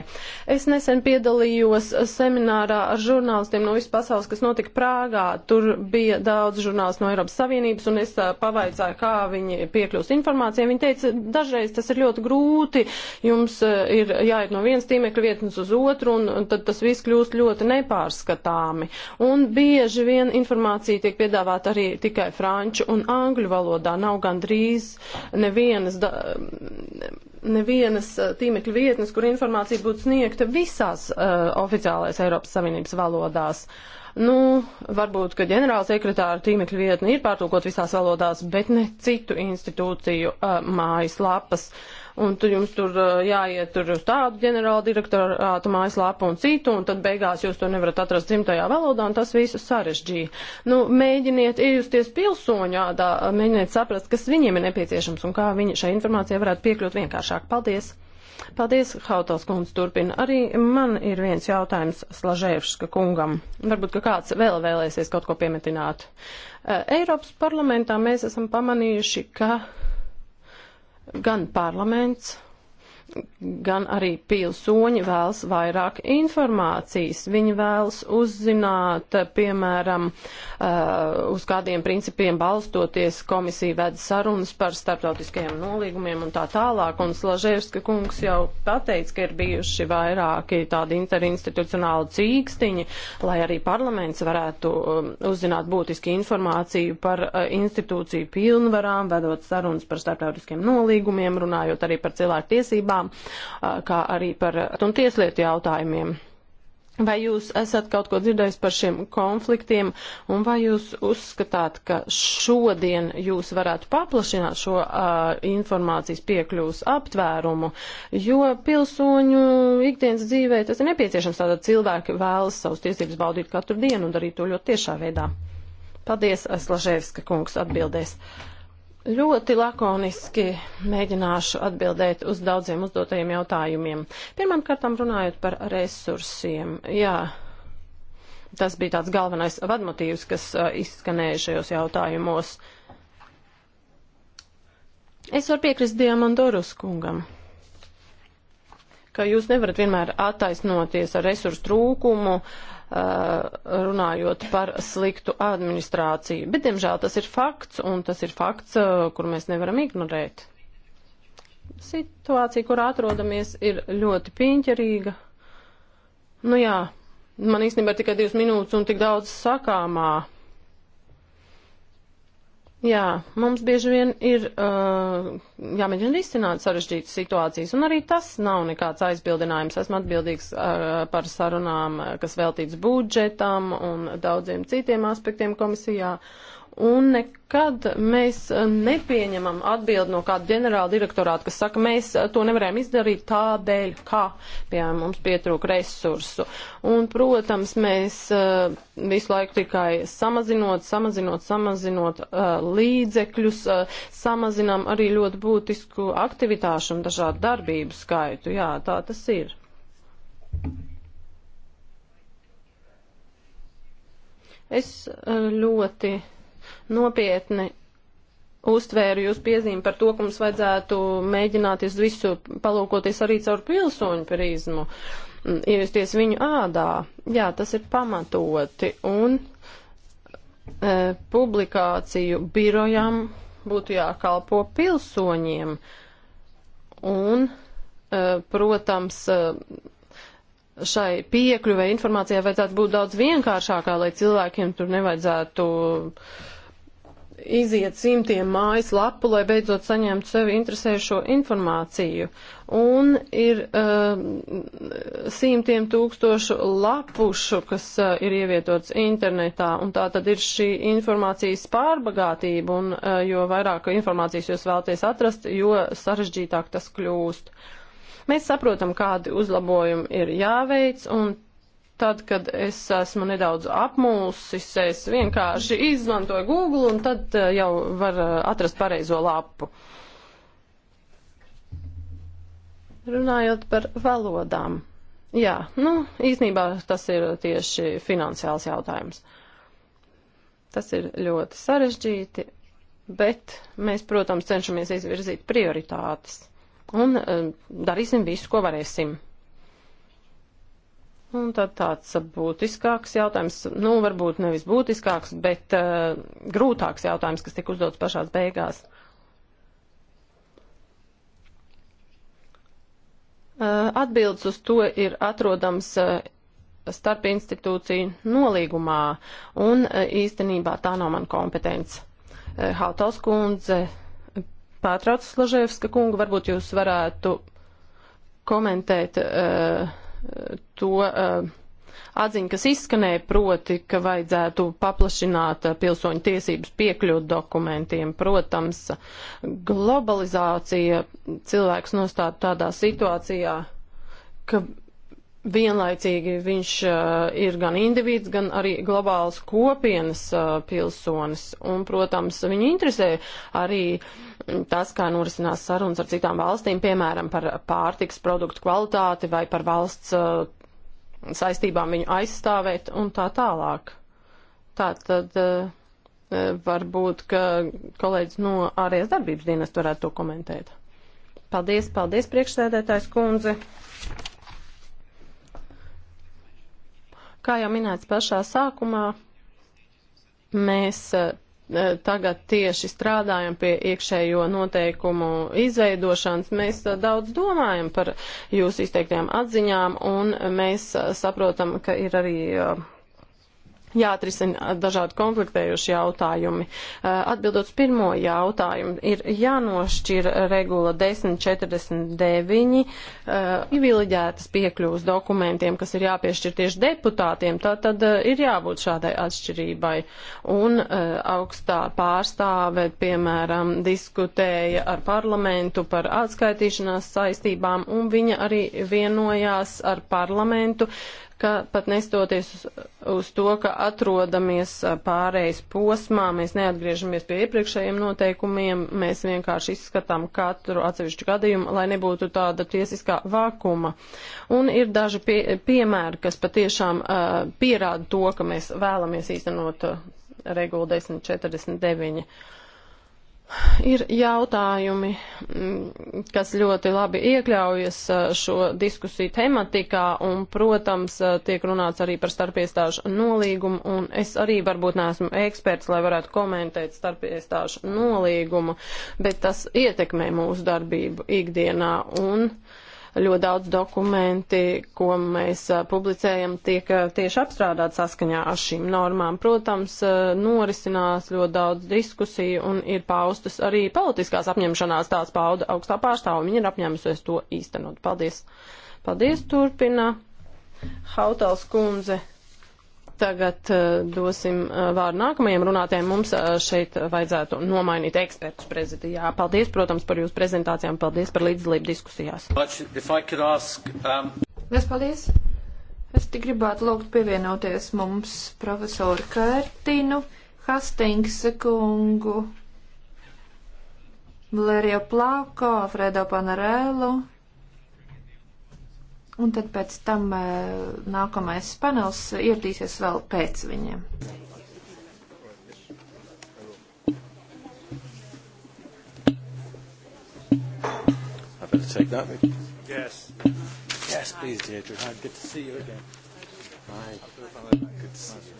Es nesen piedalījos seminārā ar žurnālistiem no visas pasaules, kas notika Prāgā. Tur bija daudz žurnālistu no Eiropas Savienības, un es pavaicāju, kā viņi piekļūt piekļūst informācijai. Viņa teica, dažreiz tas ir ļoti grūti, jums eh, ir jāiet no vienas tīmekļa vietnes uz otru, un tad tas viss kļūst ļoti nepārskatāmi. Un bieži vien informācija tiek piedāvāta arī tikai franču un angļu valodā. Nav gandrīz nevienas. Da, nevienas eh, tīmekļa vietnes, kur informācija būtu sniegta visās uh, eh, oficiālais Eiropas Savienības valodās. Uh, Nu, varbūt, ka ģenerāla sekretāra tīmekļa vietne ir pārtulkot visās valodās, bet ne citu institūciju uh, mājas lapas. Un tad jums tur uh, jāiet tur uz tādu ģenerāla direktorātu mājas lapu un citu, un tad beigās jūs to nevarat atrast dzimtajā valodā, un tas visu sarežģīja. Nu, mēģiniet iejusties pilsoņādā, mēģiniet saprast, kas viņiem ir nepieciešams un kā viņi šai informācijai varētu piekļūt vienkāršāk. Paldies! Paldies, Hautals kundze turpina. Arī man ir viens jautājums Slažēvska kungam. Varbūt, ka kāds vēl vēlēsies kaut ko piemetināt. Eiropas parlamentā mēs esam pamanījuši, ka gan parlaments, gan arī pilsoņi vēlas vairāk informācijas. Viņi vēlas uzzināt, piemēram, uh, uz kādiem principiem balstoties komisija ved sarunas par starptautiskajiem nolīgumiem un tā tālāk. Un Slažērska kungs jau pateica, ka ir bijuši vairāki tādi interinstitucionāli cīkstiņi, lai arī parlaments varētu um, uzzināt būtiski informāciju par uh, institūciju pilnvarām, vedot sarunas par starptautiskiem nolīgumiem, runājot arī par cilvēku tiesībām lietām, kā arī par un tieslietu jautājumiem. Vai jūs esat kaut ko dzirdējis par šiem konfliktiem, un vai jūs uzskatāt, ka šodien jūs varētu paplašināt šo uh, informācijas piekļuvas aptvērumu, jo pilsoņu ikdienas dzīvē tas ir nepieciešams, tātad cilvēki vēlas savus tiesības baudīt katru dienu un darīt to ļoti tiešā veidā. Paldies, Slažēvska kungs atbildēs. Uh, Ļoti lakoniski mēģināšu atbildēt uz daudziem uzdotajiem jautājumiem. Pirmam kārtām runājot par resursiem. Jā, tas bija tāds galvenais vadmotīvs, kas uh, izskanēja šajos jautājumos. Es varu piekrist Diamandorus kungam, ka jūs nevarat vienmēr attaisnoties ar resursu trūkumu. Uh, Uh, runājot par sliktu administrāciju. Bet, diemžēl, tas ir fakts, un tas ir fakts, uh, kur mēs nevaram ignorēt. Situācija, kur atrodamies, ir ļoti piņķerīga. Nu jā, man īstenībā tikai divas minūtes un tik daudz sakāmā. Jā, mums bieži vien ir uh, jāmēģina risināt sarežģītas situācijas, un arī tas nav nekāds aizbildinājums. Esmu atbildīgs ar, uh, par sarunām, kas veltīts budžetam un daudziem citiem aspektiem komisijā. Uh, Un nekad mēs nepieņemam atbildi no kāda ģenerāla direktorāta, kas saka, mēs to nevarējām izdarīt tādēļ, kā, piemēram, mums pietrūk resursu. Un, protams, mēs eh, visu laiku tikai samazinot, samazinot, samazinot eh, līdzekļus, eh, samazinām arī ļoti būtisku aktivitāšu un dažādu darbību skaitu. Jā, tā tas ir. Es ļoti nopietni uztvēru jūs piezīmi par to, ka mums vajadzētu mēģināt visu palūkoties arī caur pilsoņu prizmu, mm, iesties viņu ādā. Jā, tas ir pamatoti. Un e, publikāciju birojam būtu jākalpo pilsoņiem. Un, e, protams, e, šai piekļuvai informācijai vajadzētu būt daudz vienkāršākā, lai cilvēkiem tur nevajadzētu. E, iziet simtiem mājas lapu, lai beidzot saņemtu sevi interesējušo informāciju. Un ir uh, simtiem tūkstošu lapušu, kas uh, ir ievietots internetā, un tā tad ir šī informācijas pārbagātība, un uh, jo vairāk informācijas jūs vēlaties atrast, jo sarežģītāk tas kļūst. Mēs saprotam, kādi uzlabojumi ir jāveic, un Tad, kad es esmu nedaudz apmūsis, es vienkārši izmantoju Google un tad eh, jau var eh, atrast pareizo lapu. Runājot par valodām. Jā, nu, īsnībā tas ir tieši finansiāls jautājums. Tas ir ļoti sarežģīti, bet mēs, protams, cenšamies izvirzīt prioritātes un eh, darīsim visu, ko varēsim. Un tad tāds būtiskāks jautājums, nu, varbūt nevis būtiskāks, bet uh, grūtāks jautājums, kas tika uzdots pašās beigās. Uh, atbildes uz to ir atrodams uh, eh, starp institūciju nolīgumā, un uh, īstenībā tā nav man kompetence. Uh, Hautals kundze pārtrauc Slažēvska kungu, varbūt jūs varētu komentēt. Uh, to eh, atziņu, kas izskanēja proti, ka vajadzētu paplašināt eh, pilsoņu tiesības piekļūt dokumentiem. Protams, globalizācija cilvēks nostāda tādā situācijā, ka vienlaicīgi viņš uh, ir gan individs, gan arī globāls kopienas uh, pilsonis. Un, protams, viņu interesē arī tas, kā norisinās sarunas ar citām valstīm, piemēram, par pārtiks produktu kvalitāti vai par valsts uh, saistībām viņu aizstāvēt un tā tālāk. Tā tad uh, varbūt, ka kolēģis no ārējas darbības dienas varētu to komentēt. Paldies, paldies, priekšsēdētājs kundze. Kā jau minēts pašā sākumā, mēs eh, eh, tagad tieši strādājam pie iekšējo noteikumu izveidošanas, mēs eh, daudz domājam par jūsu izteiktajām atziņām un mēs saprotam, ka ir arī jāatrisina dažādi konfliktējuši jautājumi. Eh, atbildot pirmo jautājumu, ir jānošķir regula 1049 eh, privileģētas piekļuvas dokumentiem, kas ir jāpiešķir tieši deputātiem, tā tad eh, ir jābūt šādai atšķirībai. Un augstā pārstāve, piemēram, diskutēja ar parlamentu par atskaitīšanās saistībām, un viņa arī vienojās ar parlamentu, uh, ka pat nestoties uz, uz to, ka atrodamies pārējais posmā, mēs neatgriežamies pie iepriekšējiem noteikumiem, mēs vienkārši izskatām katru atsevišķu gadījumu, lai nebūtu tāda tiesiskā vakuma. Un ir daži pie, piemēri, kas patiešām uh, pierāda to, ka mēs vēlamies īstenot uh, regulu 1049. Ir jautājumi, mm, kas ļoti labi iekļaujas šo diskusiju tematikā, un, protams, tiek runāts arī par starpiestāžu nolīgumu, un es arī varbūt neesmu eksperts, lai varētu komentēt starpiestāžu nolīgumu, bet tas ietekmē mūsu darbību ikdienā, un uh, Ļoti daudz dokumenti, ko mēs publicējam, tiek tieši apstrādāt saskaņā ar šīm normām. Protams, norisinās ļoti daudz diskusiju un ir paustas arī politiskās apņemšanās tās pauda augstā pārstāva. Viņa ir apņēmusies to īstenot. Paldies! Paldies, turpina Hautals kundze tagad eh, dosim eh, vārdu nākamajiem runātājiem. Mums eh, šeit vajadzētu nomainīt ekspertus prezidijā. Paldies, protams, par jūsu prezentācijām. Paldies par līdzdalību diskusijās. Um, Liels paldies! Es tik gribētu lūgt pievienoties mums profesoru Kērtinu, Hastingsa kungu, Valēriju Plāko, Fredo Panarelu. Un tad pēc tam eh, nākamais panels ieradīsies vēl pēc viņiem. Happy to take that, Mickey? Yes. Yes, please, Deirdre. Hi, good to see you again. Hi. Good to see you.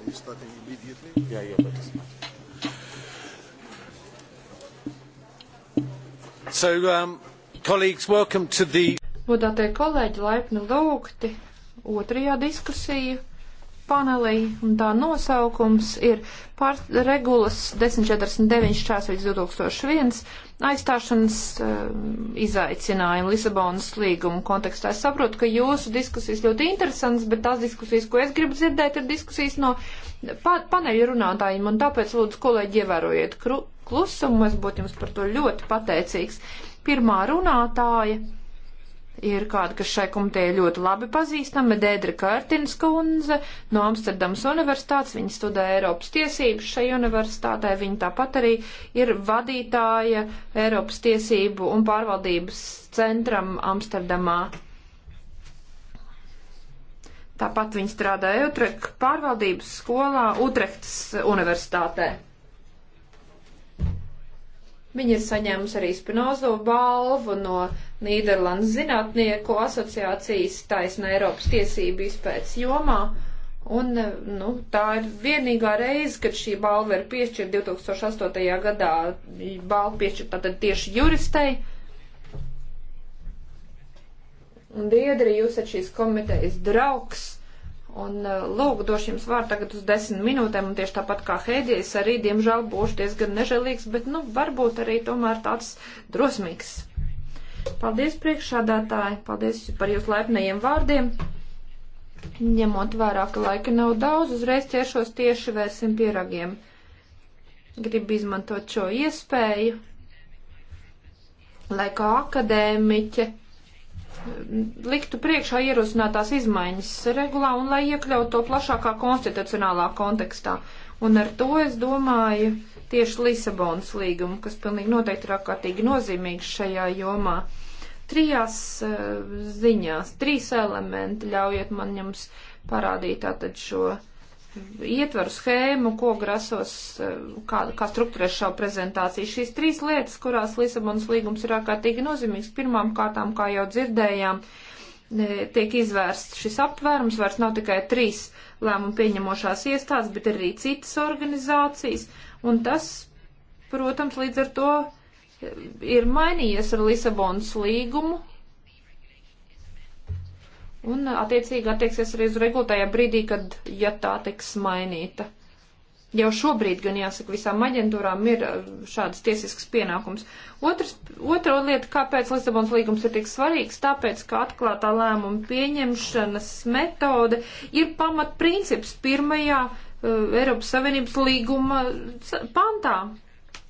Are you starting immediately? Yeah, yeah, but it's not. So, um, colleagues, welcome to the. Godātie kolēģi, laipni lūgti. Otrajā diskusija panelī, un tā nosaukums ir pār, regulas 1049 šķērsveids 2001 aizstāšanas uh, eh, izaicinājumu Lisabonas līguma kontekstā. Es saprotu, ka jūsu diskusijas ļoti interesants, bet tās diskusijas, ko es gribu dzirdēt, ir diskusijas no pa paneļu runātājiem, un tāpēc lūdzu, kolēģi, ievērojiet klusumu, es būtu jums par to ļoti pateicīgs. Pirmā runātāja ir kāda, kas šai komitejai ļoti labi pazīstama, Dēdra Kārtins kundze no Amsterdams universitātes, viņa studē Eiropas tiesības šai universitātē, viņa tāpat arī ir vadītāja Eiropas tiesību un pārvaldības centram Amsterdamā. Tāpat viņa strādāja Utrecht pārvaldības skolā Utrechtas universitātē. Viņa ir saņēmusi arī Spinozo balvu no Nīderlandes zinātnieku asociācijas taisna Eiropas tiesību izpētes jomā. Un, eh, nu, tā ir vienīgā reize, kad šī balva ir piešķirta 2008. gadā. Balva piešķirta tad tieši juristei. Un Diedri, jūs esat šīs komitejas draugs Un e, lūk, došu jums vārdu tagad uz desmit minūtēm, un tieši tāpat kā Hēdijas, arī, diemžēl, būšu diezgan nežēlīgs, bet, nu, varbūt arī tomēr tāds drosmīgs. Paldies priekšādātāji, paldies par jūsu laipnajiem vārdiem. Ņemot vērā, ka laika nav daudz, uzreiz ķeršos tieši vērsim pieragiem. Gribu izmantot šo iespēju, lai kā akadēmiķe liktu priekšā ierosinātās izmaiņas regulā un lai iekļautu to plašākā konstitucionālā kontekstā. Un ar to es domāju tieši Lisabonas līgumu, kas pilnīgi noteikti ir ārkārtīgi nozīmīgs šajā jomā. Trijās eh, ziņās, trīs elementi ļaujiet man jums parādīt tātad šo. Uh, ietvaru schēmu, ko grasos, eh, kā, kā struktūrēs šo prezentāciju. Šīs trīs lietas, kurās Lisabonas līgums ir ārkārtīgi nozīmīgs, pirmām kārtām, kā jau dzirdējām, tiek izvērsts šis aptvērums, vairs nav tikai trīs lēmumu pieņemošās iestādes, bet ir arī citas organizācijas, un tas, protams, līdz ar to eh, ir mainījies ar Lisabonas līgumu, Un attiecīgi attieksies arī uz regulētajā brīdī, kad, ja tā tiks mainīta. Jau šobrīd, gan jāsaka, visām aģentūrām ir uh, šāds tiesisks pienākums. Otrs, otra lieta, kāpēc Lisabons līgums ir tik svarīgs, tāpēc, ka atklātā lēmuma pieņemšanas metode ir pamatprincips pirmajā uh, Eiropas Savienības līguma uh, pantā.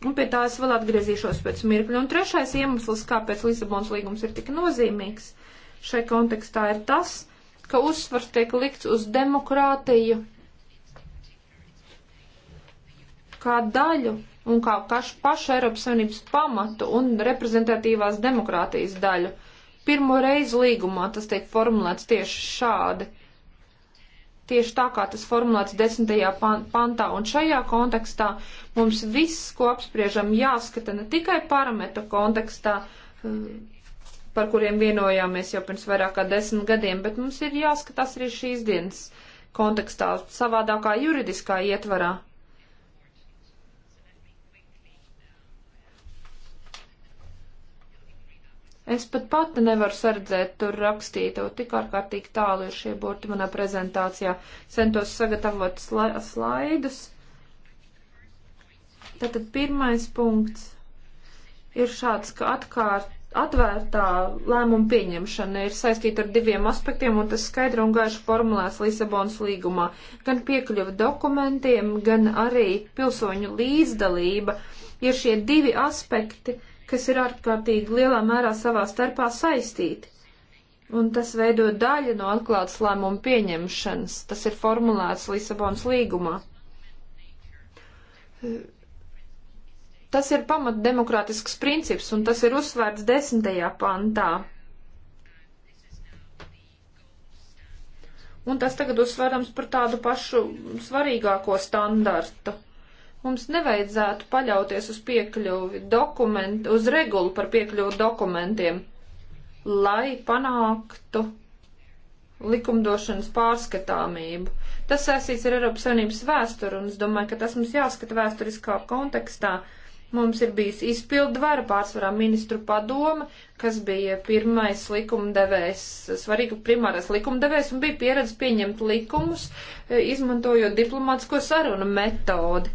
Un pie tā es vēl atgriezīšos pēc mirkļa. Un trešais iemesls, kāpēc Lisabons līgums ir tik nozīmīgs, uh, šai kontekstā ir tas, ka uzsvars tiek likts uz demokrātiju kā daļu un kā pašu Eiropas Savienības pamatu un reprezentatīvās demokrātijas daļu. Pirmo reizi līgumā tas tiek formulēts tieši šādi. Tieši tā, kā tas formulēts desmitajā pantā, un šajā kontekstā mums viss, ko apspriežam, jāskata ne tikai parametru kontekstā, eh, par kuriem vienojāmies jau pirms vairāk kā desmit gadiem, bet mums ir jāskatās arī šīs dienas kontekstā, savādākā juridiskā ietvarā. Es pat pati nevaru sardzēt tur rakstīto, tik ārkārtīgi tālu ir šie burti manā prezentācijā. Centos sagatavot sla slaidus. Tātad pirmais punkts ir šāds, ka atkārt atvērtā lēmuma pieņemšana ir saistīta ar diviem aspektiem, un tas skaidri un gaiši formulēts Lisabonas līgumā - gan piekļuva dokumentiem, gan arī pilsoņu līdzdalība. Ir šie divi aspekti, kas ir ārkārtīgi lielā mērā savā starpā saistīti. Un tas veido daļu no atklātas lēmuma pieņemšanas. Tas ir formulēts Lisabonas līgumā Tas ir pamat demokrātisks princips, un tas ir uzsvērts desmitajā pantā. Un tas tagad uzsverams par tādu pašu svarīgāko standartu. Mums nevajadzētu paļauties uz piekļuvi dokumentu, uz regulu par piekļuvu dokumentiem, lai panāktu likumdošanas pārskatāmību. Tas saistīts ar Eiropas Savienības vēsturi, un es domāju, ka tas mums jāskata vēsturiskā kontekstā. Uh, Mums ir bijis izpildu vara pārsvarā ministru padoma, kas bija pirmais likumdevējs, svarīga primārais likumdevējs un bija pieredze pieņemt likumus, e, izmantojot diplomātsko sarunu metodi.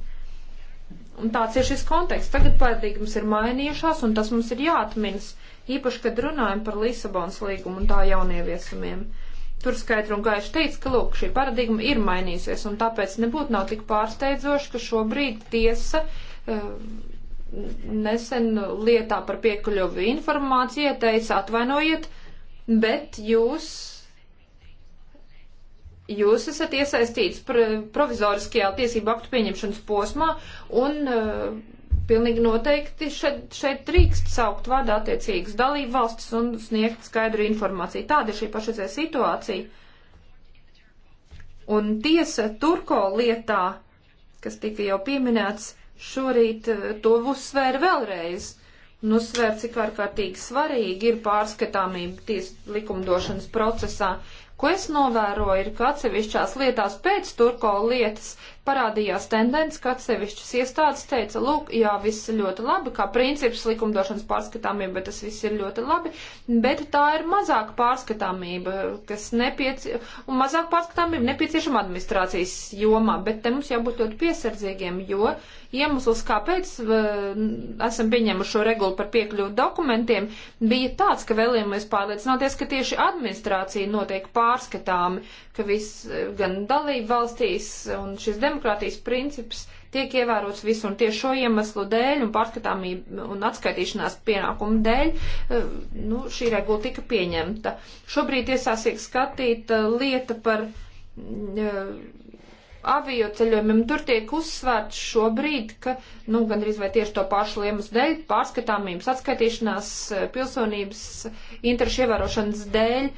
Un tāds ir šis konteksts. Tagad pārtīkums ir mainījušās un tas mums ir jāatminas, īpaši, kad runājam par Lisabonas līgumu un tā jaunieviesumiem. Tur skaidri un gaiši teica, ka lūk, šī paradigma ir mainījusies, un tāpēc nebūtu nav tik pārsteidzoši, ka šobrīd tiesa uh, nesen lietā par piekļuvi informācijai teica atvainojiet, bet jūs, jūs esat iesaistīts provizoriskajā tiesību aktu pieņemšanas posmā un uh, pilnīgi noteikti šeit, šeit drīkst saukt vārdā attiecīgas dalību valstis un sniegt skaidru informāciju. Tāda ir šī pašreizē situācija. Un tiesa Turko lietā, kas tika jau pieminēts, šorīt eh, to uzsvēra vēlreiz. Nu, svēr, cik ārkārtīgi svarīgi ir pārskatāmība tiesu likumdošanas procesā. Ko es novēroju, ir, ka atsevišķās lietās pēc turko lietas parādījās tendence, ka atsevišķas iestādes teica, lūk, jā, viss ir ļoti labi, kā princips likumdošanas pārskatāmība, bet tas viss ir ļoti labi, bet tā ir mazāk pārskatāmība, kas nepieci... un mazāk pārskatāmība nepieciešama administrācijas jomā, bet te mums jābūt ļoti piesardzīgiem, jo. Uh, Iemesls, kāpēc esam pieņēmuši šo regulu par piekļuvu dokumentiem, bija tāds, ka vēlējāmies pārliecināties, ka tieši administrācija notiek pārskatāmi, ka viss e, gan dalība valstīs un šis demokrātijas princips tiek ievērots visu un tieši šo iemeslu dēļ un pārskatāmību un atskaitīšanās pienākumu dēļ, e, nu, šī regula tika pieņemta. Šobrīd tiesās tiek skatīta e, lieta par avio ceļojumiem. Tur tiek uzsvērts šobrīd, ka, nu, gandrīz vai tieši to pašu iemeslu dēļ, pārskatāmības, atskaitīšanās, eh, pilsonības, eh, interešu ievērošanas dēļ,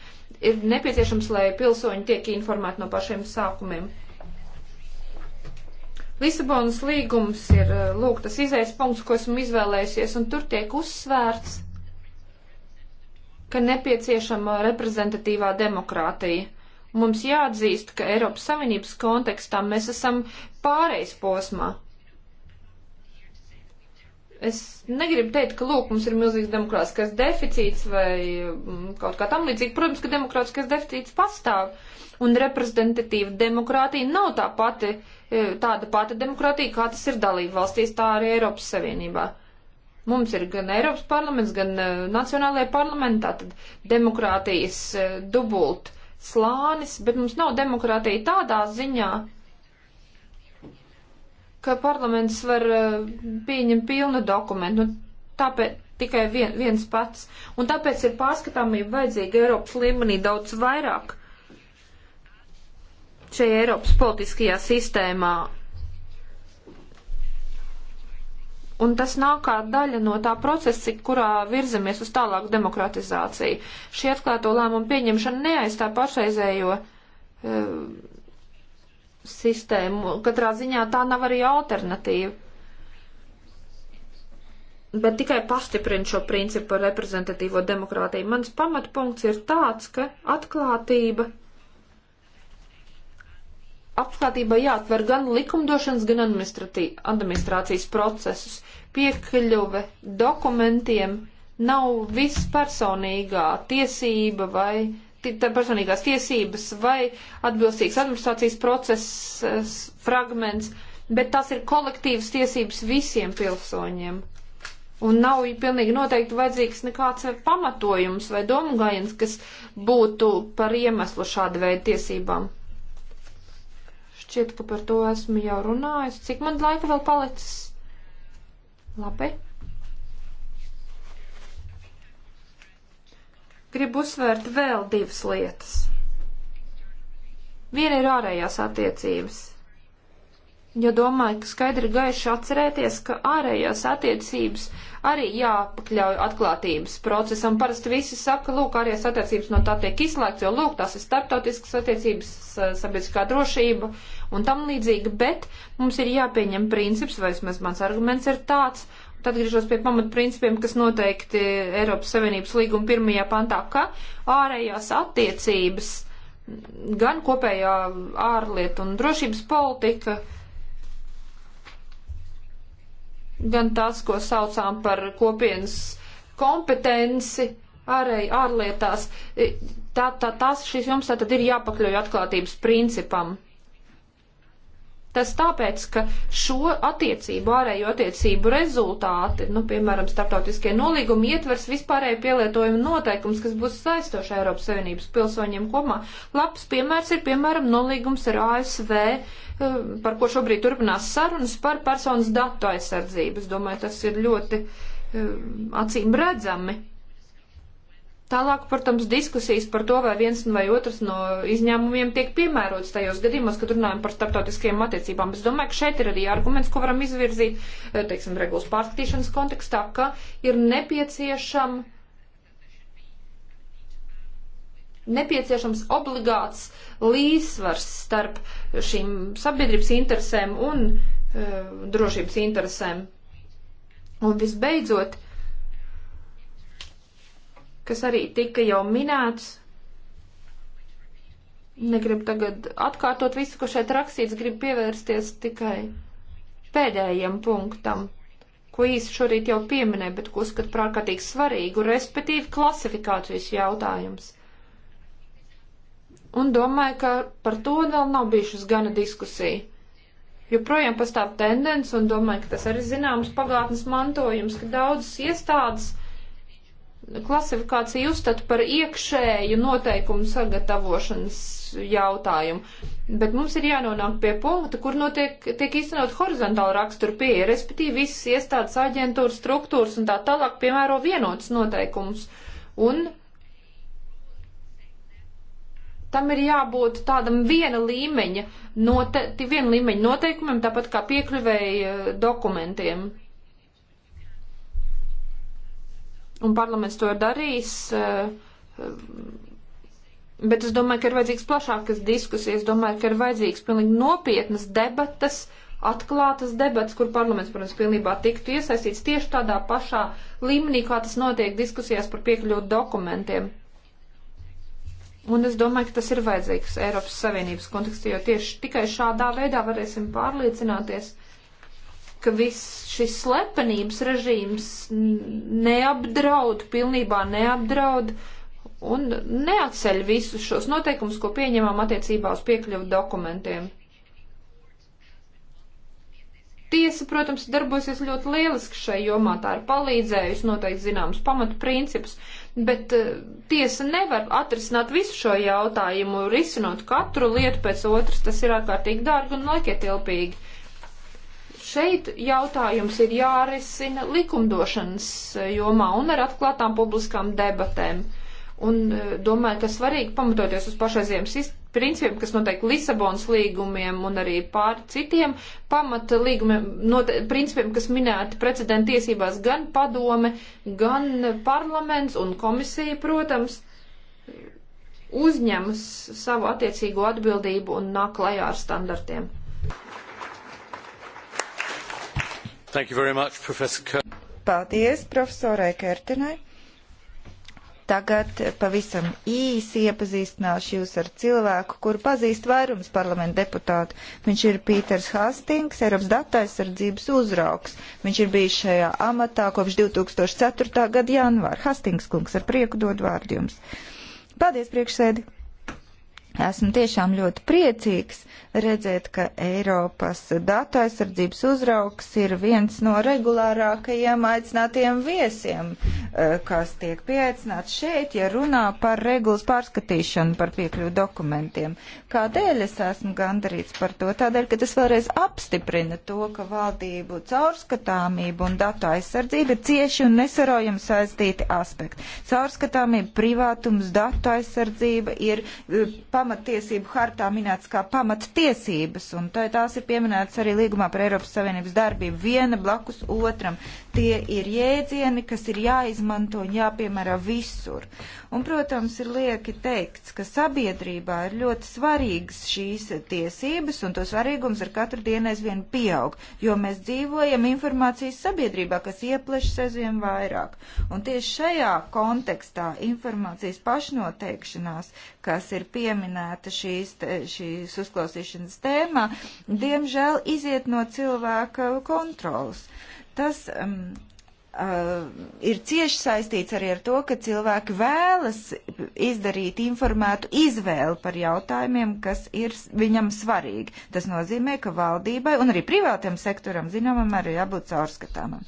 ir nepieciešams, lai pilsoņi tiek informēti no pašiem sākumiem. Lisabonas līgums ir, eh, lūk, tas izējas punkts, ko esmu izvēlējusies, un tur tiek uzsvērts, ka nepieciešama reprezentatīvā demokrātija Mums jāatzīst, ka Eiropas Savienības kontekstā mēs esam pārejas posmā. Es negribu teikt, ka lūk, mums ir milzīgs demokrātiskais deficīts vai mm, kaut kā tam līdzīgi. Protams, ka demokrātiskais deficīts pastāv un reprezentatīva demokrātija nav tā pati, e, tāda pati demokrātija, kā tas ir dalība valstīs, tā arī Eiropas Savienībā. Mums ir gan Eiropas parlaments, gan e, Nacionālajie parlamenti, tātad demokrātijas e, dubult slānis, bet mums nav demokrātija tādā ziņā, ka parlaments var eh, pieņemt pilnu dokumentu, nu, tāpēc tikai vien, viens pats. Un tāpēc ir pārskatāmība vajadzīga Eiropas līmenī daudz vairāk šajā Eiropas politiskajā sistēmā Un tas nav kā daļa no tā procesa, kurā virzamies uz tālāku demokratizāciju. Šī atklāto lēmumu pieņemšana neaizstā pašreizējo e, sistēmu. Katrā ziņā tā nav arī alternatīva. Bet tikai pastiprina šo principu par reprezentatīvo demokrātiju. Mans pamatpunkts ir tāds, ka atklātība apskatībā jāatver gan likumdošanas, gan administrācijas procesus. Piekļuve dokumentiem nav vispersonīgā tiesība vai personīgās tiesības vai atbilstīgs administrācijas process fragments, bet tas ir kolektīvas tiesības visiem pilsoņiem. Un nav pilnīgi noteikti vajadzīgs nekāds pamatojums vai domgājiens, kas būtu par iemeslu šāda veida tiesībām. Šķiet, ka par to esmu jau runājis. Cik man laika vēl palicis? Labi. Gribu uzsvērt vēl divas lietas. Viena ir ārējās attiecības. Jo domāju, ka skaidri gaiši atcerēties, ka ārējās attiecības arī jāpakļauj atklātības procesam. Parasti visi saka, lūk, arī attiecības no tā tiek izslēgts, jo, lūk, tās ir starptautiskas attiecības, sabiedriskā drošība un tam līdzīgi, bet mums ir jāpieņem princips, vai vismaz mans arguments ir tāds, Tad griežos pie pamatprincipiem, kas noteikti Eiropas Savienības līguma pirmajā pantā, ka ārējās attiecības, gan kopējā ārlietu un drošības politika, uh, gan tas, ko saucām par kopienas kompetenci ārēji ārlietās, e, tā, tā, tās šīs jums tātad ir jāpakļauj atklātības principam. Tas tāpēc, ka šo attiecību, ārējo attiecību rezultāti, nu, piemēram, starptautiskie nolīgumi ietvers vispārēju pielietojumu noteikums, kas būs saistoši Eiropas Savienības pilsoņiem kopumā. Labs piemērs ir, piemēram, nolīgums ar ASV, eh, par ko šobrīd turpinās sarunas par personas datu aizsardzību. Es domāju, tas ir ļoti eh, acīm redzami Tālāk, protams, diskusijas par to, vai viens vai otrs no izņēmumiem tiek piemērots tajos gadījumos, kad runājam par starptautiskajām attiecībām. Es domāju, ka šeit ir arī arguments, ko varam izvirzīt, eh, teiksim, regulas pārskatīšanas kontekstā, ka ir nepieciešama nepieciešams obligāts līdzsvars starp šīm sabiedrības interesēm un uh, drošības interesēm. Un visbeidzot, uh, kas arī tika jau minēts. Negribu tagad atkārtot visu, ko šeit rakstīts, gribu pievērsties tikai pēdējiem punktam, ko īsi šorīt jau pieminēju, bet ko uzskatu par ārkārtīgi svarīgu, respektīvi klasifikācijas jautājums. Un domāju, ka par to vēl nav bijušas gana diskusija joprojām pastāv tendence, un domāju, ka tas arī zināms pagātnes mantojums, ka daudzas iestādes klasifikāciju uzskata par iekšēju noteikumu sagatavošanas jautājumu. Bet mums ir jānonāk pie punkta, kur notiek, tiek īstenot horizontāla rakstura pieeja, respektīvi visas iestādes, aģentūras, struktūras un tā tālāk piemēro vienotas noteikumus. Un tam ir jābūt tādam viena līmeņa, note, viena līmeņa noteikumiem, tāpat kā piekļuvēja dokumentiem. un parlaments to ir darījis. Eh, bet es domāju, ka ir vajadzīgs plašākas diskusijas, domāju, ka ir vajadzīgs pilnīgi nopietnas debatas, atklātas debatas, kur parlaments, protams, pilnībā tiktu iesaistīts tieši tādā pašā līmenī, kā tas notiek diskusijās par piekļūt dokumentiem. Un es domāju, ka tas ir vajadzīgs Eiropas Savienības kontekstā, jo tieši tikai šādā veidā varēsim pārliecināties, ka viss šis slepenības režīms neapdraud, pilnībā neapdraud un neatceļ visus šos noteikumus, ko pieņemam attiecībā uz piekļuvu dokumentiem. Tiesa, protams, darbosies ļoti lieliski šai jomā, tā ir palīdzējusi noteikti zināms pamatprincips, bet uh, tiesa nevar atrisināt visu šo jautājumu, risinot katru lietu pēc otras, tas ir ārkārtīgi dārgi un laikietilpīgi. Šeit jautājums ir jārisina likumdošanas eh, jomā un ar atklātām publiskām debatēm. Un eh, domāju, ka svarīgi pamatoties uz pašreiziem principiem, kas noteikti Lisabonas līgumiem un arī pār citiem pamata līgumiem, note, principiem, kas minēti precedenta tiesībās gan padome, gan parlaments un komisija, protams, uzņemas savu attiecīgo atbildību un nāk klajā ar standartiem. Much, professor Paldies profesorai Kertinai. Tagad pavisam īsi iepazīstināšu jūs ar cilvēku, kuru pazīst vairums parlamenta deputātu. Viņš ir Pīters Hastings, Eiropas dataizsardzības uzraugs. Viņš ir bijis šajā amatā kopš 2004. gada janvāra. Hastings kungs, ar prieku dod vārdu jums. Paldies, priekšsēdi! Esmu tiešām ļoti priecīgs redzēt, ka Eiropas datu aizsardzības uzraugs ir viens no regulārākajiem aicinātiem viesiem, eh, kas tiek pieaicināts šeit, ja runā par regulas pārskatīšanu par piekļuvu dokumentiem. Kādēļ es esmu gandarīts par to? Tādēļ, ka tas vēlreiz apstiprina to, ka valdību caurskatāmība un datu aizsardzība ir cieši un nesarojami saistīti aspekti. Caurskatāmība, privātums, datu aizsardzība ir eh, pamatiesību hartā minēts kā pamatiesība tiesības, un tā, tās ir pieminētas arī līgumā par Eiropas Savienības darbību viena blakus otram tie ir jēdzieni, kas ir jāizmanto un jāpiemēra visur. Un, protams, ir lieki teikts, ka sabiedrībā ir ļoti svarīgas šīs tiesības, un to svarīgums ar katru dienu aizvien pieaug, jo mēs dzīvojam informācijas sabiedrībā, kas ieplešas aizvien vairāk. Un tieši šajā kontekstā informācijas pašnoteikšanās, kas ir pieminēta šīs, šīs uzklausīšanas tēmā, diemžēl iziet no cilvēka kontrolas. Uh, Tas um, uh, ir cieši saistīts arī ar to, ka cilvēki vēlas izdarīt informētu izvēli par jautājumiem, kas ir viņam svarīgi. Tas nozīmē, ka valdībai un arī privātam sektoram zināmam arī jābūt caurskatāmam.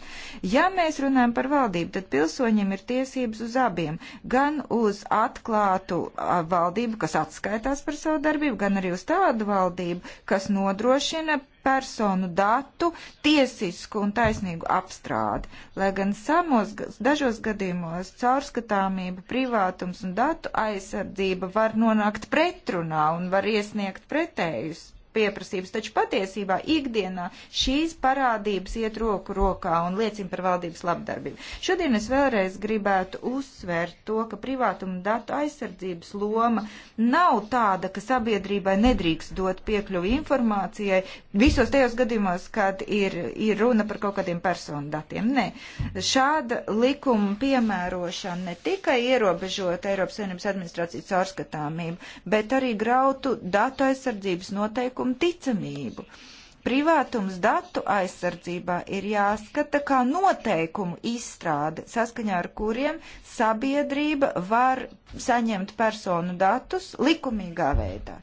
Ja mēs runājam par valdību, tad pilsoņiem ir tiesības uz abiem. Gan uz atklātu uh, valdību, kas atskaitās par savu darbību, gan arī uz tādu valdību, kas nodrošina personu datu tiesisku un taisnīgu apstrādi, lai gan samos, dažos gadījumos caurskatāmība, privātums un datu aizsardzība var nonākt pretrunā un var iesniegt pretējus pieprasības, taču patiesībā ikdienā šīs parādības iet roku rokā un liecina par valdības labdarbību. Šodien es vēlreiz gribētu uzsvērt to, ka privātuma datu aizsardzības loma nav tāda, ka sabiedrībai nedrīkst dot piekļuvi informācijai visos tajos gadījumos, kad ir, ir runa par kaut kādiem personu datiem. Nē, šāda likuma piemērošana ne tikai ierobežot Eiropas Savienības administrācijas caurskatāmību, bet arī grautu datu aizsardzības noteikumu noteikumu ticamību. Privātums datu aizsardzībā ir jāskata kā noteikumu izstrāde, saskaņā ar kuriem sabiedrība var saņemt personu datus likumīgā veidā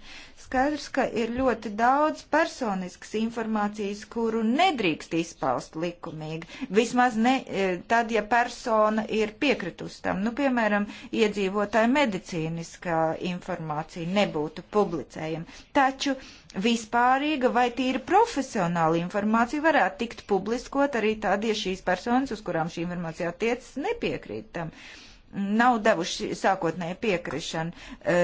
skaidrs, ka ir ļoti daudz personiskas informācijas, kuru nedrīkst izpaust likumīgi. Vismaz ne, e, tad, ja persona ir piekritus tam. Nu, piemēram, iedzīvotāja medicīniskā informācija nebūtu publicējama. Taču vispārīga vai tīri profesionāla informācija varētu tikt publiskot arī tad, ja šīs personas, uz kurām šī informācija attiecas, nepiekrīt tam. Uh, nav devuši sākotnēji piekrišanu, e,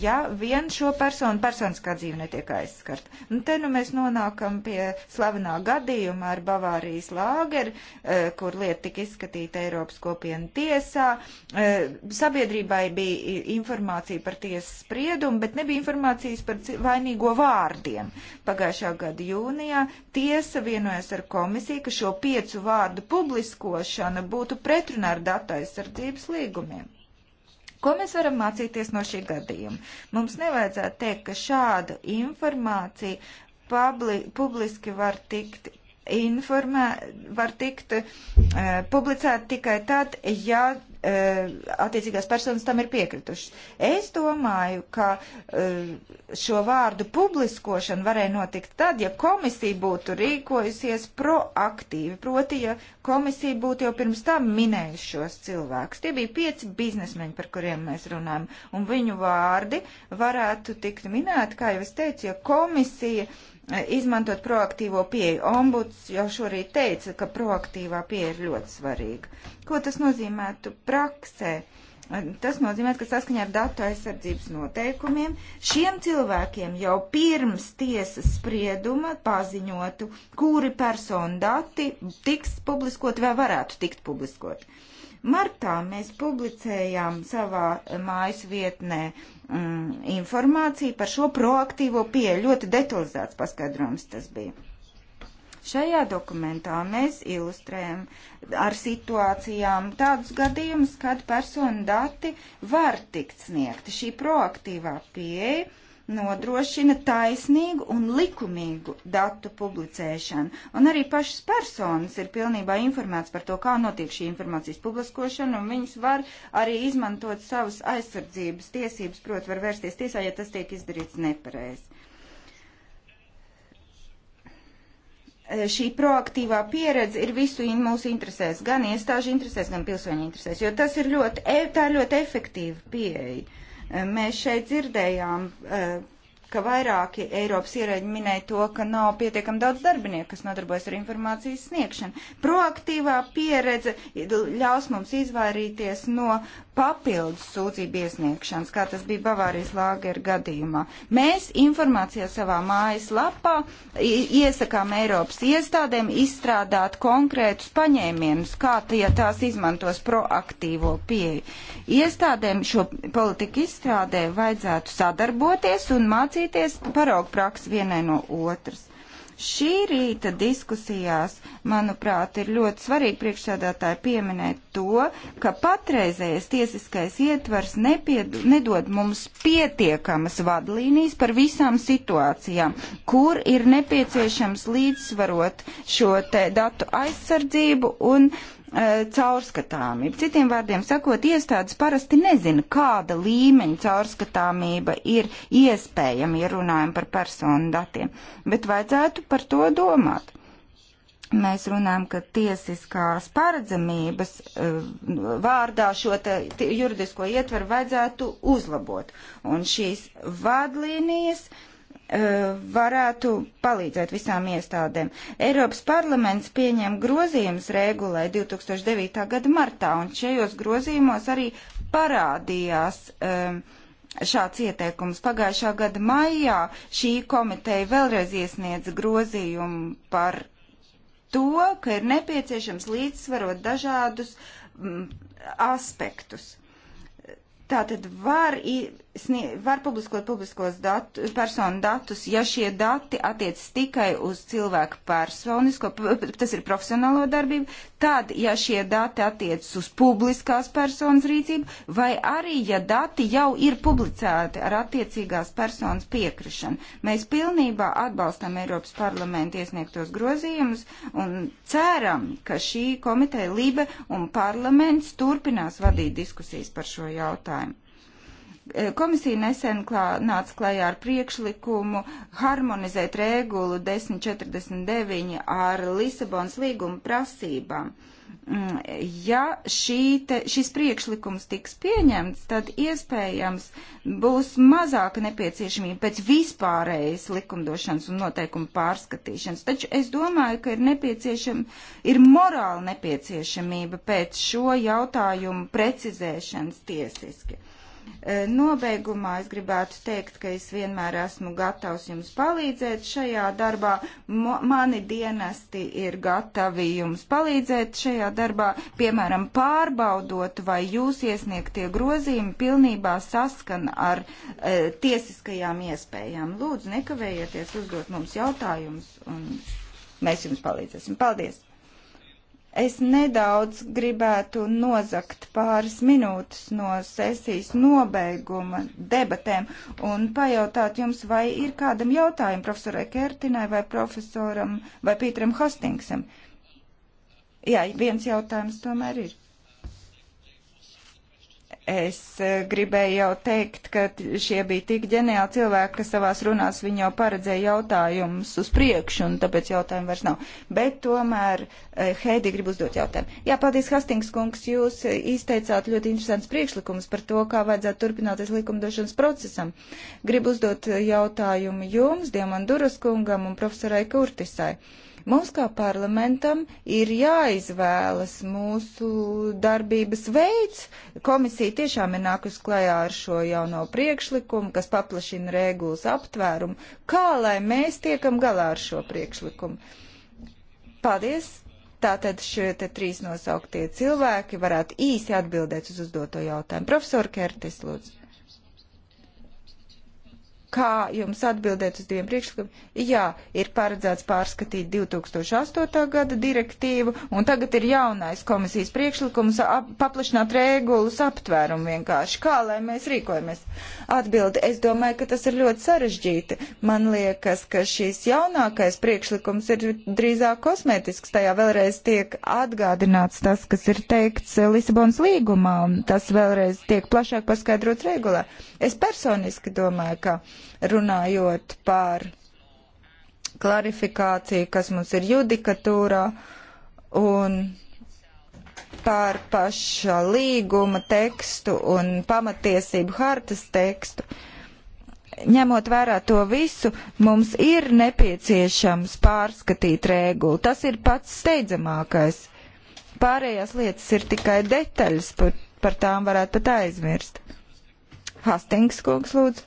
ja vien šo personu personiskā dzīve netiek aizskarta. Un nu, te nu mēs nonākam pie slavenā gadījuma ar Bavārijas lāgeri, e, kur lieta tika izskatīta Eiropas kopienu tiesā. E, sabiedrībai bija informācija par tiesas spriedumu, bet nebija informācijas par vainīgo vārdiem. Pagājušā gada jūnijā tiesa vienojas ar komisiju, ka šo piecu vārdu publiskošana būtu pretrunā ar datu aizsardzības līgumiem. Ko mēs varam mācīties no šī gadījuma? Mums nevajadzētu teikt, ka šāda informācija publi, publiski var tikt informē, var tikt uh, eh, publicēta tikai tad, ja eh, attiecīgās personas tam ir piekritušas. Es domāju, ka eh, šo vārdu publiskošana varēja notikt tad, ja komisija būtu rīkojusies proaktīvi, proti, ja komisija būtu jau pirms tam minējusi šos cilvēkus. Tie bija pieci biznesmeņi, par kuriem mēs runājam, un viņu vārdi varētu tikt minēti, kā jau es teicu, ja komisija izmantot proaktīvo pieeju. Ombuds jau šorīt teica, ka proaktīvā pieeja ir ļoti svarīga. Ko tas nozīmētu praksē? Tas nozīmē, ka saskaņā ar datu aizsardzības noteikumiem šiem cilvēkiem jau pirms tiesas sprieduma paziņotu, kuri personu dati tiks publiskot vai varētu tikt publiskot. Martā mēs publicējām savā mājas vietnē mm, informāciju par šo proaktīvo pieeju. Ļoti detalizēts paskaidrojums tas bija. Šajā dokumentā mēs ilustrējam ar situācijām tādus gadījumus, kad personu dati var tikt sniegti. Šī proaktīvā pieeja nodrošina taisnīgu un likumīgu datu publicēšanu. Un arī pašas personas ir pilnībā informētas par to, kā notiek šī informācijas publiskošana, un viņas var arī izmantot savas aizsardzības tiesības, proti var vērsties tiesā, ja tas tiek izdarīts nepareizi. šī proaktīvā pieredze ir visu mūsu interesēs, gan iestāžu interesēs, gan pilsoņu interesēs, jo tas ir ļoti, e, tā ir ļoti efektīva pieeja. Mēs šeit dzirdējām eh, ka vairāki Eiropas ierēģi minēja to, ka nav pietiekami daudz darbinieku, kas nodarbojas ar informācijas sniegšanu. Proaktīvā pieredze ļaus mums izvairīties no papildus sūdzību iesniegšanas, kā tas bija Bavārijas lāgeru gadījumā. Mēs informācijā savā mājas lapā iesakām Eiropas iestādēm izstrādāt konkrētus paņēmienus, kā tie tās izmantos proaktīvo pieeju. Iestādēm šo politiku izstrādē vajadzētu sadarboties un mācīties mācīties paraugu praksi vienai no otras. Šī rīta diskusijās, manuprāt, ir ļoti svarīgi priekšsēdētāji pieminēt to, ka patreizējais tiesiskais ietvars nepied, nedod mums pietiekamas vadlīnijas par visām situācijām, kur ir nepieciešams līdzsvarot šo te datu aizsardzību un uh, E, caurskatāmību. Citiem vārdiem sakot, iestādes parasti nezina, kāda līmeņa caurskatāmība ir iespējama, ja runājam par personu datiem, bet vajadzētu par to domāt. Mēs runājam, ka tiesiskās paredzamības e, vārdā šo juridisko ietveru vajadzētu uzlabot. Un šīs vadlīnijas uh, Eh, varētu palīdzēt visām iestādēm. Eiropas parlaments pieņem grozījumus regulē 2009. gada martā, un šajos grozījumos arī parādījās um, šāds ieteikums. Pagājušā gada maijā šī komiteja vēlreiz iesniedz grozījumu par to, ka ir nepieciešams līdzsvarot dažādus um, aspektus. Tātad var var publiskot publiskos datu, personu datus, ja šie dati attiec tikai uz cilvēku personisko, tas ir profesionālo darbību, tad, ja šie dati attiec uz publiskās personas rīcību, vai arī, ja dati jau ir publicēti ar attiecīgās personas piekrišanu. Mēs pilnībā atbalstam Eiropas parlamenta iesniegtos grozījumus un ceram, ka šī komiteja Lībe un parlaments turpinās vadīt diskusijas par šo jautājumu. Eh, komisija nesen klā, nāca klajā ar priekšlikumu harmonizēt regulu 1049 ar Lisabonas līguma prasībām. Mm, ja te, šis priekšlikums tiks pieņemts, tad iespējams būs mazāka nepieciešamība pēc vispārējas likumdošanas un noteikumu pārskatīšanas. Taču es domāju, ka ir nepieciešama, ir morāla nepieciešamība pēc šo jautājumu precizēšanas tiesiski. Eh, nobeigumā es gribētu teikt, ka es vienmēr esmu gatavs jums palīdzēt šajā darbā. Mo, mani dienesti ir gatavi jums palīdzēt šajā darbā, piemēram, pārbaudot, vai jūs iesniegtie grozījumi pilnībā saskan ar e, tiesiskajām iespējām. Lūdzu, nekavējieties uzdot mums jautājumus, un mēs jums palīdzēsim. Paldies! Es nedaudz gribētu nozakt pāris minūtes no sesijas nobeiguma debatēm un pajautāt jums, vai ir kādam jautājumam profesorai Kertinai vai profesoram vai Pīteram Hostingsam. Jā, viens jautājums tomēr ir. Es e, gribēju jau teikt, ka šie bija tik ģeniāli cilvēki, ka savās runās viņi jau paredzēja jautājumus uz priekšu, un tāpēc jautājumu vairs nav. Bet tomēr e, Heidi grib uzdot jautājumu. Jā, paldies, Hastings kungs, jūs izteicāt ļoti interesants priekšlikums par to, kā vajadzētu turpināties likumdošanas procesam. Gribu uzdot jautājumu jums, Diemanduras kungam un profesorai Kurtisai. Uh, Mums kā parlamentam ir jāizvēlas mūsu darbības veids. Komisija tiešām ir nākus klajā ar šo jauno priekšlikumu, kas paplašina regulas aptvērumu. Kā lai mēs tiekam galā ar šo priekšlikumu? Paldies! Tātad šie te trīs nosauktie cilvēki varētu īsi atbildēt uz uzdoto jautājumu. Profesor Kertis, lūdzu. Kā jums atbildēt uz diviem priekšlikumiem? Jā, ir paredzēts pārskatīt 2008. gada direktīvu, un tagad ir jaunais komisijas priekšlikums ap, paplašināt regulas aptvērumu vienkārši. Kā lai mēs rīkojamies? Atbildi, es domāju, ka tas ir ļoti sarežģīti. Man liekas, ka šīs jaunākais priekšlikums ir drīzāk kosmētisks. Tajā vēlreiz tiek atgādināts tas, kas ir teikts Lisabonas līgumā, un tas vēlreiz tiek plašāk paskaidrots regulā. Es personiski domāju, ka runājot par klarifikāciju, kas mums ir judikatūrā un par paša līguma tekstu un pamatiesību hartas tekstu. Ņemot vērā to visu, mums ir nepieciešams pārskatīt regulu. Tas ir pats steidzamākais. Pārējās lietas ir tikai detaļas, par, par tām varētu pat aizmirst. Hastings kungs, lūdzu.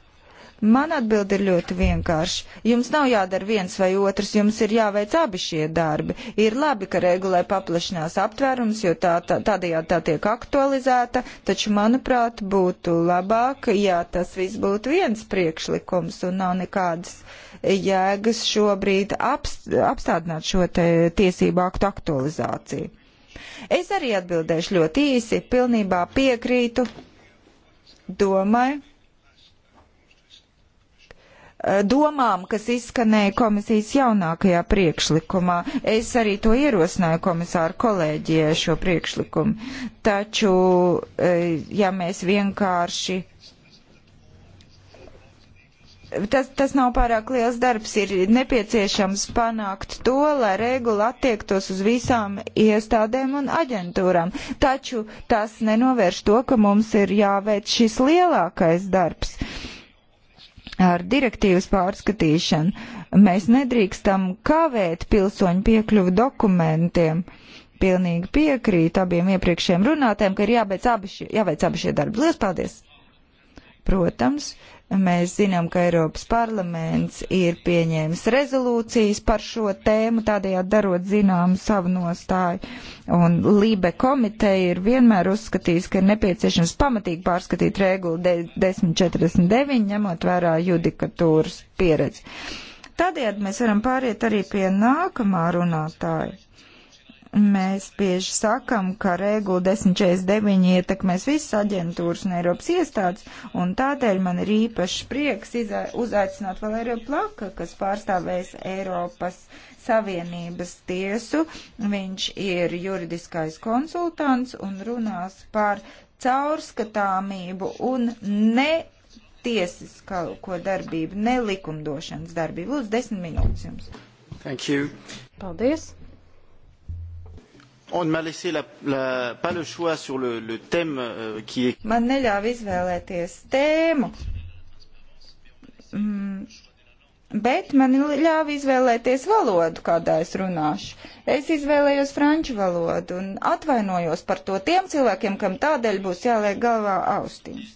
Man atbild ir ļoti vienkārši. Jums nav jādara viens vai otrs, jums ir jāveic abi šie darbi. Ir labi, ka regulē paplašinās aptvērums, jo tā, tā, tādējādi tā tiek aktualizēta, taču, manuprāt, būtu labāk, ja tas viss būtu viens priekšlikums un nav nekādas jēgas šobrīd apst, apstādināt šo te tiesību aktu aktualizāciju. Es arī atbildēšu ļoti īsi, pilnībā piekrītu domai Eh, domām, kas izskanēja komisijas jaunākajā priekšlikumā. Es arī to ierosināju komisāru kolēģijai šo priekšlikumu. Taču, eh, ja mēs vienkārši. Tas, tas nav pārāk liels darbs, ir nepieciešams panākt to, lai regula attiektos uz visām iestādēm un aģentūrām. Taču tas nenovērš to, ka mums ir jāveic šis lielākais darbs. Uh, ar direktīvas pārskatīšanu. Mēs nedrīkstam kavēt pilsoņu piekļuvu dokumentiem. Pilnīgi piekrīt abiem iepriekšējiem runātājiem, ka ir jābeidz abi šie, jāveic abi šie darbi. Lielas paldies! Protams, Mēs zinām, ka Eiropas parlaments ir pieņēmis rezolūcijas par šo tēmu, tādējādi darot zinām savu nostāju. Un Lībe komiteja ir vienmēr uzskatījusi, ka ir nepieciešams pamatīgi pārskatīt regulu 1049, ņemot vērā judikatūras pieredzi. Tādējādi mēs varam pāriet arī pie nākamā runātāja. Mēs bieži sakam, ka regula 1049 ietekmēs visas aģentūras un Eiropas iestādes, un tādēļ man ir īpašs prieks uzaicināt Valēriju Plaka, kas pārstāvēs Eiropas Savienības tiesu. Viņš ir juridiskais konsultants un runās par caurskatāmību un ne tiesisko darbību, ne likumdošanas darbību. Lūdzu, desmit minūtes jums. Thank you. Paldies. On m'a laissé la, la, pas le choix sur le, le thème euh, qui est. Man neļāva izvēlēties tēmu. Mm. Bet man ļāva izvēlēties valodu, kādā es runāšu. Es izvēlējos franču valodu un atvainojos par to tiem cilvēkiem, kam tādēļ būs jāliek galvā austiņas.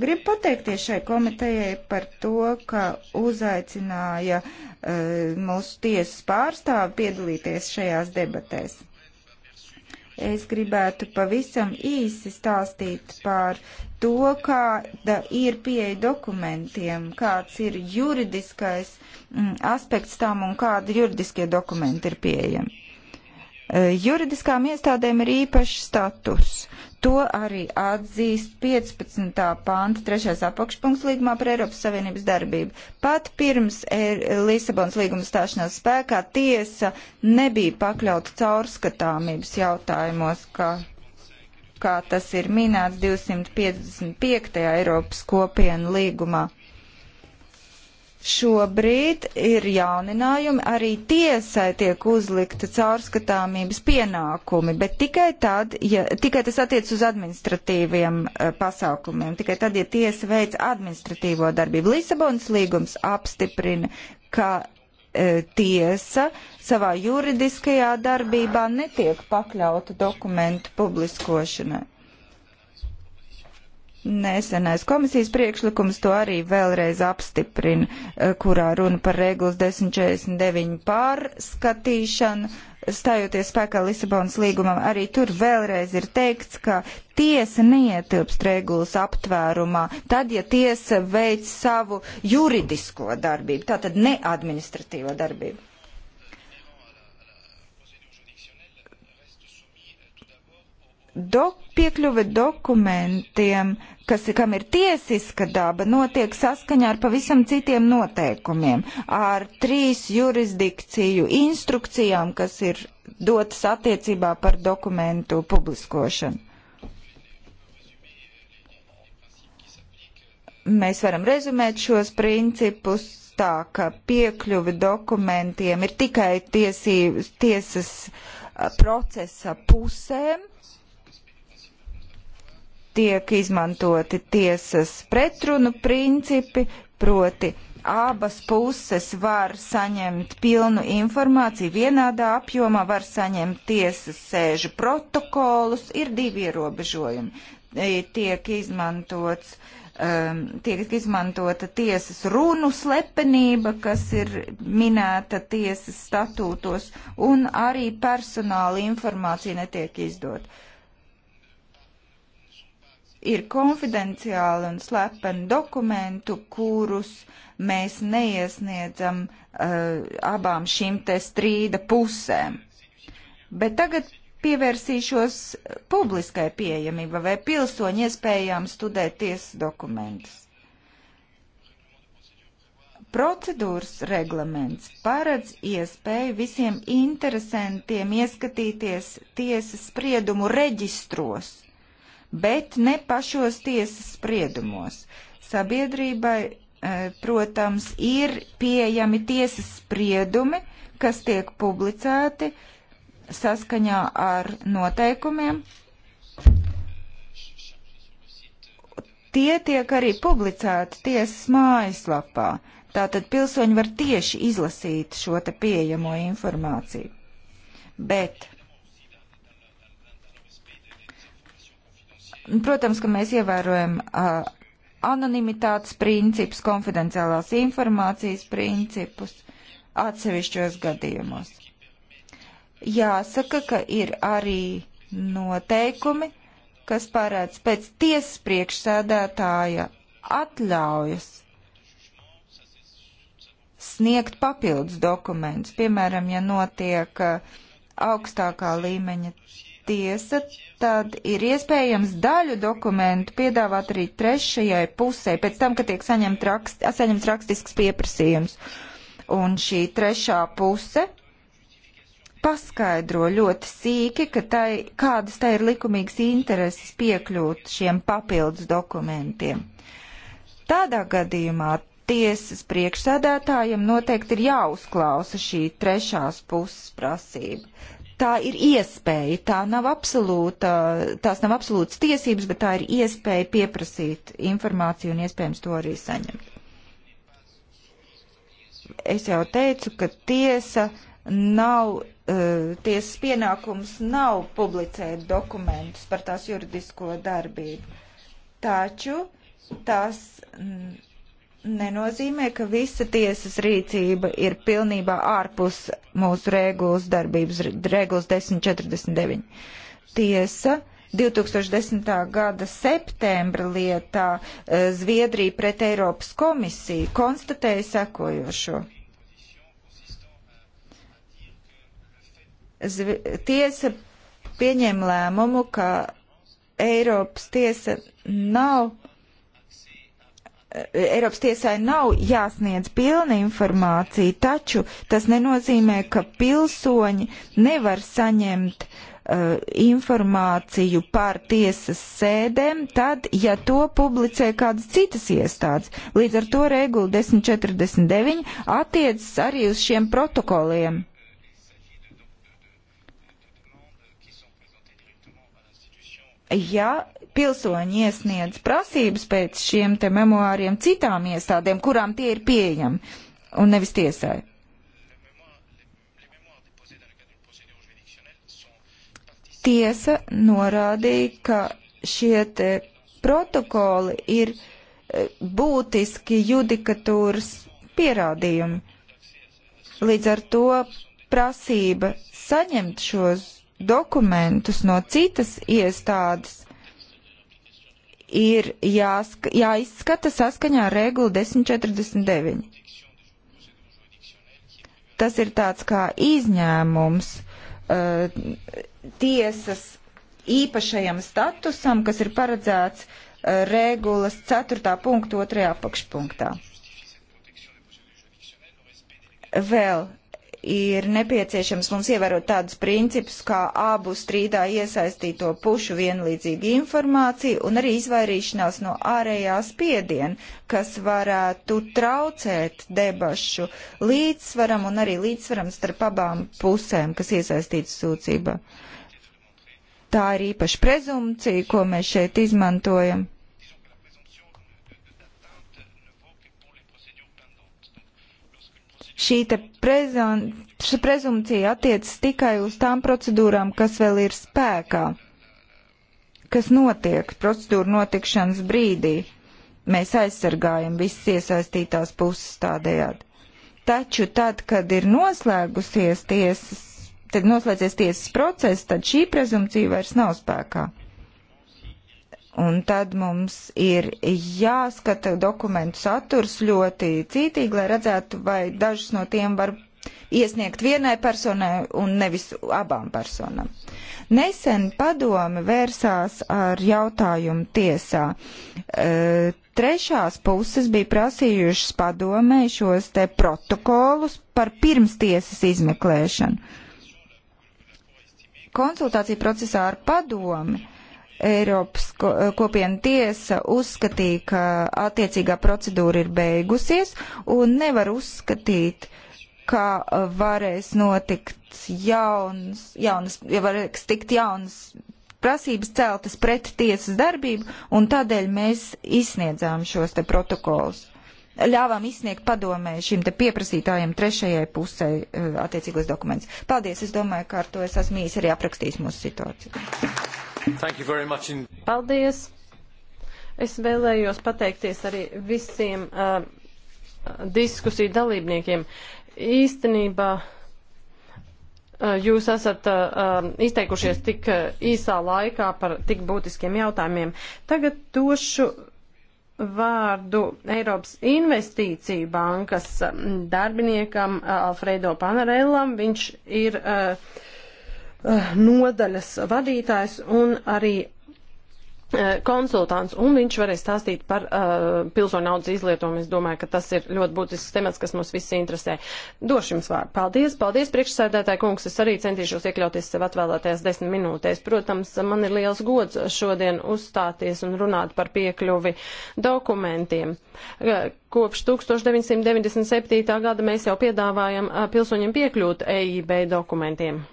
Gribu pateikties šai komitejai par to, ka uzaicināja uh, mūsu tiesas pārstāvi piedalīties šajās debatēs. Es gribētu pavisam īsi stāstīt par to, kāda ir pieeja dokumentiem, kāds ir juridiskais mm, aspekts tam un kādi juridiskie dokumenti ir pieejami eh, juridiskām iestādēm ir īpašs status. To arī atzīst 15. pānta 3. apakšpunkts līgumā par Eiropas Savienības darbību. Pat pirms Lisabonas līguma stāšanās spēkā tiesa nebija pakļauta caurskatāmības jautājumos, kā, kā tas ir minēts 255. Eiropas kopienu līgumā. Šobrīd ir jauninājumi, arī tiesai tiek uzlikta caurskatāmības pienākumi, bet tikai tad, ja tikai tas attiec uz administratīviem uh, pasākumiem, tikai tad, ja tiesa veic administratīvo darbību. Lisabonas līgums apstiprina, ka uh, tiesa savā juridiskajā darbībā netiek pakļauta dokumentu publiskošanai. Nesenais komisijas priekšlikums to arī vēlreiz apstiprina, eh, kurā runa par regulas 1049 pārskatīšanu, stājoties spēkā Lisabonas līgumam. Arī tur vēlreiz ir teikts, ka tiesa neietilpst regulas aptvērumā, tad, ja tiesa veic savu juridisko darbību, tātad ne administratīvo darbību. dok, piekļuve dokumentiem, kas, kam ir tiesiska daba, notiek saskaņā ar pavisam citiem noteikumiem, ar trīs jurisdikciju instrukcijām, kas ir dotas attiecībā par dokumentu publiskošanu. Mēs varam rezumēt šos principus tā, ka piekļuve dokumentiem ir tikai tiesības, tiesas procesa pusēm, tiek izmantoti tiesas pretrunu principi, proti abas puses var saņemt pilnu informāciju vienādā apjomā, var saņemt tiesas sēžu protokolus, ir divi ierobežojumi. E, tiek izmantots um, tiek izmantota tiesas runu slepenība, kas ir minēta tiesas statūtos, un arī personāla informācija netiek izdota ir konfidenciāli un slepeni dokumentu, kurus mēs neiesniedzam uh, abām šīm te strīda pusēm. Bet tagad pievērsīšos publiskai pieejamībai vai pilsoņu iespējām studēt tiesas dokumentus. Procedūras reglaments paredz iespēju visiem interesantiem ieskatīties tiesas spriedumu reģistros bet ne pašos tiesas spriedumos. Sabiedrībai, e, protams, ir pieejami tiesas spriedumi, kas tiek publicēti saskaņā ar noteikumiem. Tie tiek arī publicēti tiesas mājaslapā. Tātad pilsoņi var tieši izlasīt šo te pieejamo informāciju. Bet Protams, ka mēs ievērojam uh, anonimitātes principus, konfidenciālās informācijas principus atsevišķos gadījumos. Jāsaka, ka ir arī noteikumi, kas parāds pēc tiesas priekšsēdētāja atļaujas sniegt papildus dokumentus. Piemēram, ja notiek augstākā līmeņa tiesa, tad ir iespējams daļu dokumentu piedāvāt arī trešajai pusē, pēc tam, kad tiek saņemts rakst, saņemt rakstisks pieprasījums. Un šī trešā puse paskaidro ļoti sīki, ka tai, kādas tai ir likumīgas intereses piekļūt šiem papildus dokumentiem. Tādā gadījumā tiesas priekšsēdētājiem noteikti ir jāuzklausa šī trešās puses prasība tā ir iespēja, tā nav absolūta, tās nav absolūtas tiesības, bet tā ir iespēja pieprasīt informāciju un iespējams to arī saņemt. Es jau teicu, ka tiesa nav, uh, tiesas pienākums nav publicēt dokumentus par tās juridisko darbību, taču tas. Mm, nenozīmē, ka visa tiesas rīcība ir pilnībā ārpus mūsu regulas darbības, regulas 1049. Tiesa 2010. gada septembra lietā eh, Zviedrija pret Eiropas komisiju konstatēja sekojošo. Zvi tiesa pieņem lēmumu, ka Eiropas tiesa nav Eiropas tiesai nav jāsniedz pilna informācija, taču tas nenozīmē, ka pilsoņi nevar saņemt uh, informāciju par tiesas sēdēm, tad, ja to publicē kādas citas iestādes. Līdz ar to regula 1049 attiecas arī uz šiem protokoliem ja pilsoņi iesniedz prasības pēc šiem te memoāriem citām iestādēm, kurām tie ir pieejami, un nevis tiesai. Tiesa norādīja, ka šie te protokoli ir e, būtiski judikatūras pierādījumi. Līdz ar to prasība saņemt šos dokumentus no citas iestādes ir jāska, jāizskata saskaņā ar regulu 1049. Tas ir tāds kā izņēmums uh, tiesas īpašajam statusam, kas ir paredzēts uh, regulas 4. punktu 2. apakšpunktā. Vēl ir nepieciešams mums ievērot tādus principus kā abu strīdā iesaistīto pušu vienlīdzīgu informāciju un arī izvairīšanās no ārējā spiediena, kas varētu traucēt debašu līdzsvaram un arī līdzsvaram starp abām pusēm, kas iesaistītas sūdzībā. Tā ir īpaša prezumcija, ko mēs šeit izmantojam. Šī prezum, prezumcija attiecas tikai uz tām procedūrām, kas vēl ir spēkā, kas notiek procedūru notikšanas brīdī. Mēs aizsargājam visas iesaistītās puses tādējādi. Taču tad, kad ir noslēgusies tiesas, tad noslēdzies tiesas process, tad šī prezumcija vairs nav spēkā. Un tad mums ir jāskata dokumentu saturs ļoti cītīgi, lai redzētu, vai dažus no tiem var iesniegt vienai personai un nevis abām personām. Nesen padome vērsās ar jautājumu tiesā. E, trešās puses bija prasījušas padomē šos te protokolus par pirmstiesas izmeklēšanu. Konsultācija procesā ar padomi Eiropas kopiena tiesa uzskatīja, ka attiecīgā procedūra ir beigusies un nevar uzskatīt, ka varēs notikt jauns, jaunas, ja varēs tikt jaunas prasības celtas pret tiesas darbību, un tādēļ mēs izsniedzām šos te protokolus. Ļāvām izsniegt padomē šim te pieprasītājiem trešajai pusē eh, attiecīgos dokumentus. Paldies, es domāju, ka ar to es esmu īsi arī aprakstījis mūsu situāciju. In... Paldies! Es vēlējos pateikties arī visiem uh, diskusiju dalībniekiem. Īstenībā jūs esat uh, izteikušies tik īsā laikā par tik būtiskiem jautājumiem. Tagad došu vārdu Eiropas investīciju bankas darbiniekam Alfredo Panarellam. Viņš ir uh, Eh, nodaļas vadītājs un arī eh, konsultants, un viņš varēs stāstīt par uh, pilsoņu naudas izlietojumu. Es domāju, ka tas ir ļoti būtisks temats, kas mums visi interesē. Došu jums vārdu. Paldies, paldies, priekšsēdētāji kungs. Es arī centīšos iekļauties sev atvēlētajās desmit minūtēs. Protams, man ir liels gods šodien uzstāties un runāt par piekļuvi dokumentiem. Kopš 1997. gada mēs jau piedāvājam pilsoņiem piekļūt EIB dokumentiem.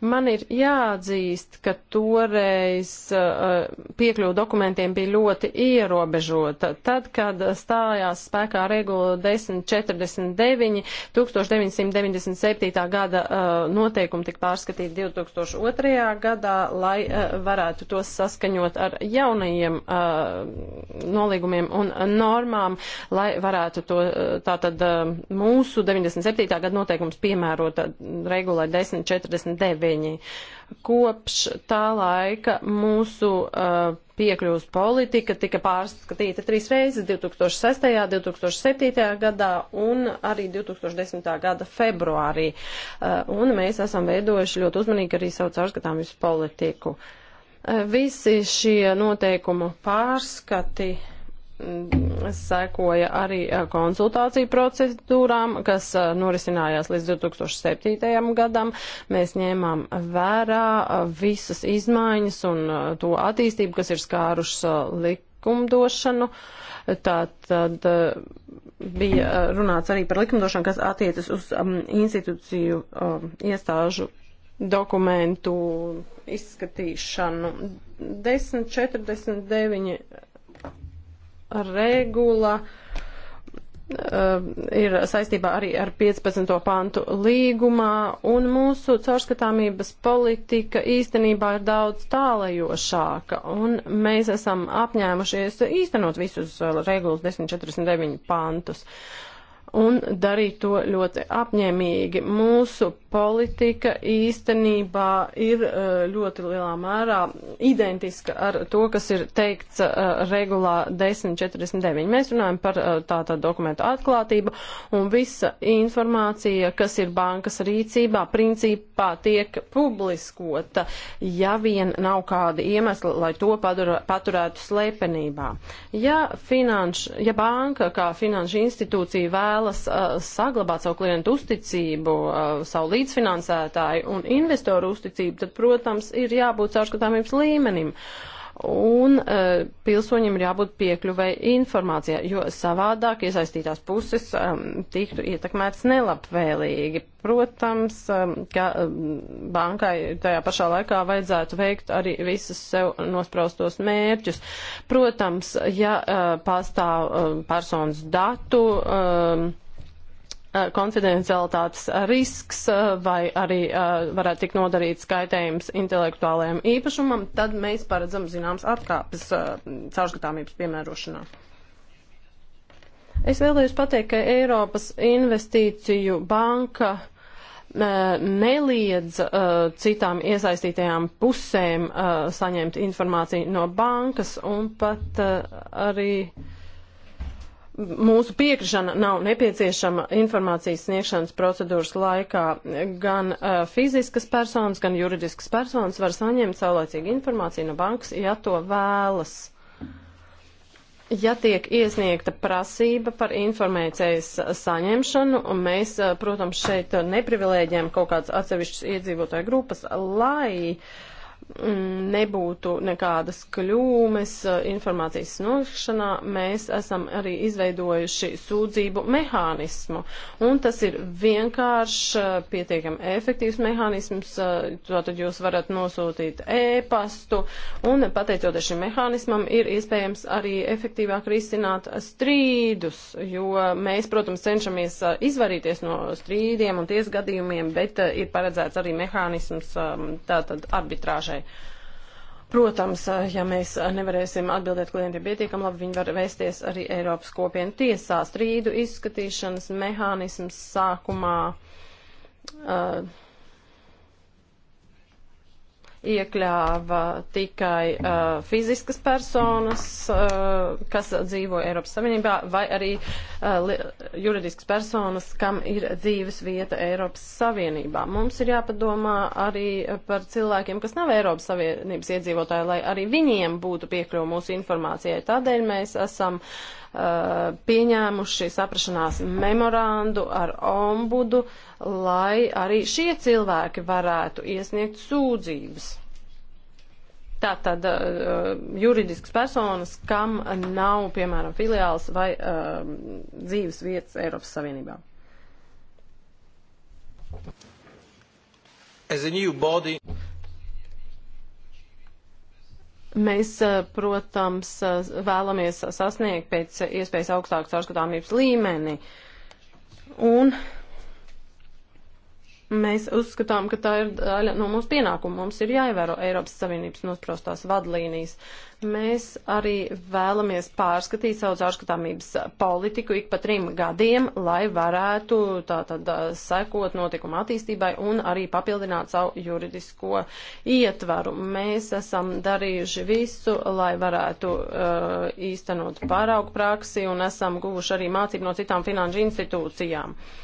Man ir jāatzīst, ka toreiz uh, eh, piekļuva dokumentiem bija ļoti ierobežota. Tad, kad stājās spēkā regula 1049, 1997. gada uh, noteikumi tika pārskatīti 2002. gadā, lai uh, varētu tos saskaņot ar jaunajiem nolīgumiem un normām, lai varētu to tātad mūsu 97. gada noteikums piemērot regulai 1049 centieni. Kopš tā laika mūsu uh, piekļuvas politika tika pārskatīta trīs reizes - 2006., 2007. gadā un arī 2010. gada februārī. Uh, un mēs esam veidojuši ļoti uzmanīgi arī savu caurskatāmības politiku. Uh, visi šie noteikumu pārskati. Uh, Mm, sekoja arī konsultāciju procedūrām, kas norisinājās līdz 2007. gadam. Mēs ņēmām vērā visas izmaiņas un to attīstību, kas ir skārušas likumdošanu. Tātad bija runāts arī par likumdošanu, kas attiecas uz um, institūciju um, iestāžu dokumentu izskatīšanu. 1049 regula um, ir saistībā arī ar 15. pantu līgumā, un mūsu caurskatāmības politika īstenībā ir daudz tālajošāka, un mēs esam apņēmušies īstenot visus uh, regulas 1049 pantus. Uh, un darīt to ļoti apņēmīgi. Mūsu politika īstenībā ir uh, ļoti lielā mērā identiska ar to, kas ir teikts uh, regulā 1049. Mēs runājam par uh, tātā dokumentu atklātību un visa informācija, kas ir bankas rīcībā, principā tiek publiskota, ja vien nav kādi iemesli, lai to padura, paturētu slēpenībā. Ja, finanš, ja banka kā finanšu institūcija vēl vēlas uh, saglabāt savu klientu uzticību, uh, savu līdzfinansētāju un investoru uzticību, tad, protams, ir jābūt caurskatāmības līmenim. Uh, un uh, pilsoņiem ir jābūt piekļuvai informācijai, jo savādāk iesaistītās puses um, tiktu ietekmētas nelabvēlīgi. Protams, um, ka um, bankai tajā pašā laikā vajadzētu veikt arī visas sev nospraustos mērķus. Protams, ja uh, pastāv um, personas datu. Um, Eh, konfidencialitātes risks eh, vai arī eh, varētu tik nodarīts skaitējums intelektuālajiem īpašumam, tad mēs paredzam zināms atkāpes caurskatāmības piemērošanā. Es vēlējos pateikt, ka Eiropas investīciju banka neliedz uh, citām iesaistītajām pusēm uh, saņemt informāciju no bankas un pat uh, arī uh, mūsu piekrišana nav nepieciešama informācijas sniegšanas procedūras laikā. Gan uh, fiziskas personas, gan juridiskas personas var saņemt saulēcīgu informāciju no bankas, ja to vēlas. Ja tiek iesniegta prasība par informācijas saņemšanu, un mēs, uh, protams, šeit neprivilēģējam kaut kādas atsevišķas iedzīvotāju grupas, lai uh, Mm, nebūtu nekādas kļūmes eh, informācijas sniegšanā, mēs esam arī izveidojuši sūdzību mehānismu. Un tas ir vienkāršs, eh, pietiekami efektīvs mehānisms. Eh, tātad jūs varat nosūtīt ēpastu. E un pateicoties šim mehānismam, ir iespējams arī efektīvāk risināt strīdus, jo mēs, protams, cenšamies izvairīties no strīdiem un tiesgadījumiem, bet ir paredzēts arī mehānisms tātad arbitrāžai pasaulē. Protams, eh, ja mēs eh, nevarēsim atbildēt klientiem pietiekam labi, viņi var vēsties arī Eiropas kopienu tiesā. Strīdu izskatīšanas mehānisms sākumā uh, iekļāva tikai uh, fiziskas personas, uh, kas dzīvo Eiropas Savienībā, vai arī uh, juridiskas personas, kam ir dzīves vieta Eiropas Savienībā. Mums ir jāpadomā arī par cilvēkiem, kas nav Eiropas Savienības iedzīvotāji, lai arī viņiem būtu piekļuva mūsu informācijai. Tādēļ mēs esam uh, Uh, pieņēmuši saprašanās memorandu ar ombudu, lai arī šie cilvēki varētu iesniegt sūdzības. Tātad uh, juridiskas personas, kam nav, piemēram, filiāls vai uh, dzīves vietas Eiropas Savienībā. As a new body. Mēs, eh, protams, eh, vēlamies sasniegt pēc iespējas augstāku caurskatāmības līmeni. Un Mēs uzskatām, ka tā ir daļa no mūsu pienākuma. Mums ir jāievēro Eiropas Savienības nosprostās vadlīnijas. Mēs arī vēlamies pārskatīt savu zārskatāmības politiku ik pa trim gadiem, lai varētu tātad sekot notikuma attīstībai un arī papildināt savu juridisko ietvaru. Mēs esam darījuši visu, lai varētu uh, īstenot pāraugu praksi un esam guvuši arī mācību no citām finanšu institūcijām. Uh,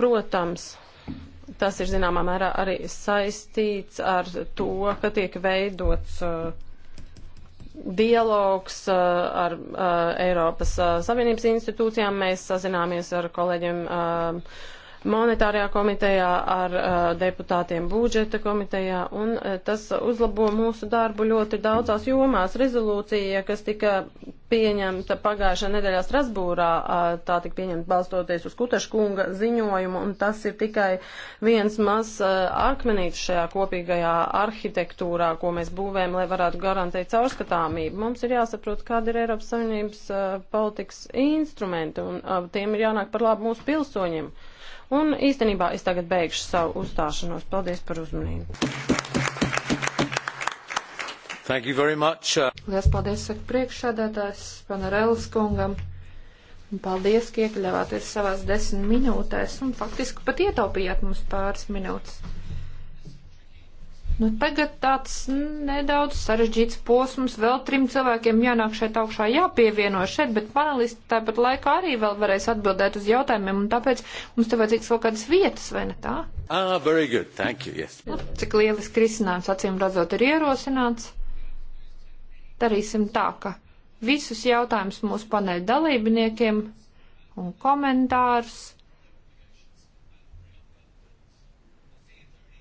Protams, tas ir zināmā mērā arī saistīts ar to, ka tiek veidots uh, dialogs uh, ar uh, Eiropas uh, Savienības institūcijām. Mēs sazināmies ar kolēģiem uh, monetārajā komitejā, ar uh, deputātiem budžeta komitejā, un uh, tas uzlabo mūsu darbu ļoti daudzās jomās. Rezolūcija, kas tika pieņemta pagājušā nedēļā Strasbūrā, uh, tā tika pieņemta balstoties uz Kutaškunga ziņojumu, un tas ir tikai viens maz uh, akmenīts šajā kopīgajā arhitektūrā, ko mēs būvējam, lai varētu garantēt caurskatāmību. Mums ir jāsaprot, kāda ir Eiropas Savienības uh, politikas instrumenti, un uh, tiem ir jānāk par labu mūsu pilsoņiem. Un īstenībā es tagad beigšu savu uzstāšanos. Paldies par uzmanību. Thank you very much. Uh, Lielas paldies, saka priekšsādātājs Panerēlis kungam. Paldies, ka iekļāvāties savās desmit minūtēs un faktiski pat ietaupījāt mums pāris minūtes. Nu, tagad tāds nedaudz sarežģīts posms, vēl trim cilvēkiem jānāk šeit augšā jāpievieno šeit, bet panelisti tāpat laikā arī vēl varēs atbildēt uz jautājumiem, un tāpēc mums te vajadzīgs vēl kādas vietas, vai ne tā? Ah, very good, thank you, yes. Nu, cik lielisks risinājums, acīm redzot, ir ierosināts. Darīsim tā, ka visus jautājumus mūsu paneļa dalībniekiem un komentārus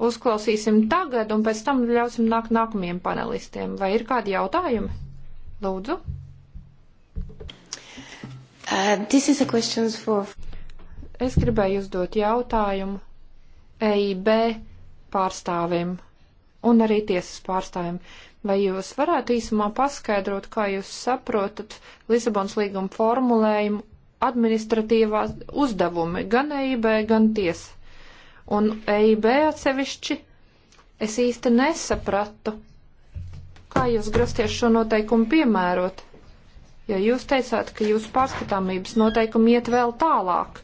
uzklausīsim tagad un pēc tam ļausim nākt nākamajiem panelistiem. Vai ir kādi jautājumi? Lūdzu. Uh, for... Es gribēju uzdot jautājumu EIB pārstāvim un arī tiesas pārstāvim. Vai jūs varētu īsumā paskaidrot, kā jūs saprotat Lisabons līguma formulējumu administratīvā uzdevumi gan EIB, gan tiesa? un EIB atsevišķi, es īsti nesapratu, kā jūs grasties šo noteikumu piemērot, jo jūs teicāt, ka jūsu pārskatāmības noteikumi iet vēl tālāk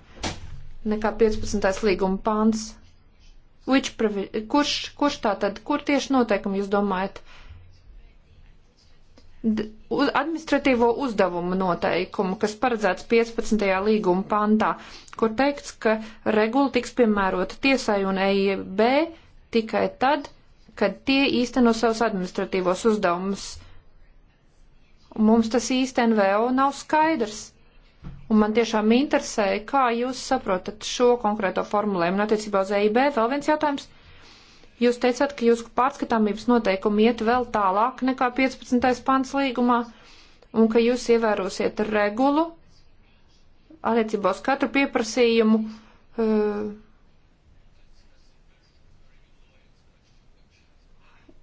nekā 15. līguma pants. Kurš, kurš tā tad, kur tieši noteikumi jūs domājat? Uh, administratīvo uzdevumu noteikumu, kas paredzēts 15. līguma pantā, kur teikts, ka regula tiks piemērota tiesai un EIB tikai tad, kad tie īsteno savus administratīvos uzdevumus. Mums tas īsti NVO nav skaidrs. Un man tiešām interesē, kā jūs saprotat šo konkrēto formulējumu. Un attiecībā uz EIB vēl viens jautājums. Uh, Jūs teicāt, ka jūsu pārskatāmības noteikumi iet vēl tālāk nekā 15. pants līgumā un ka jūs ievērosiet regulu attiecībā uz katru pieprasījumu. Eh,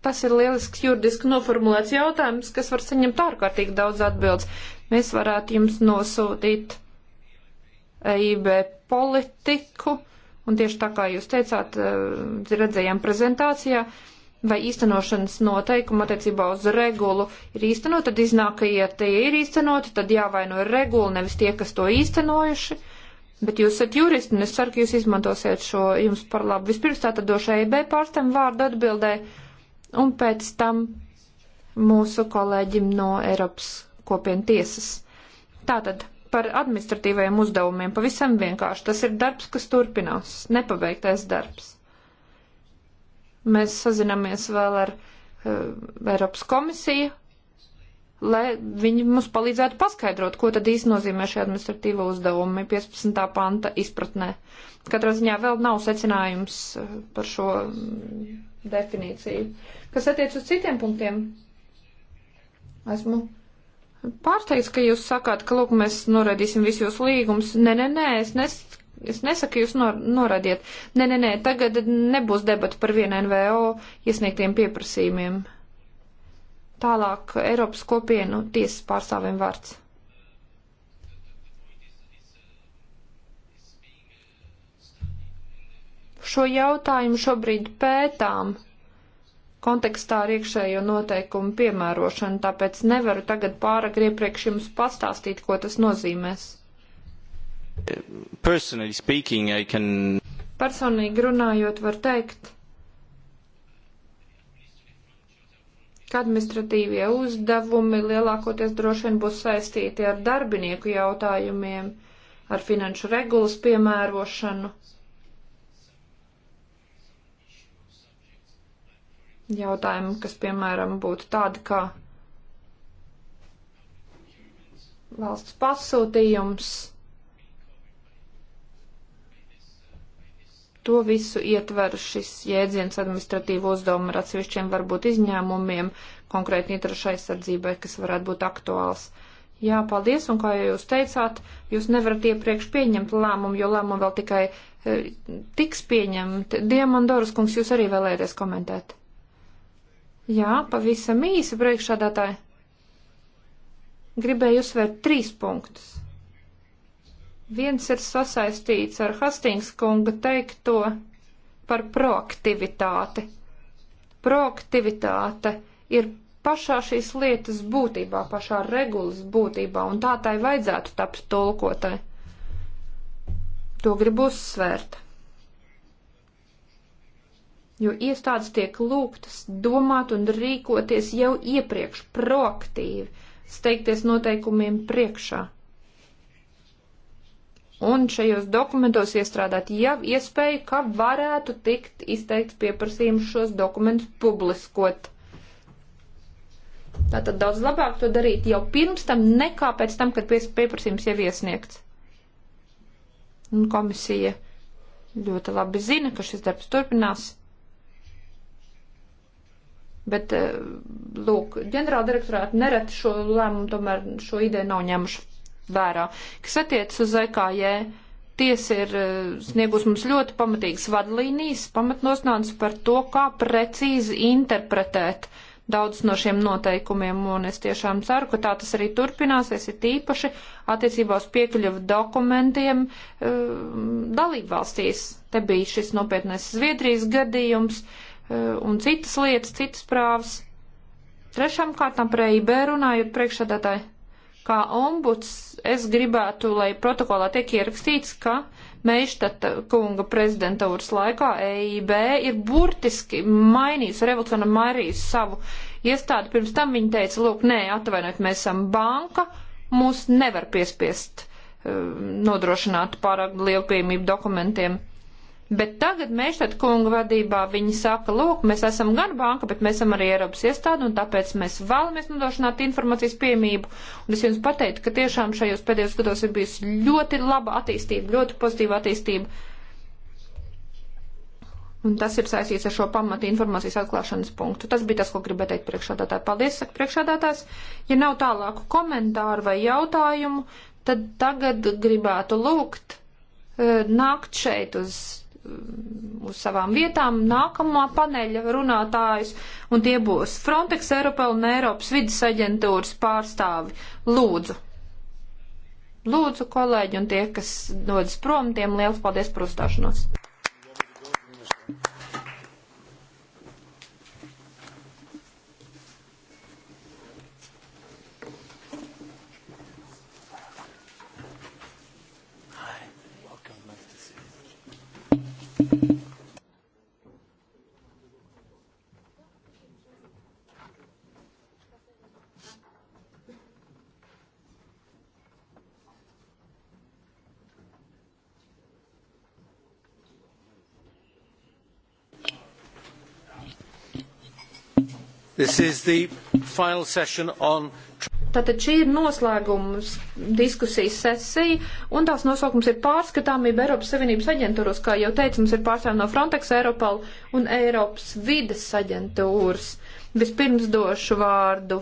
tas ir lielisks juridiski noformulēts jautājums, kas var saņemt ārkārtīgi daudz atbildes. Mēs varētu jums nosūtīt EIB politiku Un tieši tā kā jūs teicāt, eh, redzējām prezentācijā, vai īstenošanas noteikuma attiecībā uz regulu ir īstenot, tad iznāk, ka, ja tie ir īstenoti, tad jāvaino ir regula, nevis tie, kas to īstenojuši. Bet jūs esat juristi, un es ceru, ka jūs izmantosiet šo jums par labu. Vispirms tā tad došu EIB pārstam vārdu atbildē, un pēc tam mūsu kolēģim no Eiropas kopienu tiesas. Tātad par administratīvajiem uzdevumiem. Pavisam vienkārši. Tas ir darbs, kas turpinās. Nepabeigtais darbs. Mēs sazinamies vēl ar uh, Eiropas komisiju, lai viņi mums palīdzētu paskaidrot, ko tad īsti nozīmē šie administratīvo uzdevumi 15. panta izpratnē. Katrā ziņā vēl nav secinājums eh, par šo mm, definīciju. Kas attiec uz citiem punktiem? Esmu pārsteigts, ka jūs sakāt, ka, lūk, mēs noraidīsim visus jūsu līgumus. Nē, nē, nē, es, nes, es nesaku, jūs nor, noraidiet. Nē, nē, nē, tagad nebūs debata par vienu NVO iesniegtiem pieprasījumiem. Tālāk Eiropas kopienu tiesas pārstāvim vārds. Šo jautājumu šobrīd pētām kontekstā ar iekšējo noteikumu piemērošanu, tāpēc nevaru tagad pārāk iepriekš jums pastāstīt, ko tas nozīmēs. Speaking, can... Personīgi runājot, var teikt, ka administratīvie uzdevumi lielākoties droši vien būs saistīti ar darbinieku jautājumiem, ar finanšu regulas piemērošanu jautājumu, kas, piemēram, būtu tādi kā valsts pasūtījums. To visu ietver šis jēdziens administratīvu uzdevumu ar atsevišķiem varbūt izņēmumiem, konkrēti interešu aizsardzībai, kas varētu būt aktuāls. Jā, paldies, un kā jūs teicāt, jūs nevarat iepriekš pieņemt lēmumu, jo lēmumu vēl tikai e, tiks pieņemt. Diemandoras kungs, jūs arī vēlēties komentēt? Jā, pavisam īsi priekšādātāji. Gribēju uzsvērt trīs punktus. Viens ir sasaistīts ar Hastings kunga teikto par proaktivitāti. Proaktivitāte ir pašā šīs lietas būtībā, pašā regulas būtībā, un tā tai vajadzētu tapt tulkotai. To gribu uzsvērt jo iestādes tiek lūgtas domāt un rīkoties jau iepriekš proaktīvi, steigties noteikumiem priekšā. Un šajos dokumentos iestrādāt jau iespēju, ka varētu tikt izteikts pieprasījums šos dokumentus publiskot. Tātad daudz labāk to darīt jau pirms tam, nekā pēc tam, kad pieprasījums jau iesniegts. Un komisija ļoti labi zina, ka šis darbs turpinās Bet, eh, lūk, ģenerāldirektorāti nereti šo lēmumu, tomēr šo ideju nav ņemuši vērā. Kas attiecas uz EKJ, tiesa ir eh, sniegus mums ļoti pamatīgas vadlīnijas, pamatnosnāns par to, kā precīzi interpretēt daudz no šiem noteikumiem, un es tiešām ceru, ka tā tas arī turpināsies, ir tīpaši attiecībā uz piekļuvu dokumentiem eh, dalībvalstīs. Te bija šis nopietnais Zviedrijas gadījums. Uh, Eh, un citas lietas, citas prāvas. Trešām kārtām par EIB runājot priekšsādātāji, kā ombuds, es gribētu, lai protokolā tiek ierakstīts, ka Meištata kunga prezidentūras laikā EIB ir burtiski mainījusi, revolucionāri mainījusi savu iestādi. Pirms tam viņi teica, lūk, nē, atvainojiet, mēs esam banka, mūs nevar piespiest eh, nodrošināt pārāk lielu pieejamību dokumentiem. Bet tagad Mešat kunga vadībā viņi saka, lūk, mēs esam gan banka, bet mēs esam arī Eiropas iestāde, un tāpēc mēs vēlamies nodrošināt informācijas piemību. Un es jums pateiktu, ka tiešām šajos pēdējos gados ir bijusi ļoti laba attīstība, ļoti pozitīva attīstība. Un tas ir saistīts ar šo pamatu informācijas atklāšanas punktu. Tas bija tas, ko gribēju teikt priekšādātāji. Paldies, saka priekšādātājs. Ja nav tālāku komentāru vai jautājumu, tad tagad gribētu lūgt eh, nākt šeit uz Mm, uz savām vietām nākamā paneļa runātājs, un tie būs Frontex, Eiropel un Eiropas vidas aģentūras pārstāvi. Lūdzu! Lūdzu, kolēģi, un tie, kas dodas prom, tiem liels paldies par uzstāšanos! On... Tātad šī ir noslēgums diskusijas sesija, un tās nosaukums ir pārskatāmība Eiropas Savienības aģentūros, kā jau teicu, mums ir pārstāvji no Frontex, Eiropal un Eiropas vides aģentūras. Vispirms došu vārdu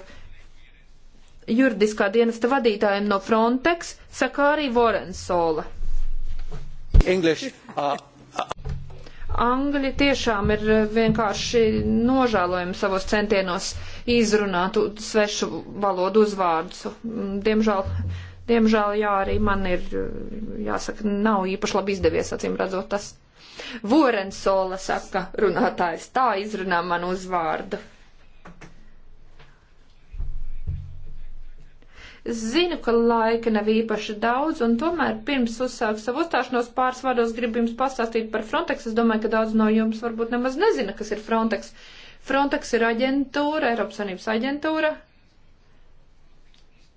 juridiskā dienesta vadītājiem no Frontex, Sakārī Vorensola. English, uh, Angļi tiešām ir eh, vienkārši nožēlojami savos centienos izrunāt svešu valodu uzvārdus. Mm, diemžēl, diemžēl, jā, arī man ir, eh, jāsaka, nav īpaši labi izdevies, acīm redzot tas. Vorensola saka runātājs, tā izrunā man uzvārdu. Zinu, ka laika nav īpaši daudz, un tomēr pirms uzsākt savu uzstāšanos pāris vārdos gribu jums pastāstīt par Frontex. Es domāju, ka daudz no jums varbūt nemaz nezina, kas ir Frontex. Frontex ir aģentūra, Eiropas Savienības aģentūra,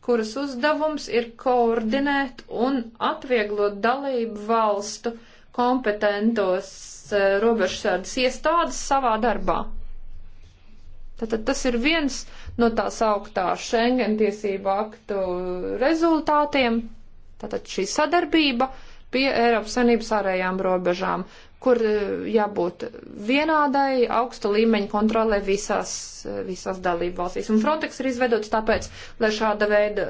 kuras uzdevums ir koordinēt un atvieglot dalību valstu kompetentos eh, robežsardas iestādes savā darbā. Tātad tas ir viens no tā sauktā Schengen tiesību aktu rezultātiem. Tātad šī sadarbība pie Eiropas Savienības ārējām robežām, kur e, jābūt vienādai augsta līmeņa kontrolē visās, e, visās dalību valstīs. Un Frontex ir izveidots tāpēc, lai šāda veida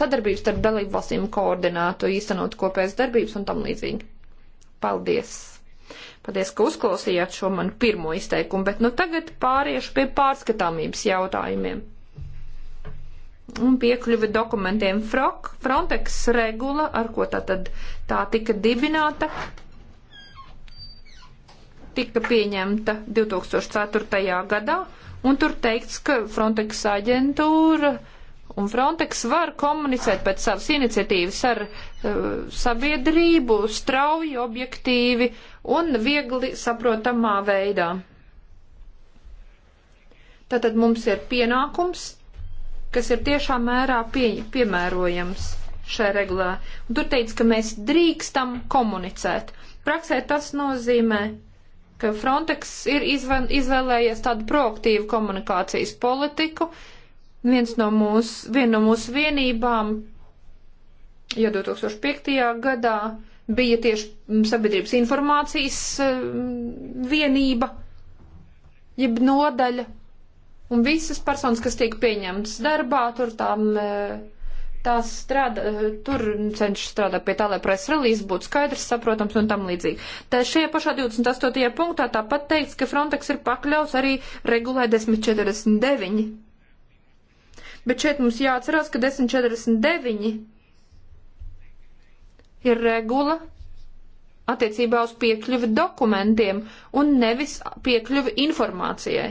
sadarbības starp dalību valstīm koordinātu, īstenot kopējas darbības un tam līdzīgi. Paldies! Paldies, ka uzklausījāt šo manu pirmo izteikumu, bet nu tagad pāriešu pie pārskatāmības jautājumiem. Un piekļuvi dokumentiem Frok, Frontex regula, ar ko tā tad tā tika dibināta, tika pieņemta 2004. gadā, un tur teikts, ka Frontex aģentūra uh, Un Frontex var komunicēt pēc savas iniciatīvas ar uh, sabiedrību strauji, objektīvi un viegli saprotamā veidā. Tātad mums ir pienākums, kas ir tiešā mērā pie, piemērojams šai regulā. Un tur teica, ka mēs drīkstam komunicēt. Praksē tas nozīmē, ka Frontex ir izvēlējies tādu proaktīvu komunikācijas politiku, uh, Viens no mūsu, viena no mūsu vienībām jau 2005. gadā bija tieši mm, sabiedrības informācijas mm, vienība, jeb nodaļa, un visas personas, kas tiek pieņemtas darbā, tur tām, e, tās strādā, e, tur cenšas strādāt pie tā, lai presa relīze būtu skaidrs, saprotams un tam līdzīgi. Tā šajā pašā 28. punktā tāpat teikts, ka Frontex ir pakļaus arī regulē 1049 Bet šeit mums jāatcerās, ka 1049 ir regula attiecībā uz piekļuvi dokumentiem un nevis piekļuvi informācijai.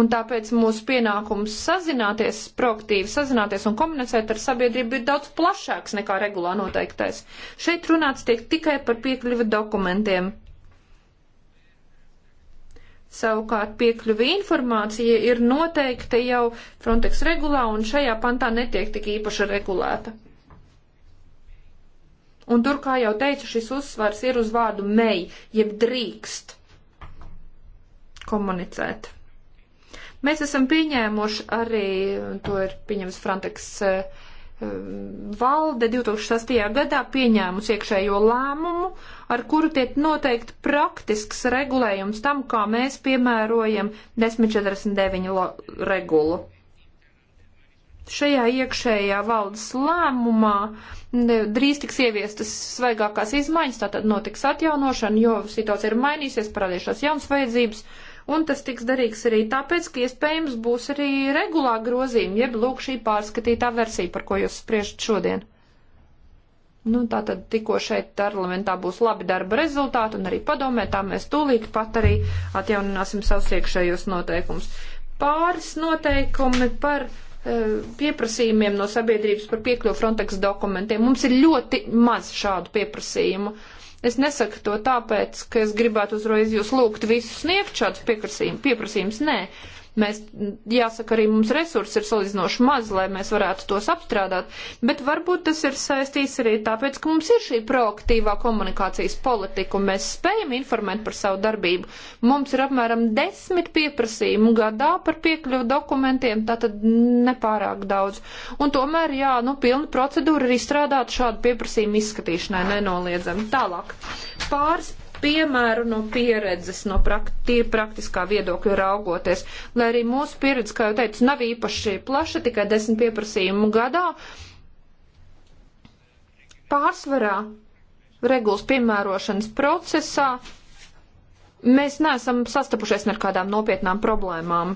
Un tāpēc mūsu pienākums sazināties, proaktīvi sazināties un komunicēt ar sabiedrību ir daudz plašāks nekā regulā noteiktais. Šeit runāts tiek tikai par piekļuvi dokumentiem. Savukārt piekļuvi informācija ir noteikta jau Frontex regulā un šajā pantā netiek tik īpaši regulēta. Un tur, kā jau teicu, šis uzsvars ir uz vārdu mei, jeb drīkst komunicēt. Mēs esam pieņēmuši arī, to ir pieņems Frontex uh, valde 2008. gadā pieņēmusi iekšējo lēmumu, ar kuru tiek noteikti praktisks regulējums tam, kā mēs piemērojam 1049 regulu. Šajā iekšējā valdes lēmumā drīz tiks ieviestas svaigākās izmaiņas, tātad notiks atjaunošana, jo situācija ir mainīsies, parādījušās jaunas vajadzības, uh, un tas tiks darīts arī tāpēc, ka iespējams būs arī regulā grozījumi, jeb lūk šī pārskatītā versija, par ko jūs spriežat šodien. Nu, tā tad tikko šeit parlamentā būs labi darba rezultāti un arī padomē, tā mēs tūlīt pat arī atjaunināsim savus iekšējos noteikumus. Pāris noteikumi par eh, pieprasījumiem no sabiedrības par piekļuvu Frontex dokumentiem. Mums ir ļoti maz šādu pieprasījumu. Es nesaku to tāpēc, ka es gribētu uzreiz jūs lūgt visus sniegt šādus pieprasījumus. Nē, Mēs, jāsaka, arī mums resursi ir salīdzinoši maz, lai mēs varētu tos apstrādāt, bet varbūt tas ir saistīts arī tāpēc, ka mums ir šī proaktīvā komunikācijas politika un mēs spējam informēt par savu darbību. Mums ir apmēram desmit pieprasījumu gadā par piekļuvu dokumentiem, tātad nepārāk daudz. Un tomēr, jā, nu, pilna procedūra ir izstrādāt šādu pieprasījumu izskatīšanai nenoliedzami. Tālāk. Pāris piemēru no pieredzes, no prakt, tīri praktiskā viedokļa raugoties. Lai arī mūsu pieredze, kā jau teicu, nav īpaši plaša, tikai desmit pieprasījumu gadā. Pārsvarā regulas piemērošanas procesā mēs neesam sastapušies ar kādām nopietnām problēmām.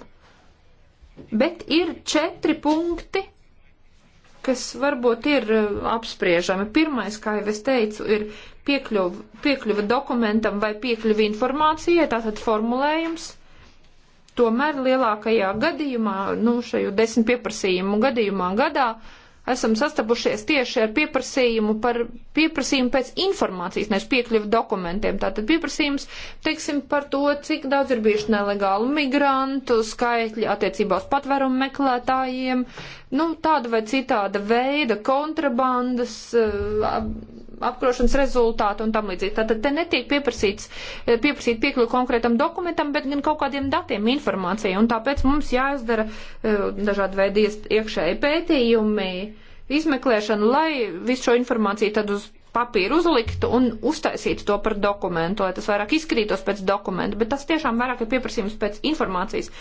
Bet ir četri punkti, kas varbūt ir e, apspriežami. Pirmais, kā jau es teicu, ir piekļuva, piekļuva dokumentam vai piekļuva informācijai, tātad formulējums. Tomēr lielākajā gadījumā, nu, šajā desmit pieprasījumu gadījumā gadā, uh, esam sastapušies tieši ar pieprasījumu, par, pieprasījumu pēc informācijas, nevis piekļuvu dokumentiem. Tātad pieprasījums, teiksim, par to, cik daudz ir bijuši nelegālu migrantu, skaitļi attiecībā uz patvērumu meklētājiem, nu, tāda vai citāda veida kontrabandas. Uh, eh, apkrošanas rezultātu un tam līdzīgi. Tātad te netiek pieprasīts, eh, pieprasīt piekļuvi konkrētam dokumentam, bet gan kaut kādiem datiem informācija. Un tāpēc mums jāizdara eh, dažādi veidi iekšēji pētījumi, izmeklēšanu, lai visu šo informāciju tad uz papīru uzliktu un uztaisītu to par dokumentu, lai tas vairāk izskatītos pēc dokumenta, bet tas tiešām vairāk ir pieprasījums pēc informācijas.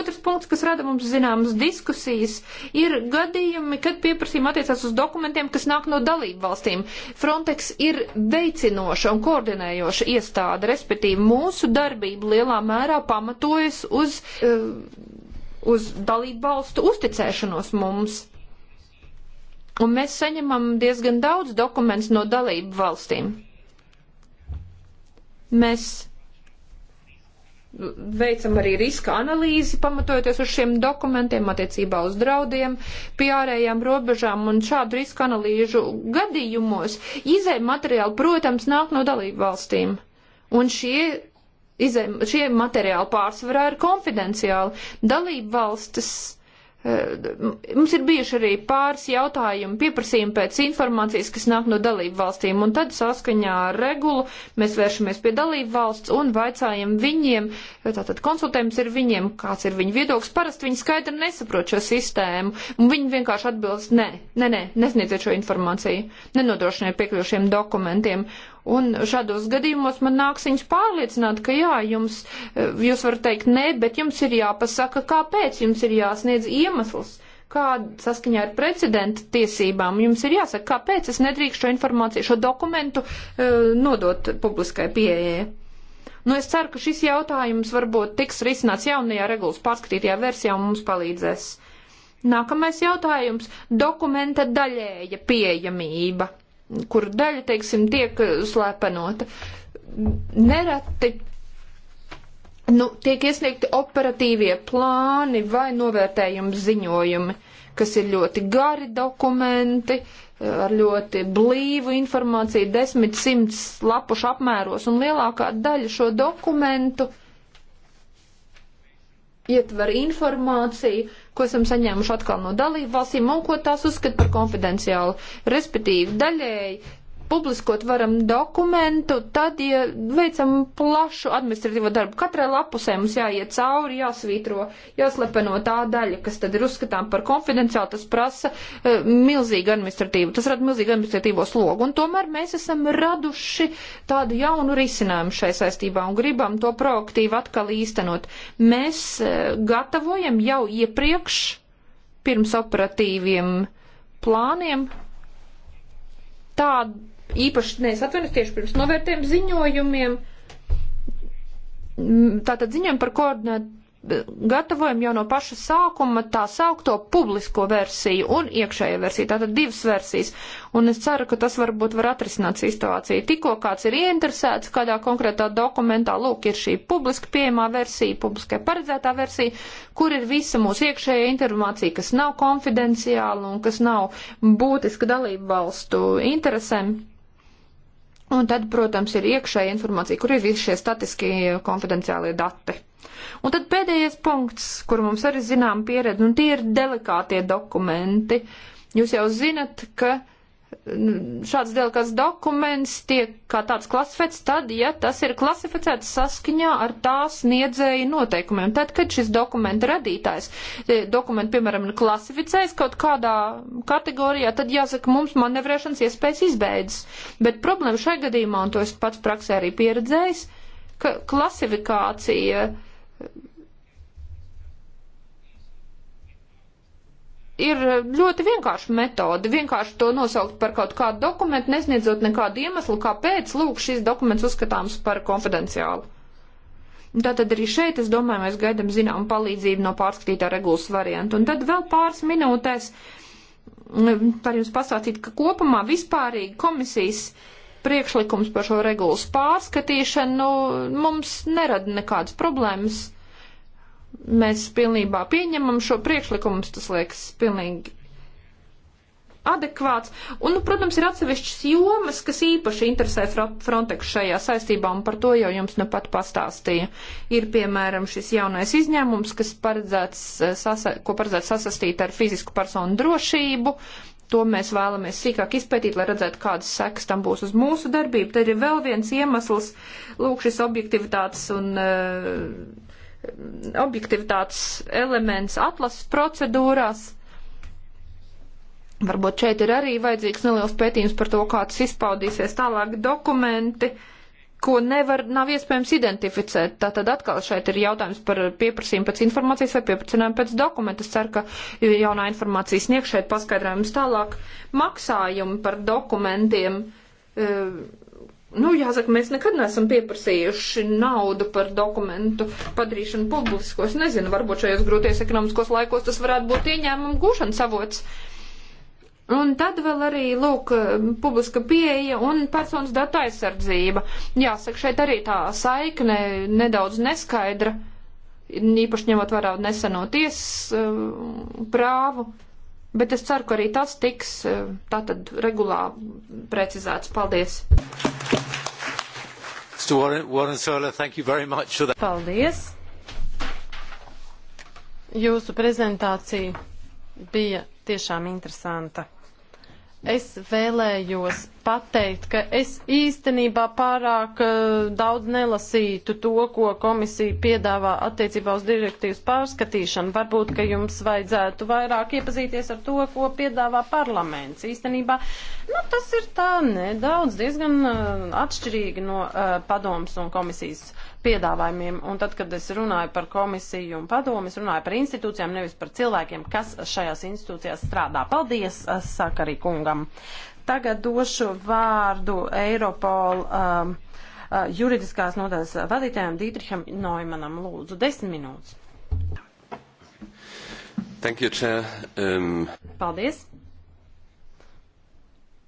Otrs punkts, kas rada mums zināmas diskusijas, ir gadījumi, kad pieprasījumi attiecās uz dokumentiem, kas nāk no dalību valstīm. Frontex ir veicinoša un koordinējoša iestāde, respektīvi mūsu darbība lielā mērā pamatojas uz, eh, uz dalību valstu uzticēšanos mums. Un mēs saņemam diezgan daudz dokumentus no dalību valstīm. Mēs veicam arī riska analīzi, pamatojoties uz šiem dokumentiem attiecībā uz draudiem, pie ārējām robežām un šādu riska analīžu gadījumos. Izē materiāli, protams, nāk no dalību valstīm. Un šie, izē, šie materiāli pārsvarā ir konfidenciāli. Dalību valstis Mums ir bijuši arī pāris jautājumi, pieprasījumi pēc informācijas, kas nāk no dalību valstīm, un tad saskaņā ar regulu mēs vēršamies pie dalību valsts un vaicājam viņiem, tātad konsultējums ir viņiem, kāds ir viņu viedoklis. Parasti viņi skaidri nesaprot šo sistēmu, un viņi vienkārši atbilst, nē, nē, nē, nesniedziet šo informāciju, nenodrošiniet piekļuvušiem dokumentiem, Un šādos gadījumos man nāks viņus pārliecināt, ka jā, jums, eh, jūs varat teikt nē, bet jums ir jāpasaka, kāpēc jums ir jāsniedz iemesls, kāda saskaņā ar precedenta tiesībām jums ir jāsaka, kāpēc es nedrīkstu šo informāciju, šo dokumentu eh, nodot publiskai pieejai. Nu, es ceru, ka šis jautājums varbūt tiks risināts jaunajā regulas pārskatītajā versijā un mums palīdzēs. Nākamais jautājums - dokumenta daļēja pieejamība kur daļa, teiksim, tiek slēpenota. Nereti nu, tiek iesniegti operatīvie plāni vai novērtējumi ziņojumi, kas ir ļoti gari dokumenti ar ļoti blīvu informāciju, desmit simts lapušu apmēros, un lielākā daļa šo dokumentu ietver informāciju, ko esam saņēmuši atkal no dalību valstīm un ko tās uzskata par konfidenciālu. Respektīvi, daļēji publiskot varam dokumentu, tad, ja veicam plašu administratīvo darbu, katrai lapusē mums jāiet cauri, jāsvītro, jāslepeno tā daļa, kas tad ir uzskatām par konfidenciālu, tas prasa uh, milzīgu administratīvu, tas rada milzīgu administratīvo slogu, un tomēr mēs esam raduši tādu jaunu risinājumu šai saistībā un gribam to proaktīvi atkal īstenot. Mēs uh, gatavojam jau iepriekš pirms operatīviem plāniem tādu īpaši, ne, es atvainojos tieši pirms novērtējuma ziņojumiem, mm, tātad ziņojumi par koordinētu gatavojam jau no paša sākuma tā saukto publisko versiju un iekšējo versiju, tātad divas versijas. Un es ceru, ka tas varbūt var atrisināt situāciju. Tikko kāds ir ieinteresēts kādā konkrētā dokumentā, lūk, ir šī publiski pieejamā versija, publiskai paredzētā versija, kur ir visa mūsu iekšējā informācija, kas nav konfidenciāla un kas nav būtiska dalību valstu interesēm Un tad, protams, ir iekšēja informācija, kur ir visi šie statiskie konfidenciālie dati. Un tad pēdējais punkts, kur mums arī zinām pieredze, un tie ir delikātie dokumenti. Jūs jau zinat, ka uh, šāds delikāts dokuments tiek kā tāds klasificēts, tad, ja tas ir klasificēts saskaņā ar tās niedzēju noteikumiem. Tad, kad šis dokumenta radītājs, e, dokumentu, piemēram, ir klasificējis kaut kādā kategorijā, tad jāsaka, mums manevrēšanas iespējas izbeidzas. Bet problēma šai gadījumā, un to es pats praksē arī pieredzējis, ka klasifikācija uh, ir ļoti vienkārša metode. Vienkārši to nosaukt par kaut kādu dokumentu, nesniedzot nekādu iemeslu, kāpēc, lūk, šis dokuments uzskatāms par konfidenciālu. Tātad arī šeit, es domāju, mēs gaidam zinām palīdzību no pārskatītā regulas varianta. Un tad vēl pāris minūtēs par mm, jums pastāstīt, ka kopumā vispārīgi komisijas priekšlikums par šo regulas pārskatīšanu nu, mums nerada nekādas problēmas mēs pilnībā pieņemam šo priekšlikumu, mums tas liekas pilnīgi adekvāts. Un, nu, protams, ir atsevišķas jomas, kas īpaši interesē Frontex šajā saistībā, un par to jau jums nu pat pastāstīja. Ir, piemēram, šis jaunais izņēmums, kas paredzēts, eh, sasa, ko paredzēts sasastīt ar fizisku personu drošību. To mēs vēlamies sīkāk izpētīt, lai redzētu, kādas sekas tam būs uz mūsu darbību. Tad ir vēl viens iemesls, lūk, šis objektivitātes un uh, objektivitātes elements atlases procedūrās. Varbūt šeit ir arī vajadzīgs neliels pētījums par to, kā tas izpaudīsies tālāk dokumenti, ko nevar, nav iespējams identificēt. Tātad atkal šeit ir jautājums par pieprasījumu pēc informācijas vai pieprasījumu pēc dokumentu. Es ceru, ka jaunā informācija sniegš šeit paskaidrojums tālāk. Maksājumi par dokumentiem. Uh, Nu, jāsaka, mēs nekad neesam pieprasījuši naudu par dokumentu padarīšanu publiskos. Nezinu, varbūt šajos grūties ekonomiskos laikos tas varētu būt ieņēmumu gūšanas avots. Un tad vēl arī, lūk, publiska pieeja un personas datu aizsardzība. Jāsaka, šeit arī tā saikne nedaudz neskaidra, īpaši ņemot vērā neseno tiesas eh, prāvu. Uh, Bet es ceru, ka arī tas tiks eh, tātad regulā precizēts. Paldies! Warren, Warren Sola, thank you very much for that. Paldies! Jūsu prezentācija bija tiešām interesanta es vēlējos pateikt, ka es īstenībā pārāk uh, daudz nelasītu to, ko komisija piedāvā attiecībā uz direktīvas pārskatīšanu. Varbūt, ka jums vajadzētu vairāk iepazīties ar to, ko piedāvā parlaments. Īstenībā, nu, tas ir tā nedaudz diezgan uh, atšķirīgi no uh, padomas un komisijas piedāvājumiem. Un tad, kad es runāju par komisiju un padomu, es runāju par institūcijām, nevis par cilvēkiem, kas šajās institūcijās strādā. Paldies, eh, saka arī kungam. Tagad došu vārdu Eiropol um, juridiskās nodaļas vadītājiem Dītriham Noimanam. Lūdzu, desmit minūtes. Thank you, Chair. Um... Paldies.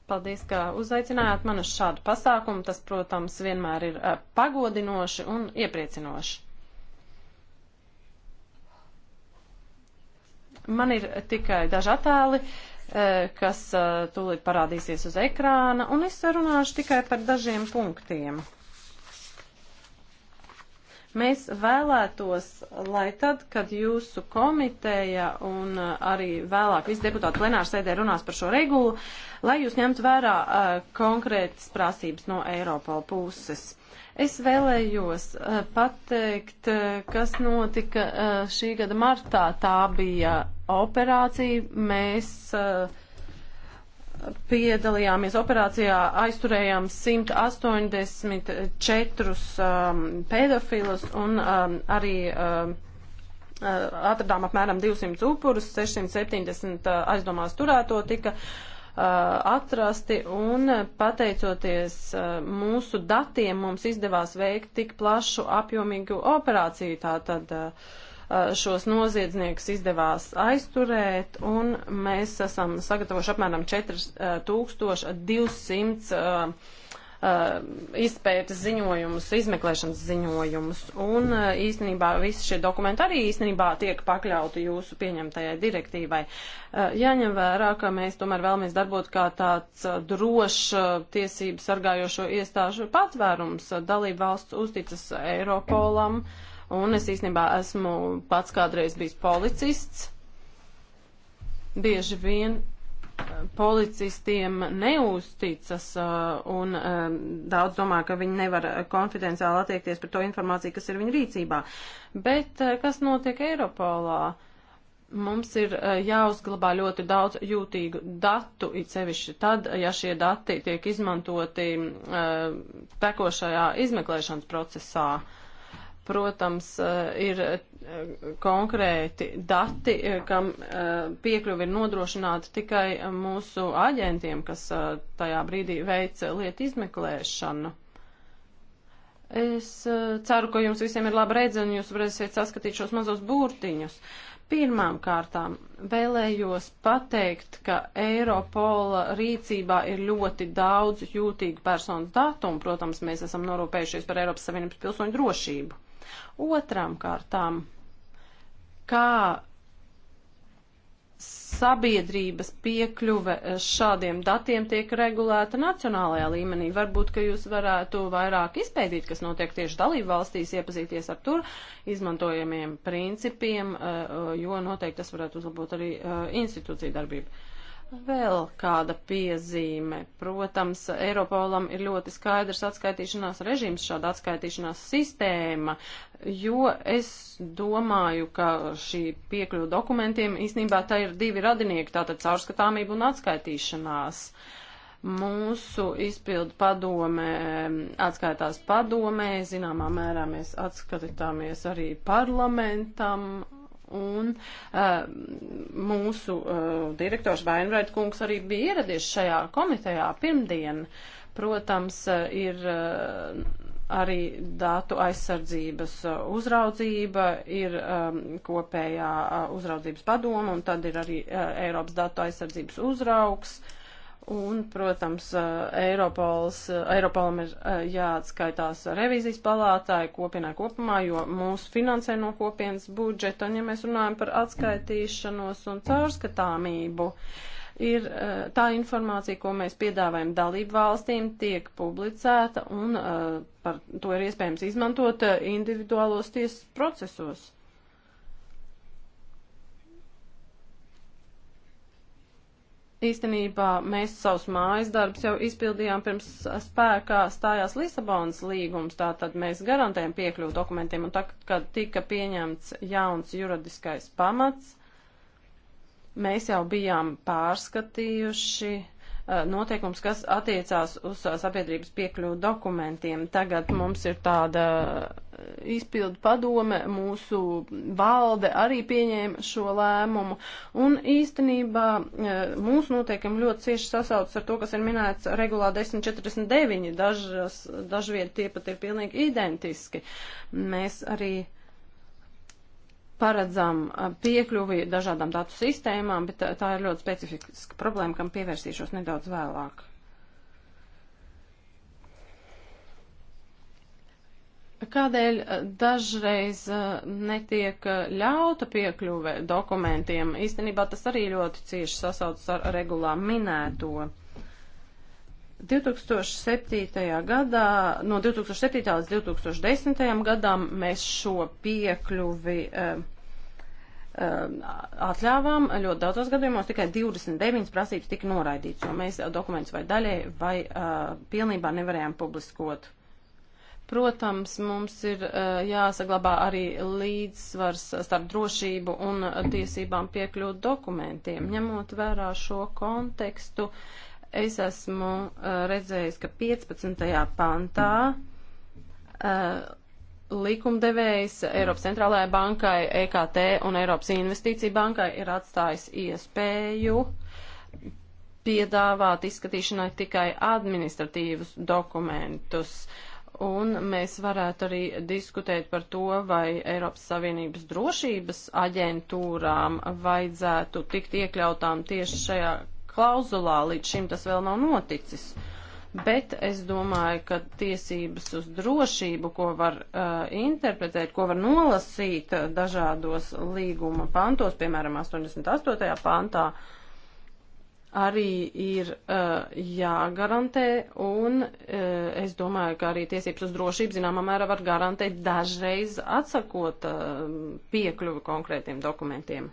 Paldies, ka uzaicinājāt mani uz šādu pasākumu. Tas, protams, vienmēr ir eh, pagodinoši un iepriecinoši. Man ir tikai daži attēli, eh, kas eh, tūlīt parādīsies uz ekrāna, un es runāšu tikai par dažiem punktiem. Mēs vēlētos, lai tad, kad jūsu komiteja un arī vēlāk visi deputāti plenārsēdē runās par šo regulu, uh, lai jūs ņemtu vērā uh, konkrētas prasības no Eiropola puses. Es vēlējos uh, pateikt, uh, kas notika uh, šī gada martā. Tā bija operācija. Mēs uh, piedalījāmies operācijā, aizturējām 184 um, pedofilus un um, arī um, atradām apmēram 200 upurus, 670 uh, aizdomās turēto tika uh, Uh, atrasti, un pateicoties uh, mūsu datiem mums izdevās veikt tik plašu apjomīgu operāciju. Tātad, uh, šos noziedzniekus izdevās aizturēt, un mēs esam sagatavojuši apmēram 4200 uh, izpētes ziņojumus, izmeklēšanas ziņojumus, un uh, īstenībā visi šie dokumenti arī īstenībā tiek pakļauti jūsu pieņemtajai direktīvai. Uh, jāņem vērā, ka mēs tomēr vēlamies darbot kā tāds uh, drošs uh, tiesību sargājošo iestāžu patvērums. Uh, dalība valsts uzticas Eiropolam, un es īstenībā esmu pats kādreiz bijis policists. Bieži vien policistiem neusticas uh, un um, daudz domā, ka viņi nevar konfidenciāli attiekties par to informāciju, kas ir viņu rīcībā. Bet uh, kas notiek Eiropolā? Mums ir uh, jāuzglabā ļoti daudz jūtīgu datu, it sevišķi tad, ja šie dati tiek izmantoti tekošajā izmeklēšanas procesā. Uh, Protams, eh, ir eh, konkrēti dati, eh, kam piekļuvi ir nodrošināti tikai mūsu aģentiem, kas tajā brīdī veica lietu izmeklēšanu. Es ceru, ka jums visiem ir laba redzēšana, un jūs varēsiet saskatīt šos mazos būrtiņus. Pirmām kārtām vēlējos pateikt, ka Eiropola rīcībā ir ļoti daudz jūtīgu personas datumu. Protams, mēs esam norūpējušies par Eiropas Savienības pilsoņu drošību. Otram kārtām, kā sabiedrības piekļuve eh, šādiem datiem tiek regulēta nacionālajā līmenī. Varbūt, ka jūs varētu vairāk izpētīt, kas notiek tieši dalību valstīs, iepazīties ar tur izmantojamiem principiem, eh, jo noteikti tas varētu uzlabot arī eh, institūciju darbību. Vēl kāda piezīme. Protams, Eiropolam ir ļoti skaidrs atskaitīšanās režīms, šāda atskaitīšanās sistēma, jo es domāju, ka šī piekļuva dokumentiem īstenībā tā ir divi radinieki, tātad caurskatāmība un atskaitīšanās. Mūsu izpildu padome atskaitās padomē, zināmā mērā mēs atskatāmies arī parlamentam Un uh, mūsu uh, direktors Vainvraita kungs arī bija ieradies šajā komitejā pirmdien. Protams, uh, ir uh, arī datu aizsardzības uh, uzraudzība, ir um, kopējā uh, uzraudzības padoma, un tad ir arī uh, Eiropas datu aizsardzības uzraugs. Uh, Un, protams, Eiropols, Eiropolam ir jāatskaitās revīzijas palātāji kopienā kopumā, jo mūsu finansē no kopienas budžeta, un ja mēs runājam par atskaitīšanos un caurskatāmību, ir tā informācija, ko mēs piedāvājam dalību valstīm, tiek publicēta, un par to ir iespējams izmantot individuālos tiesas procesos. īstenībā mēs savus mājas darbus jau izpildījām pirms spēkā stājās Lisabonas līgums, tātad mēs garantējam piekļuvu dokumentiem, un tad, kad tika pieņemts jauns juridiskais pamats, mēs jau bijām pārskatījuši Eh, noteikums, kas attiecās uz eh, sabiedrības piekļuvu dokumentiem. Tagad mums ir tāda eh, izpildu padome, mūsu valde arī pieņēma šo lēmumu, un īstenībā mūsu noteikumi ļoti cieši sasaucas ar to, kas ir minēts regulā 1049, dažas, dažviet tie pat ir pilnīgi identiski. Mēs arī paredzam piekļuvi dažādām datu sistēmām, bet tā ir ļoti specifiska problēma, kam pievērsīšos nedaudz vēlāk. Kādēļ dažreiz netiek ļauta piekļuve dokumentiem? Īstenībā tas arī ļoti cieši sasaucas ar regulā minēto. Mm. 2007. gadā, no 2007. līdz 2010. gadam mēs šo piekļuvi uh, atļāvām ļoti daudzos gadījumos, tikai 29 prasības tika noraidīts, jo mēs dokumentus vai daļai vai uh, pilnībā nevarējām publiskot. Protams, mums ir uh, jāsaglabā arī līdzsvars starp drošību un tiesībām piekļūt dokumentiem. Ņemot vērā šo kontekstu, uh, Es esmu uh, redzējis, ka 15. pantā uh, likumdevējs Eiropas centrālajai bankai, EKT un Eiropas investīcija bankai ir atstājis iespēju piedāvāt izskatīšanai tikai administratīvus dokumentus. Un mēs varētu arī diskutēt par to, vai Eiropas Savienības drošības aģentūrām vajadzētu tikt iekļautām tieši šajā klauzulā. Līdz šim tas vēl nav noticis. Bet es domāju, ka tiesības uz drošību, ko var uh, interpretēt, ko var nolasīt uh, dažādos līguma pantos, piemēram, 88. pantā, uh, arī ir uh, jāgarantē, un uh, es domāju, ka arī tiesības uz drošību zināmā mērā var garantēt dažreiz atsakot uh, piekļuvu konkrētiem dokumentiem.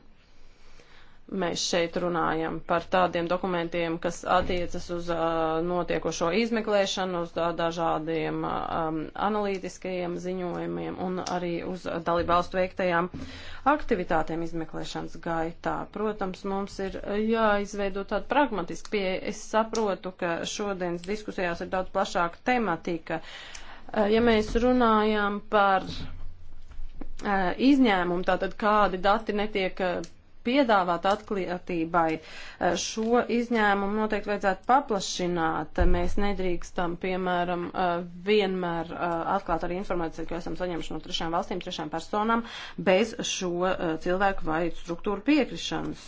Mēs šeit runājam par tādiem dokumentiem, kas attiecas uz uh, notiekošo izmeklēšanu, uz uh, dažādiem um, analītiskajiem ziņojumiem un arī uz dalībvalstu veiktajām aktivitātēm izmeklēšanas gaitā. Protams, mums ir jāizveido tāda pragmatiska pieeja. Es saprotu, ka šodienas diskusijās ir daudz plašāka tematika. Uh, ja mēs runājam par izņēmumu, tātad kādi dati netiek piedāvāt atklātībai. Eh, šo izņēmumu noteikti vajadzētu paplašināt. Mēs nedrīkstam, piemēram, eh, vienmēr eh, atklāt arī informāciju, ko esam saņemši no trešām valstīm, trešām personām, bez šo cilvēku vai struktūru piekrišanas.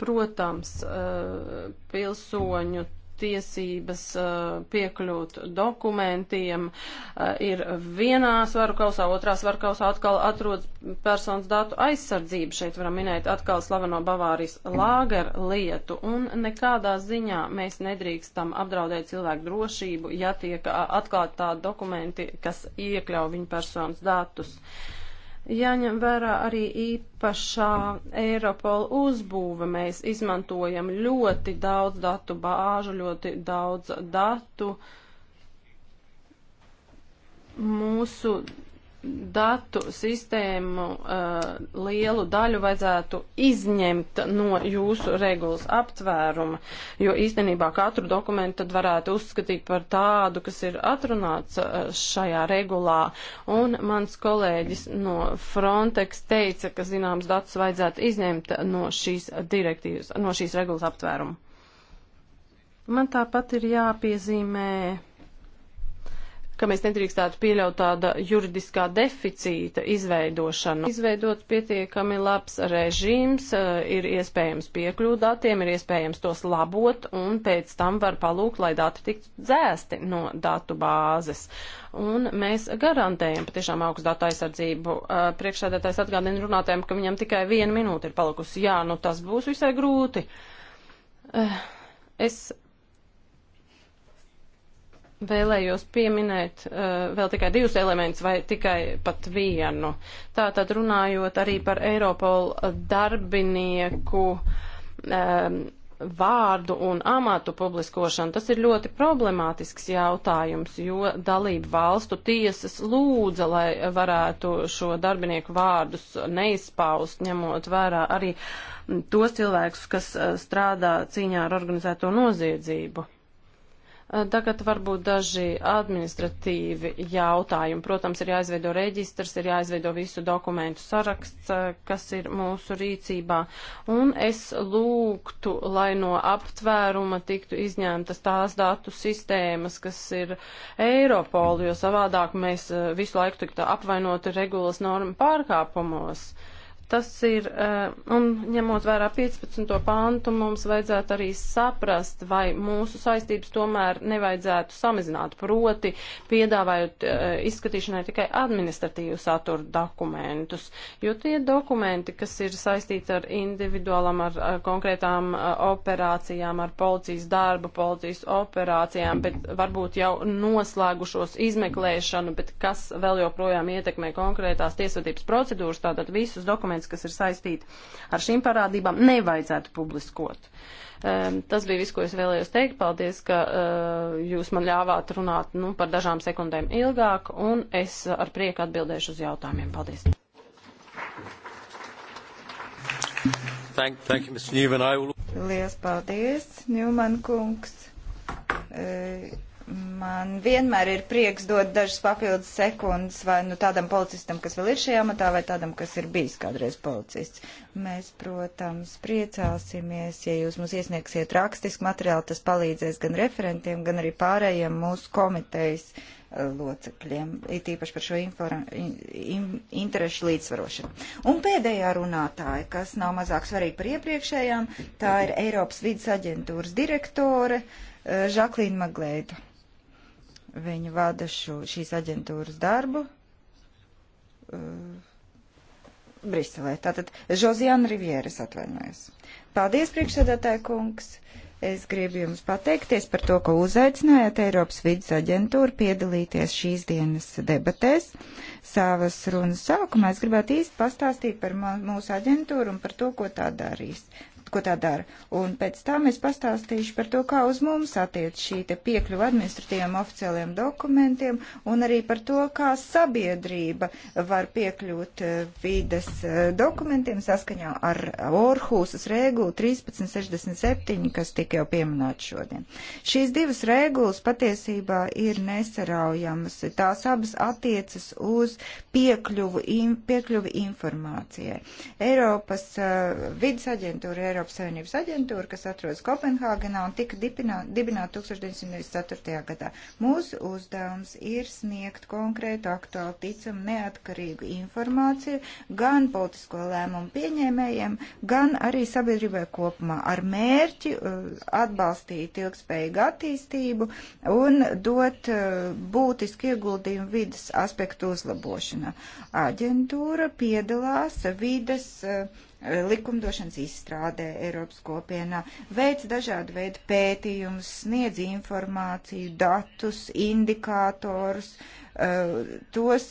Protams, pilsoņu tiesības eh, piekļūt dokumentiem eh, ir vienā svaru kausā, otrā svaru kausā atkal atrodas personas datu aizsardzība. Šeit varam minēt atkal slaveno Bavārijas lāger lietu. Un nekādā ziņā mēs nedrīkstam apdraudēt cilvēku drošību, ja tiek eh, atklāti tādi dokumenti, kas iekļauj viņu personas datus. Uh, Jāņem vērā arī īpašā Eiropola uzbūve. Mēs izmantojam ļoti daudz datu bāžu, ļoti daudz datu. Mūsu datu sistēmu uh, lielu daļu vajadzētu izņemt no jūsu regulas aptvēruma, jo īstenībā katru dokumentu tad varētu uzskatīt par tādu, kas ir atrunāts uh, šajā regulā. Un mans kolēģis no Frontex teica, ka zināms datus vajadzētu izņemt no šīs direktīvas, no šīs regulas aptvēruma. Man tāpat ir jāpiezīmē ka mēs nedrīkstētu pieļaut tāda juridiskā deficīta izveidošanu. Izveidot pietiekami labs režīms, eh, ir iespējams piekļūt datiem, ir iespējams tos labot, un pēc tam var palūkt, lai dati tiktu dzēsti no datu bāzes. Un mēs garantējam patiešām augstu datu aizsardzību. Eh, priekšsēdētājs atgādina runātājiem, ka viņam tikai viena minūte ir palikusi. Jā, nu tas būs visai grūti. Eh, es vēlējos pieminēt uh, vēl tikai divus elementus vai tikai pat vienu. Tātad runājot arī par Eiropolu darbinieku um, vārdu un amatu publiskošanu, tas ir ļoti problemātisks jautājums, jo dalību valstu tiesas lūdza, lai varētu šo darbinieku vārdus neizpaust, ņemot vērā arī tos cilvēkus, kas uh, strādā cīņā ar organizēto noziedzību. Tagad varbūt daži administratīvi jautājumi. Protams, ir jāizveido reģistrs, ir jāizveido visu dokumentu saraksts, kas ir mūsu rīcībā. Un es lūgtu, lai no aptvēruma tiktu izņemtas tās datu sistēmas, kas ir Eiropol, jo savādāk mēs visu laiku tiktu apvainoti regulas normu pārkāpumos. Uh, tas ir, eh, un ņemot vērā 15. pāntu, mums vajadzētu arī saprast, vai mūsu saistības tomēr nevajadzētu samazināt, proti piedāvājot eh, izskatīšanai tikai administratīvu saturu dokumentus, jo tie dokumenti, kas ir saistīti ar individuālam, ar, ar konkrētām eh, operācijām, ar policijas darbu, policijas operācijām, bet varbūt jau noslēgušos izmeklēšanu, bet kas vēl joprojām ietekmē konkrētās tiesvedības procedūras, tātad visus dokumentus, dokumentus, kas ir saistīti ar šīm parādībām, nevajadzētu publiskot. Ehm, tas bija viss, ko es vēlējos teikt. Paldies, ka eh, jūs man ļāvāt runāt nu, par dažām sekundēm ilgāk, un es ar prieku atbildēšu uz jautājumiem. Paldies! Thank, thank you, Mr. Newman. I will... Lielas paldies, Newman kungs. E Man vienmēr ir prieks dot dažas papildus sekundes vai nu tādam policistam, kas vēl ir šajā matā, vai tādam, kas ir bijis kādreiz policists. Mēs, protams, priecāsimies, ja jūs mums iesniegsiet rakstisku materiālu, tas palīdzēs gan referentiem, gan arī pārējiem mūsu komitejas eh, locekļiem, it īpaši par šo in in interešu līdzsvarošanu. Un pēdējā runātāja, kas nav mazāk svarīga par iepriekšējām, tā ir Eiropas vidas aģentūras direktore eh, Žaklīna Maglēta. Viņa vada šo, šīs aģentūras darbu uh, Briselē. Tātad Žoziana Rivieres atvainojas. Paldies, priekšsēdētāja kungs! Es gribu jums pateikties par to, ka uzaicinājāt Eiropas vidas aģentūru piedalīties šīs dienas debatēs. Savas runas sākumā es gribētu īsti pastāstīt par mūsu aģentūru un par to, ko tā darīs ko tā dara. Un pēc tam es pastāstīšu par to, kā uz mums attiec šī te piekļuva administratīviem oficiāliem dokumentiem un arī par to, kā sabiedrība var piekļūt eh, vides eh, dokumentiem saskaņā ar Orhusas regulu 1367, kas tika jau pieminēts šodien. Šīs divas regulas patiesībā ir nesaraujamas. Tās abas attiecas uz piekļuvu, in, piekļuvu informācijai. Eiropas uh, vidas aģentūra, Eiropas Eiropas Savienības aģentūra, kas atrodas Kopenhāgenā un tika dibināta 1994. gadā. Mūsu uzdevums ir sniegt konkrētu, aktuālu, ticamu, neatkarīgu informāciju gan politisko lēmumu pieņēmējiem, gan arī sabiedrībai kopumā ar mērķi uh, atbalstīt ilgspējīgu attīstību un dot uh, būtiski ieguldījumu vidas aspektu uzlabošanā. Aģentūra piedalās vides uh, Eh, likumdošanas izstrādē Eiropas kopienā, veic dažādu veidu pētījumus, sniedz informāciju, datus, indikātors, eh, tos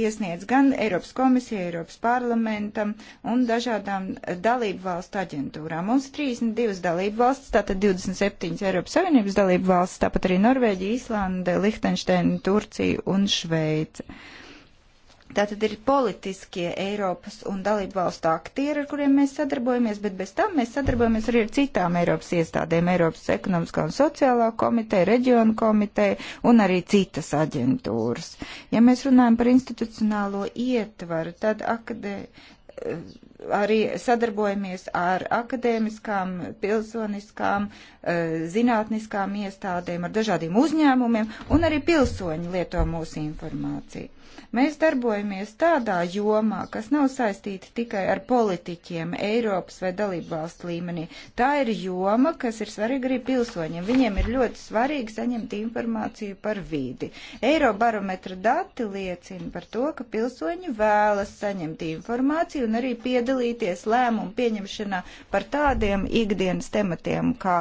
iesniedz gan Eiropas komisija, Eiropas parlamentam un dažādām dalību valstu aģentūrām. Mums ir 32 dalību valsts, tātad 27 Eiropas Savienības dalību valsts, tāpat arī Norvēģija, Īslande, Lihtenšteina, Turcija un Šveica. Uh, Tātad ir politiskie Eiropas un dalību valstu aktieri, ar kuriem mēs sadarbojamies, bet bez tam mēs sadarbojamies arī ar citām Eiropas iestādēm, Eiropas ekonomiskā un sociālā komiteja, reģionu komiteja un arī citas aģentūras. Ja mēs runājam par institucionālo ietvaru, tad akadē, arī sadarbojamies ar akadēmiskām, pilsoniskām, eh, zinātniskām iestādēm, ar dažādiem uzņēmumiem un arī pilsoņi lieto mūsu informāciju. Mēs darbojamies tādā jomā, kas nav saistīta tikai ar politiķiem Eiropas vai dalību valstu līmenī. Tā ir joma, kas ir svarīga arī pilsoņiem. Viņiem ir ļoti svarīgi saņemt informāciju par vīdi. Eirobarometra dati liecina par to, ka pilsoņi vēlas saņemt informāciju un arī piedalīties lēmumu pieņemšanā par tādiem ikdienas tematiem kā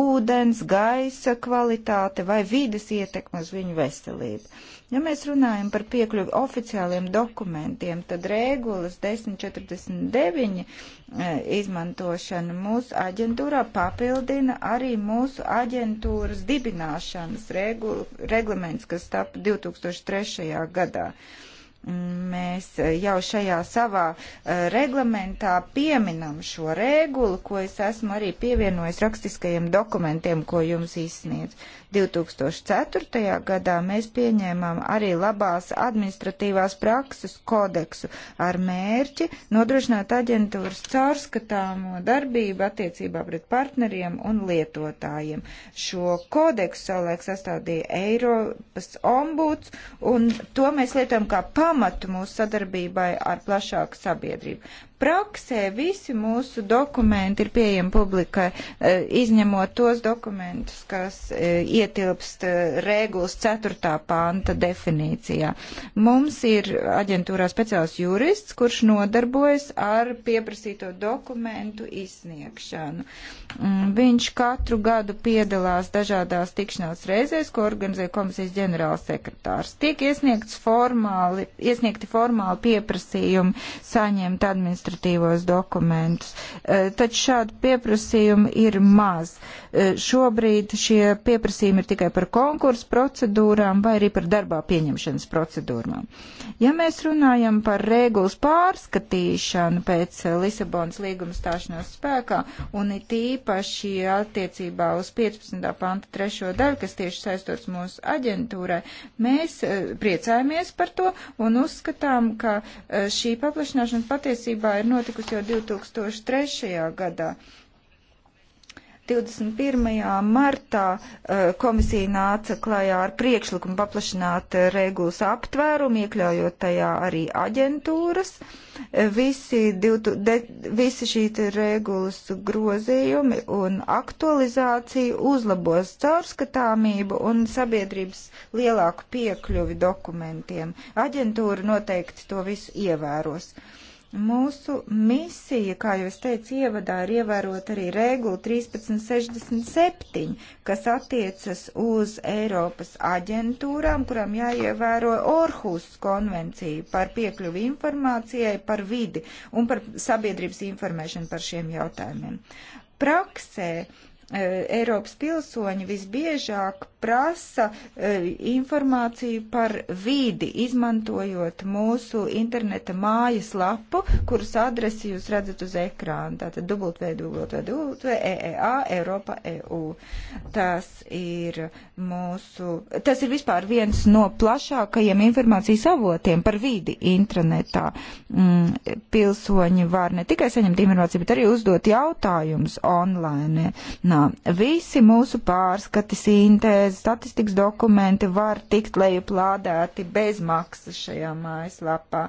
ūdens, gaisa kvalitāte vai vīdes ietekme uz viņu veselību. Ja mēs runājam par piekļuvi oficiāliem dokumentiem, tad regulas 1049 eh, izmantošana mūsu aģentūrā papildina arī mūsu aģentūras dibināšanas regul, reglaments, kas tap 2003. gadā mēs eh, jau šajā savā eh, reglamentā pieminam šo regulu, ko es esmu arī pievienojis rakstiskajiem dokumentiem, ko jums izsniedz. 2004. gadā mēs pieņēmām arī labās administratīvās prakses kodeksu ar mērķi nodrošināt aģentūras caurskatāmo darbību attiecībā pret partneriem un lietotājiem. Šo kodeksu savulaik sastādīja Eiropas ombuds, un to mēs lietojam kā pamatu mūsu sadarbībai ar plašāku sabiedrību. Praksē visi mūsu dokumenti ir pieejami publikai, e, izņemot tos dokumentus, kas e, ietilpst e, regulas 4. panta definīcijā. Mums ir aģentūrā speciāls jurists, kurš nodarbojas ar pieprasīto dokumentu izsniegšanu. Mm, viņš katru gadu piedalās dažādās tikšanās reizēs, ko organizē komisijas ģenerālsekretārs. Tiek iesniegti formāli pieprasījumi saņemt administrāciju administratīvos dokumentus. E, taču šādu pieprasījumu ir maz. E, šobrīd šie pieprasījumi ir tikai par konkursu procedūrām vai arī par darbā pieņemšanas procedūrām. Ja mēs runājam par regulas pārskatīšanu pēc Lisabonas līguma stāšanās spēkā un it īpaši attiecībā uz 15. panta trešo daļu, kas tieši saistots mūsu aģentūrai, mēs e, priecājamies par to un uzskatām, ka šī paplašināšana patiesībā ir notikusi jau 2003. gadā. 21. martā eh, komisija nāca klajā ar priekšlikumu paplašināt eh, regulas aptvērumu, iekļaujot tajā arī aģentūras. Eh, visi, divtu, de, visi šī regulas grozījumi un aktualizācija uzlabos caurskatāmību un sabiedrības lielāku piekļuvi dokumentiem. Aģentūra noteikti to visu ievēros. Uh, Mūsu misija, kā jau es teicu, ievadā ir ievērot arī regulu 1367, kas attiecas uz Eiropas aģentūrām, kurām jāievēro Orhus konvencija par piekļuvi informācijai, par vidi un par sabiedrības informēšanu par šiem jautājumiem. Praksē e, Eiropas pilsoņi visbiežāk prasa e, informāciju par vīdi, izmantojot mūsu interneta mājas lapu, kuras adresi jūs redzat uz ekrāna. Tātad www.eea, Eiropa, EU. Tas ir mūsu, tas ir vispār viens no plašākajiem informācijas avotiem par vīdi internetā. Mm, pilsoņi var ne tikai saņemt informāciju, bet arī uzdot jautājumus online. Nā, visi mūsu pārskatis, internets, pašreiz statistikas dokumenti var tikt lejuplādēti bez maksas šajā mājaslapā.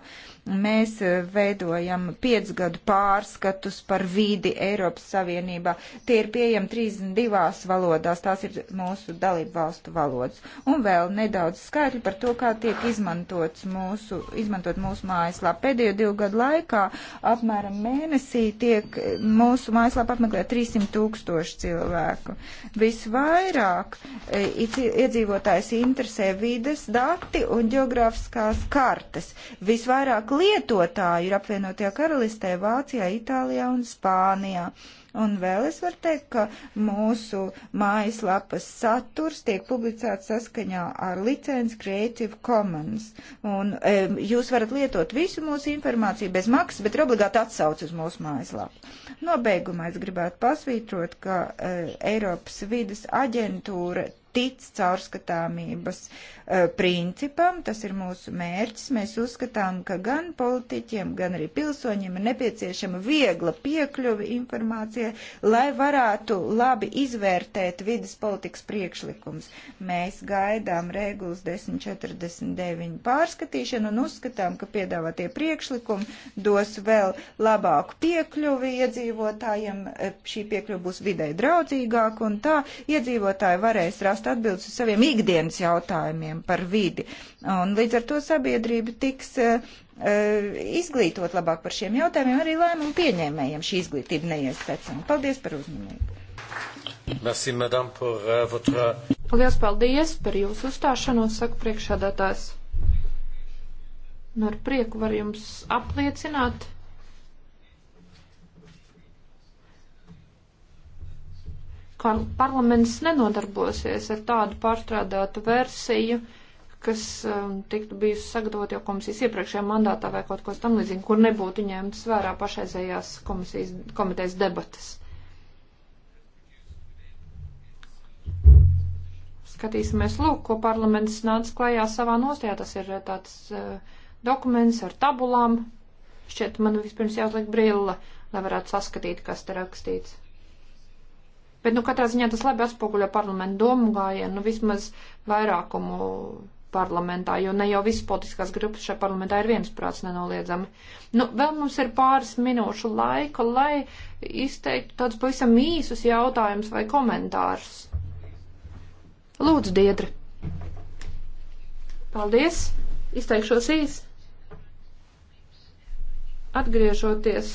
Mēs e, veidojam piecgadu pārskatus par vidi Eiropas Savienībā. Tie ir pieejami 32 valodās, tās ir mūsu dalību valstu valodas. Un vēl nedaudz skaidri par to, kā tiek izmantots mūsu, izmantot mūsu mājaslapā. Pēdējo divu gadu laikā apmēram mēnesī tiek e, mūsu mājaslapā apmeklē 300 tūkstoši cilvēku. Visvairāk e, iedzīvotājs interesē vides dati un geogrāfiskās kartes. Visvairāk lietotāju ir apvienotajā karalistē, Vācijā, Itālijā un Spānijā. Un vēl es varu teikt, ka mūsu mājaslapas saturs tiek publicēts saskaņā ar licenci Creative Commons. Un e, jūs varat lietot visu mūsu informāciju bez maksas, bet ir obligāti atsauc uz mūsu mājaslapu. Nobeigumā es gribētu pasvītrot, ka e, Eiropas vides aģentūra tic caurskatāmības uh, principam, tas ir mūsu mērķis. Mēs uzskatām, ka gan politiķiem, gan arī pilsoņiem ir nepieciešama viegla piekļuva informācijai, lai varētu labi izvērtēt vidas politikas priekšlikums. Mēs gaidām regulas 1049 pārskatīšanu un uzskatām, ka piedāvātie priekšlikumi dos vēl labāku piekļuvi iedzīvotājiem. Eh, šī piekļuva būs vidē draudzīgāka un tā iedzīvotāji varēs rast rast atbildes uz saviem ikdienas jautājumiem par vidi. Un līdz ar to sabiedrība tiks uh, izglītot labāk par šiem jautājumiem, arī lēmumu pieņēmējiem šī izglītība neiespēcama. Paldies par uzmanību. Merci, madame, pour, uh, votre... Liels paldies par jūsu uzstāšanos, saka priekšādātājs. Nu, ar prieku var jums apliecināt ka parlaments nenodarbosies ar tādu pārstrādātu versiju, kas um, tiktu bijusi sagatavot jau komisijas iepriekšējā mandātā vai kaut ko tam līdzīgi, kur nebūtu ņemtas vērā pašreizējās komisijas, komitejas debatas. Skatīsimies, lūk, ko parlaments nāca klajā savā nostajā. Tas ir uh, tāds uh, dokuments ar tabulām. Šķiet, man vispirms jāuzliek brilla, lai varētu saskatīt, kas te rakstīts. Bet, nu, katrā ziņā tas labi atspoguļo parlamentu domu gājienu, nu, vismaz vairākumu parlamentā, jo ne jau visas politiskās grupas šajā parlamentā ir viensprāts nenoliedzami. Nu, vēl mums ir pāris minūšu laika, lai izteiktu tādus pavisam īsus jautājumus vai komentārus. Lūdzu, Diedri. Paldies. Izteikšos īs. Atgriežoties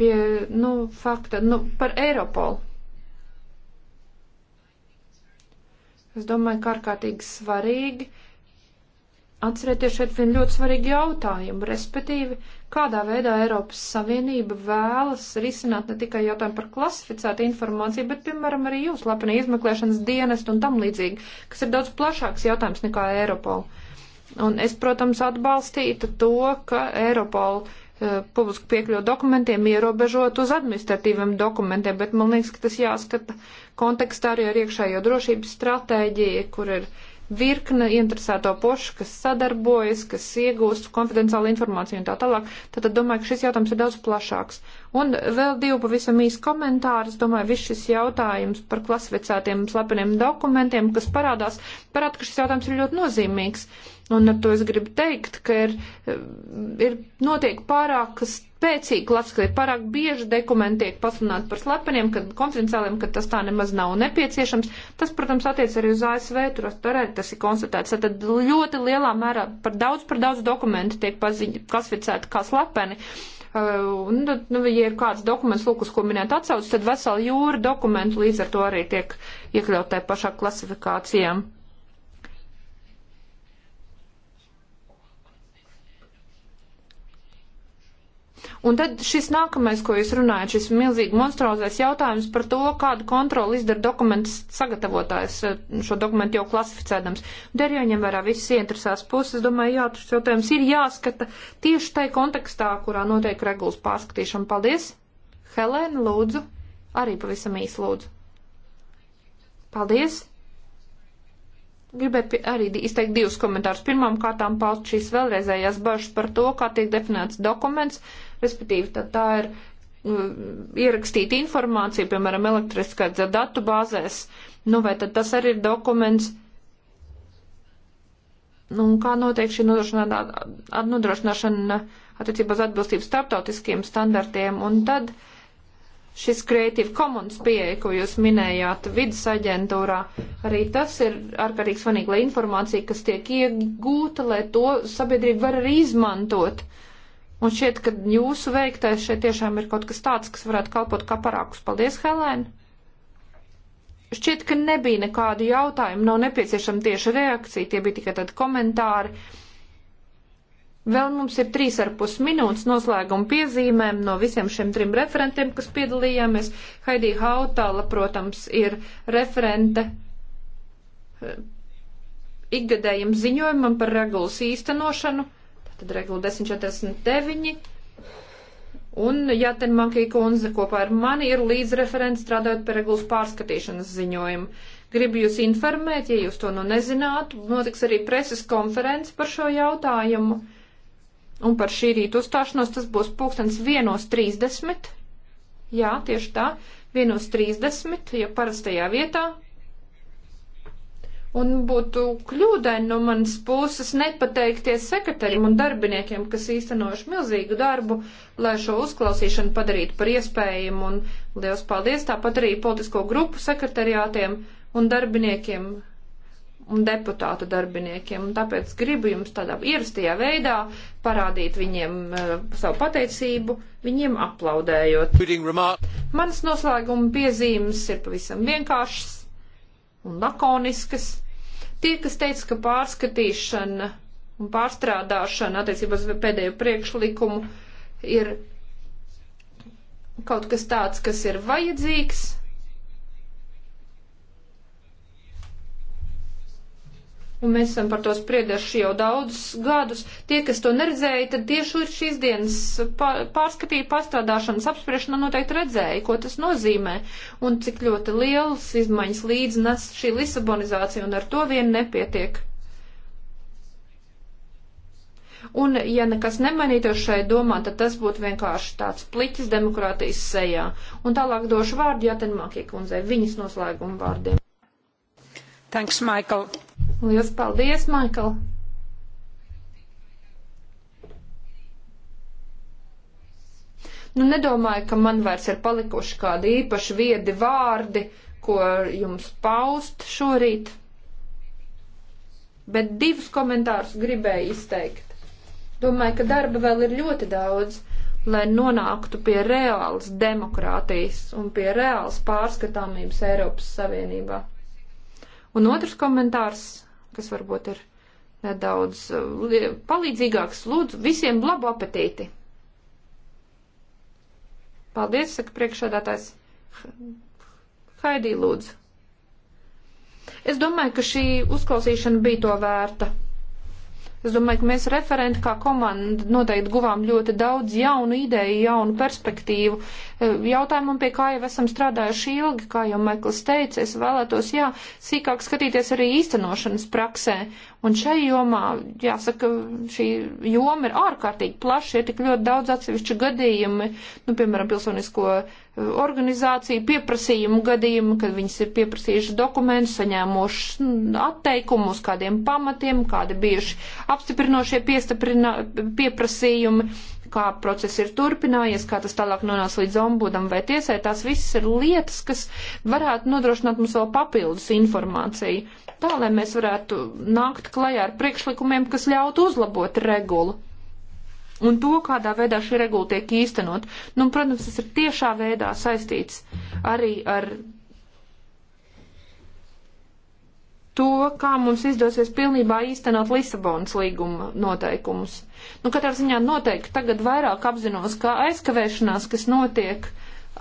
pie, nu, fakta, nu, par Eiropolu. Es domāju, ka ārkārtīgi svarīgi atcerēties šeit vienu ļoti svarīgu jautājumu, respektīvi, kādā veidā Eiropas Savienība vēlas risināt ne tikai jautājumu par klasificētu informāciju, bet, piemēram, arī jūs lapanī izmeklēšanas dienestu un tam līdzīgi, kas ir daudz plašāks jautājums nekā Eiropola. Un es, protams, atbalstītu to, ka Eiropola Eh, publisku piekļuvu dokumentiem ierobežot uz administratīviem dokumentiem, bet man liekas, ka tas jāskata kontekstā arī ar iekšējo drošības stratēģiju, kur ir virkne interesēto pošu, kas sadarbojas, kas iegūst konfidenciālu informāciju un tā tālāk. Tad, tad domāju, ka šis jautājums ir daudz plašāks. Un vēl divi pavisam īsi komentāri. Es domāju, viss šis jautājums par klasificētiem slepeniem dokumentiem, kas parādās, parāda, ka šis jautājums ir ļoti nozīmīgs Un ar to es gribu teikt, ka ir, ir notiek pārāk spēcīgi labskatība, pārāk bieži dokumenti tiek pasludināti par slepeniem, kad konfidenciāliem, kad tas tā nemaz nav nepieciešams. Tas, protams, attiec arī uz ASV, tur arī tas ir konstatēts. Tad ļoti lielā mērā par daudz, par daudz dokumentu tiek paziņ, klasificēti kā slepeni. Uh, un, nu, ja ir kāds dokuments, lūk, uz ko minēt atsauc, tad vesela jūra dokumentu līdz ar to arī tiek iekļaut tajā pašā klasifikācijām. Un tad šis nākamais, ko jūs runājat, šis milzīgi monstruozais jautājums par to, kādu kontroli izdara dokumentus sagatavotājs eh, šo dokumentu jau klasificēdams. Der jāņem vērā visas ieinteresās puses. Domāju, jā, tas jautājums ir jāskata tieši tai kontekstā, kurā notiek regulas pārskatīšana. Paldies! Helēna, lūdzu! Arī pavisam īsi lūdzu. Paldies! Gribēju arī izteikt divus komentārus. Pirmām kārtām paust šīs vēlreizējās bažas par to, kā tiek definēts dokuments, respektīvi tā, tā ir mm, ierakstīt informāciju, piemēram, elektriskā datu bāzēs, nu vai tad tas arī ir dokuments, nu un kā notiek šī nodrošināšana attiecībā uz atbilstību starptautiskiem standartiem, un tad šis Creative Commons pieeja, ko jūs minējāt vidas aģentūrā, arī tas ir ārkārtīgi svarīgi, lai informācija, kas tiek iegūta, lai to sabiedrība var arī izmantot. Uh, Un šķiet, ka jūsu veiktais šeit tiešām ir kaut kas tāds, kas varētu kalpot kā parākus. Paldies, Helēna! Šķiet, ka nebija nekādu jautājumu, nav nepieciešama tieši reakcija, tie bija tikai tādi komentāri. Vēl mums ir trīs ar pus minūtes noslēguma piezīmēm no visiem šiem trim referentiem, kas piedalījāmies. Haidī Hautala, protams, ir referente eh, ikgadējiem ziņojumam par regulas īstenošanu tad regula 1049. Un Jātenmankī kundze kopā ar mani ir līdzreferents strādājot pie regulas pārskatīšanas ziņojumu. Gribu jūs informēt, ja jūs to nu nezinātu, notiks arī preses konference par šo jautājumu. Un par šī rīta uzstāšanos tas būs pulkstens 1.30. Jā, tieši tā, 1.30, ja parastajā vietā, Un būtu kļūdaini no manas puses nepateikties sekretariem un darbiniekiem, kas īstenojuši milzīgu darbu, lai šo uzklausīšanu padarītu par iespējumu. Un liels paldies tāpat arī politisko grupu sekretariātiem un darbiniekiem un deputātu darbiniekiem. Un tāpēc gribu jums tādā ierastajā veidā parādīt viņiem uh, savu pateicību, viņiem aplaudējot. Mans noslēguma piezīmes ir pavisam vienkāršas un lakoniskas. Tie, kas teica, ka pārskatīšana un pārstrādāšana attiecībā uz pēdējo priekšlikumu ir kaut kas tāds, kas ir vajadzīgs, un mēs esam par to sprieduši jau daudzus gadus. Tie, kas to neredzēja, tad tieši šīs dienas pārskatīja pārstrādāšanas apspriešanā noteikti redzēja, ko tas nozīmē un cik ļoti liels izmaiņas līdz nes šī Lisabonizācija, un ar to vien nepietiek. Un, ja nekas nemainītos šai domā, tad tas būtu vienkārši tāds pliķis demokrātijas sejā. Un tālāk došu vārdu Jātenmākie kundzei viņas noslēguma vārdiem. Thanks, Michael. Lielas paldies, Michael. Nu, nedomāju, ka man vairs ir palikuši kādi īpaši viedi vārdi, ko jums paust šorīt. Bet divus komentārus gribēju izteikt. Domāju, ka darba vēl ir ļoti daudz, lai nonāktu pie reāls demokrātijas un pie reāls pārskatāmības Eiropas Savienībā. Un otrs komentārs, kas varbūt ir nedaudz eh, palīdzīgāks, lūdzu visiem labu apetīti. Paldies, saka priekšādātājs. Haidī, lūdzu. Es domāju, ka šī uzklausīšana bija to vērta. Es domāju, ka mēs referenti kā komanda noteikti guvām ļoti daudz jaunu ideju, jaunu perspektīvu jautājumam, pie kā jau esam strādājuši ilgi, kā jau Maikls teica, es vēlētos, jā, sīkāk skatīties arī īstenošanas praksē. Un šai jomā, jāsaka, šī joma ir ārkārtīgi plaša, ir tik ļoti daudz atsevišķu gadījumi, nu, piemēram, pilsonisko eh, organizāciju pieprasījumu gadījumu, kad viņas ir pieprasījuši dokumentus, saņēmuši nu, atteikumu uz kādiem pamatiem, kādi bijuši apstiprinošie pieprasījumi kā process ir turpinājies, kā tas tālāk nonāks līdz ombudam vai tiesai. Tās visas ir lietas, kas varētu nodrošināt mums vēl papildus informāciju, tā lai mēs varētu nākt klajā ar priekšlikumiem, kas ļautu uzlabot regulu. Un to, kādā veidā šī regula tiek īstenot. Nu, protams, tas ir tiešā veidā saistīts arī ar to, kā mums izdosies pilnībā īstenot Lisabonas līguma noteikumus. Nu, katrā ziņā noteikti tagad vairāk apzinos, kā aizkavēšanās, kas notiek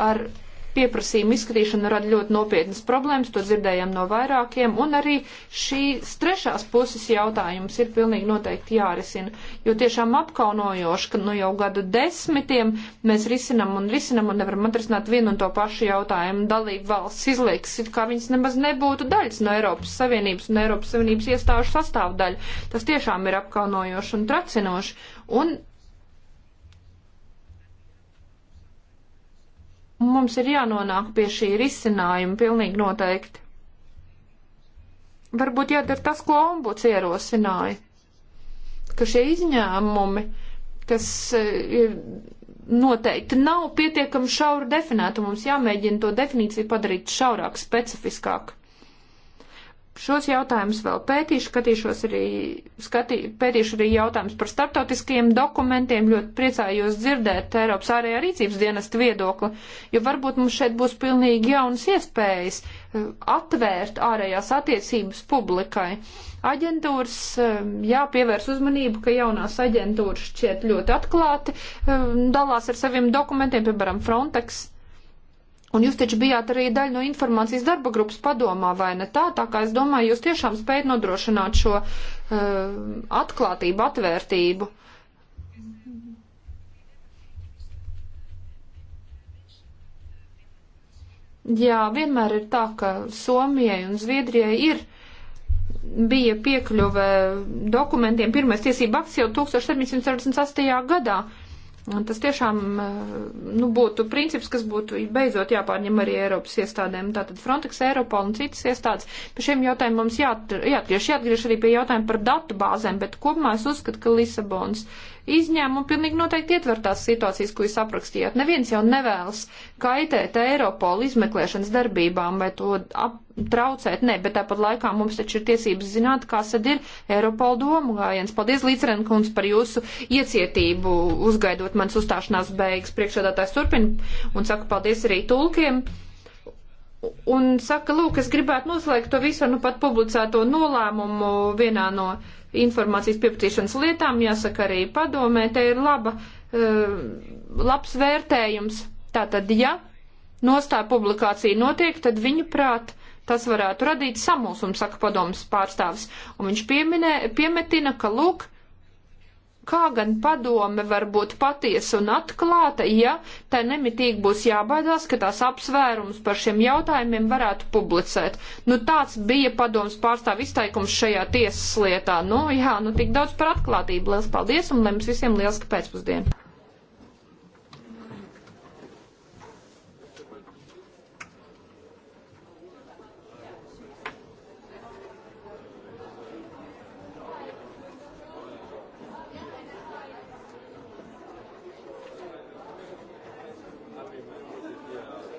ar pieprasījuma izskatīšana rada ļoti nopietnas problēmas, to dzirdējām no vairākiem, un arī šīs trešās puses jautājums ir pilnīgi noteikti jārisina, jo tiešām apkaunojoši, ka nu jau gadu desmitiem mēs risinam un risinam un nevaram atrisināt vienu un to pašu jautājumu. Dalību valsts izliekas, it kā viņas nemaz nebūtu daļas no Eiropas Savienības un Eiropas Savienības iestāžu sastāvdaļa. Tas tiešām ir apkaunojoši un tracinoši. Un Mums ir jānonāk pie šī risinājuma pilnīgi noteikti. Varbūt jādara tas, ko ombuds ierosināja, ka šie izņēmumi, kas e, ir noteikti nav pietiekami šauri definēti, mums jāmēģina to definīciju padarīt šaurāk, specifiskāk. Šos jautājumus vēl pētīšu, skatīšos arī, skatī, pētīšu arī jautājumus par starptautiskajiem dokumentiem. Ļoti priecājos dzirdēt Eiropas ārējā rīcības dienesta viedokli, jo varbūt mums šeit būs pilnīgi jaunas iespējas eh, atvērt ārējās attiecības publikai. Aģentūras, eh, jā, pievērs uzmanību, ka jaunās aģentūras šķiet ļoti atklāti eh, dalās ar saviem dokumentiem, piemēram, Frontex Un jūs taču bijāt arī daļa no informācijas darba grupas padomā, vai ne tā? Tā kā es domāju, jūs tiešām spējat nodrošināt šo uh, atklātību, atvērtību. Jā, vienmēr ir tā, ka Somijai un Zviedrijai ir bija piekļuve dokumentiem. Pirmais tiesība akts jau 1748. gadā. Uh, Un tas tiešām eh, nu, būtu princips, kas būtu beidzot jāpārņem arī Eiropas iestādēm. Tātad Frontex, Eiropa un citas iestādes. Pie šiem jautājumiem mums jāatgriež, jāatgriež arī pie jautājuma par datu bāzēm, bet kopumā es uzskatu, ka Lisabons Izņēmumi pilnīgi noteikti ietver tās situācijas, ko jūs aprakstījāt. Neviens jau nevēlas kaitēt Eiropolu izmeklēšanas darbībām vai to ap, traucēt, nē, bet tāpat laikā mums taču ir tiesības zināt, kas tad ir Eiropola domu gājiens. Paldies, Līdzrenkunds, par jūsu iecietību, uzgaidot mans uzstāšanās beigas. Priekšādātājs turpina un saku paldies arī tulkiem un saka, lūk, es gribētu noslēgt to visu nu pat publicēto nolēmumu vienā no uh, informācijas pieprasīšanas lietām, jāsaka arī padomē, te ir laba, eh, labs vērtējums. Tātad, ja nostāja publikācija notiek, tad viņu prāt tas varētu radīt samulsumu, saka padomas pārstāvis. Un viņš pieminē, piemetina, ka lūk, Kā gan padome var būt patiesa un atklāta, ja tai nemitīgi būs jābaidās, ka tās apsvērums par šiem jautājumiem varētu publicēt? Nu, tāds bija padomas pārstāv izteikums šajā tiesas lietā. Nu, jā, nu tik daudz par atklātību. Liels paldies un lai mums visiem liels pēcpusdienu!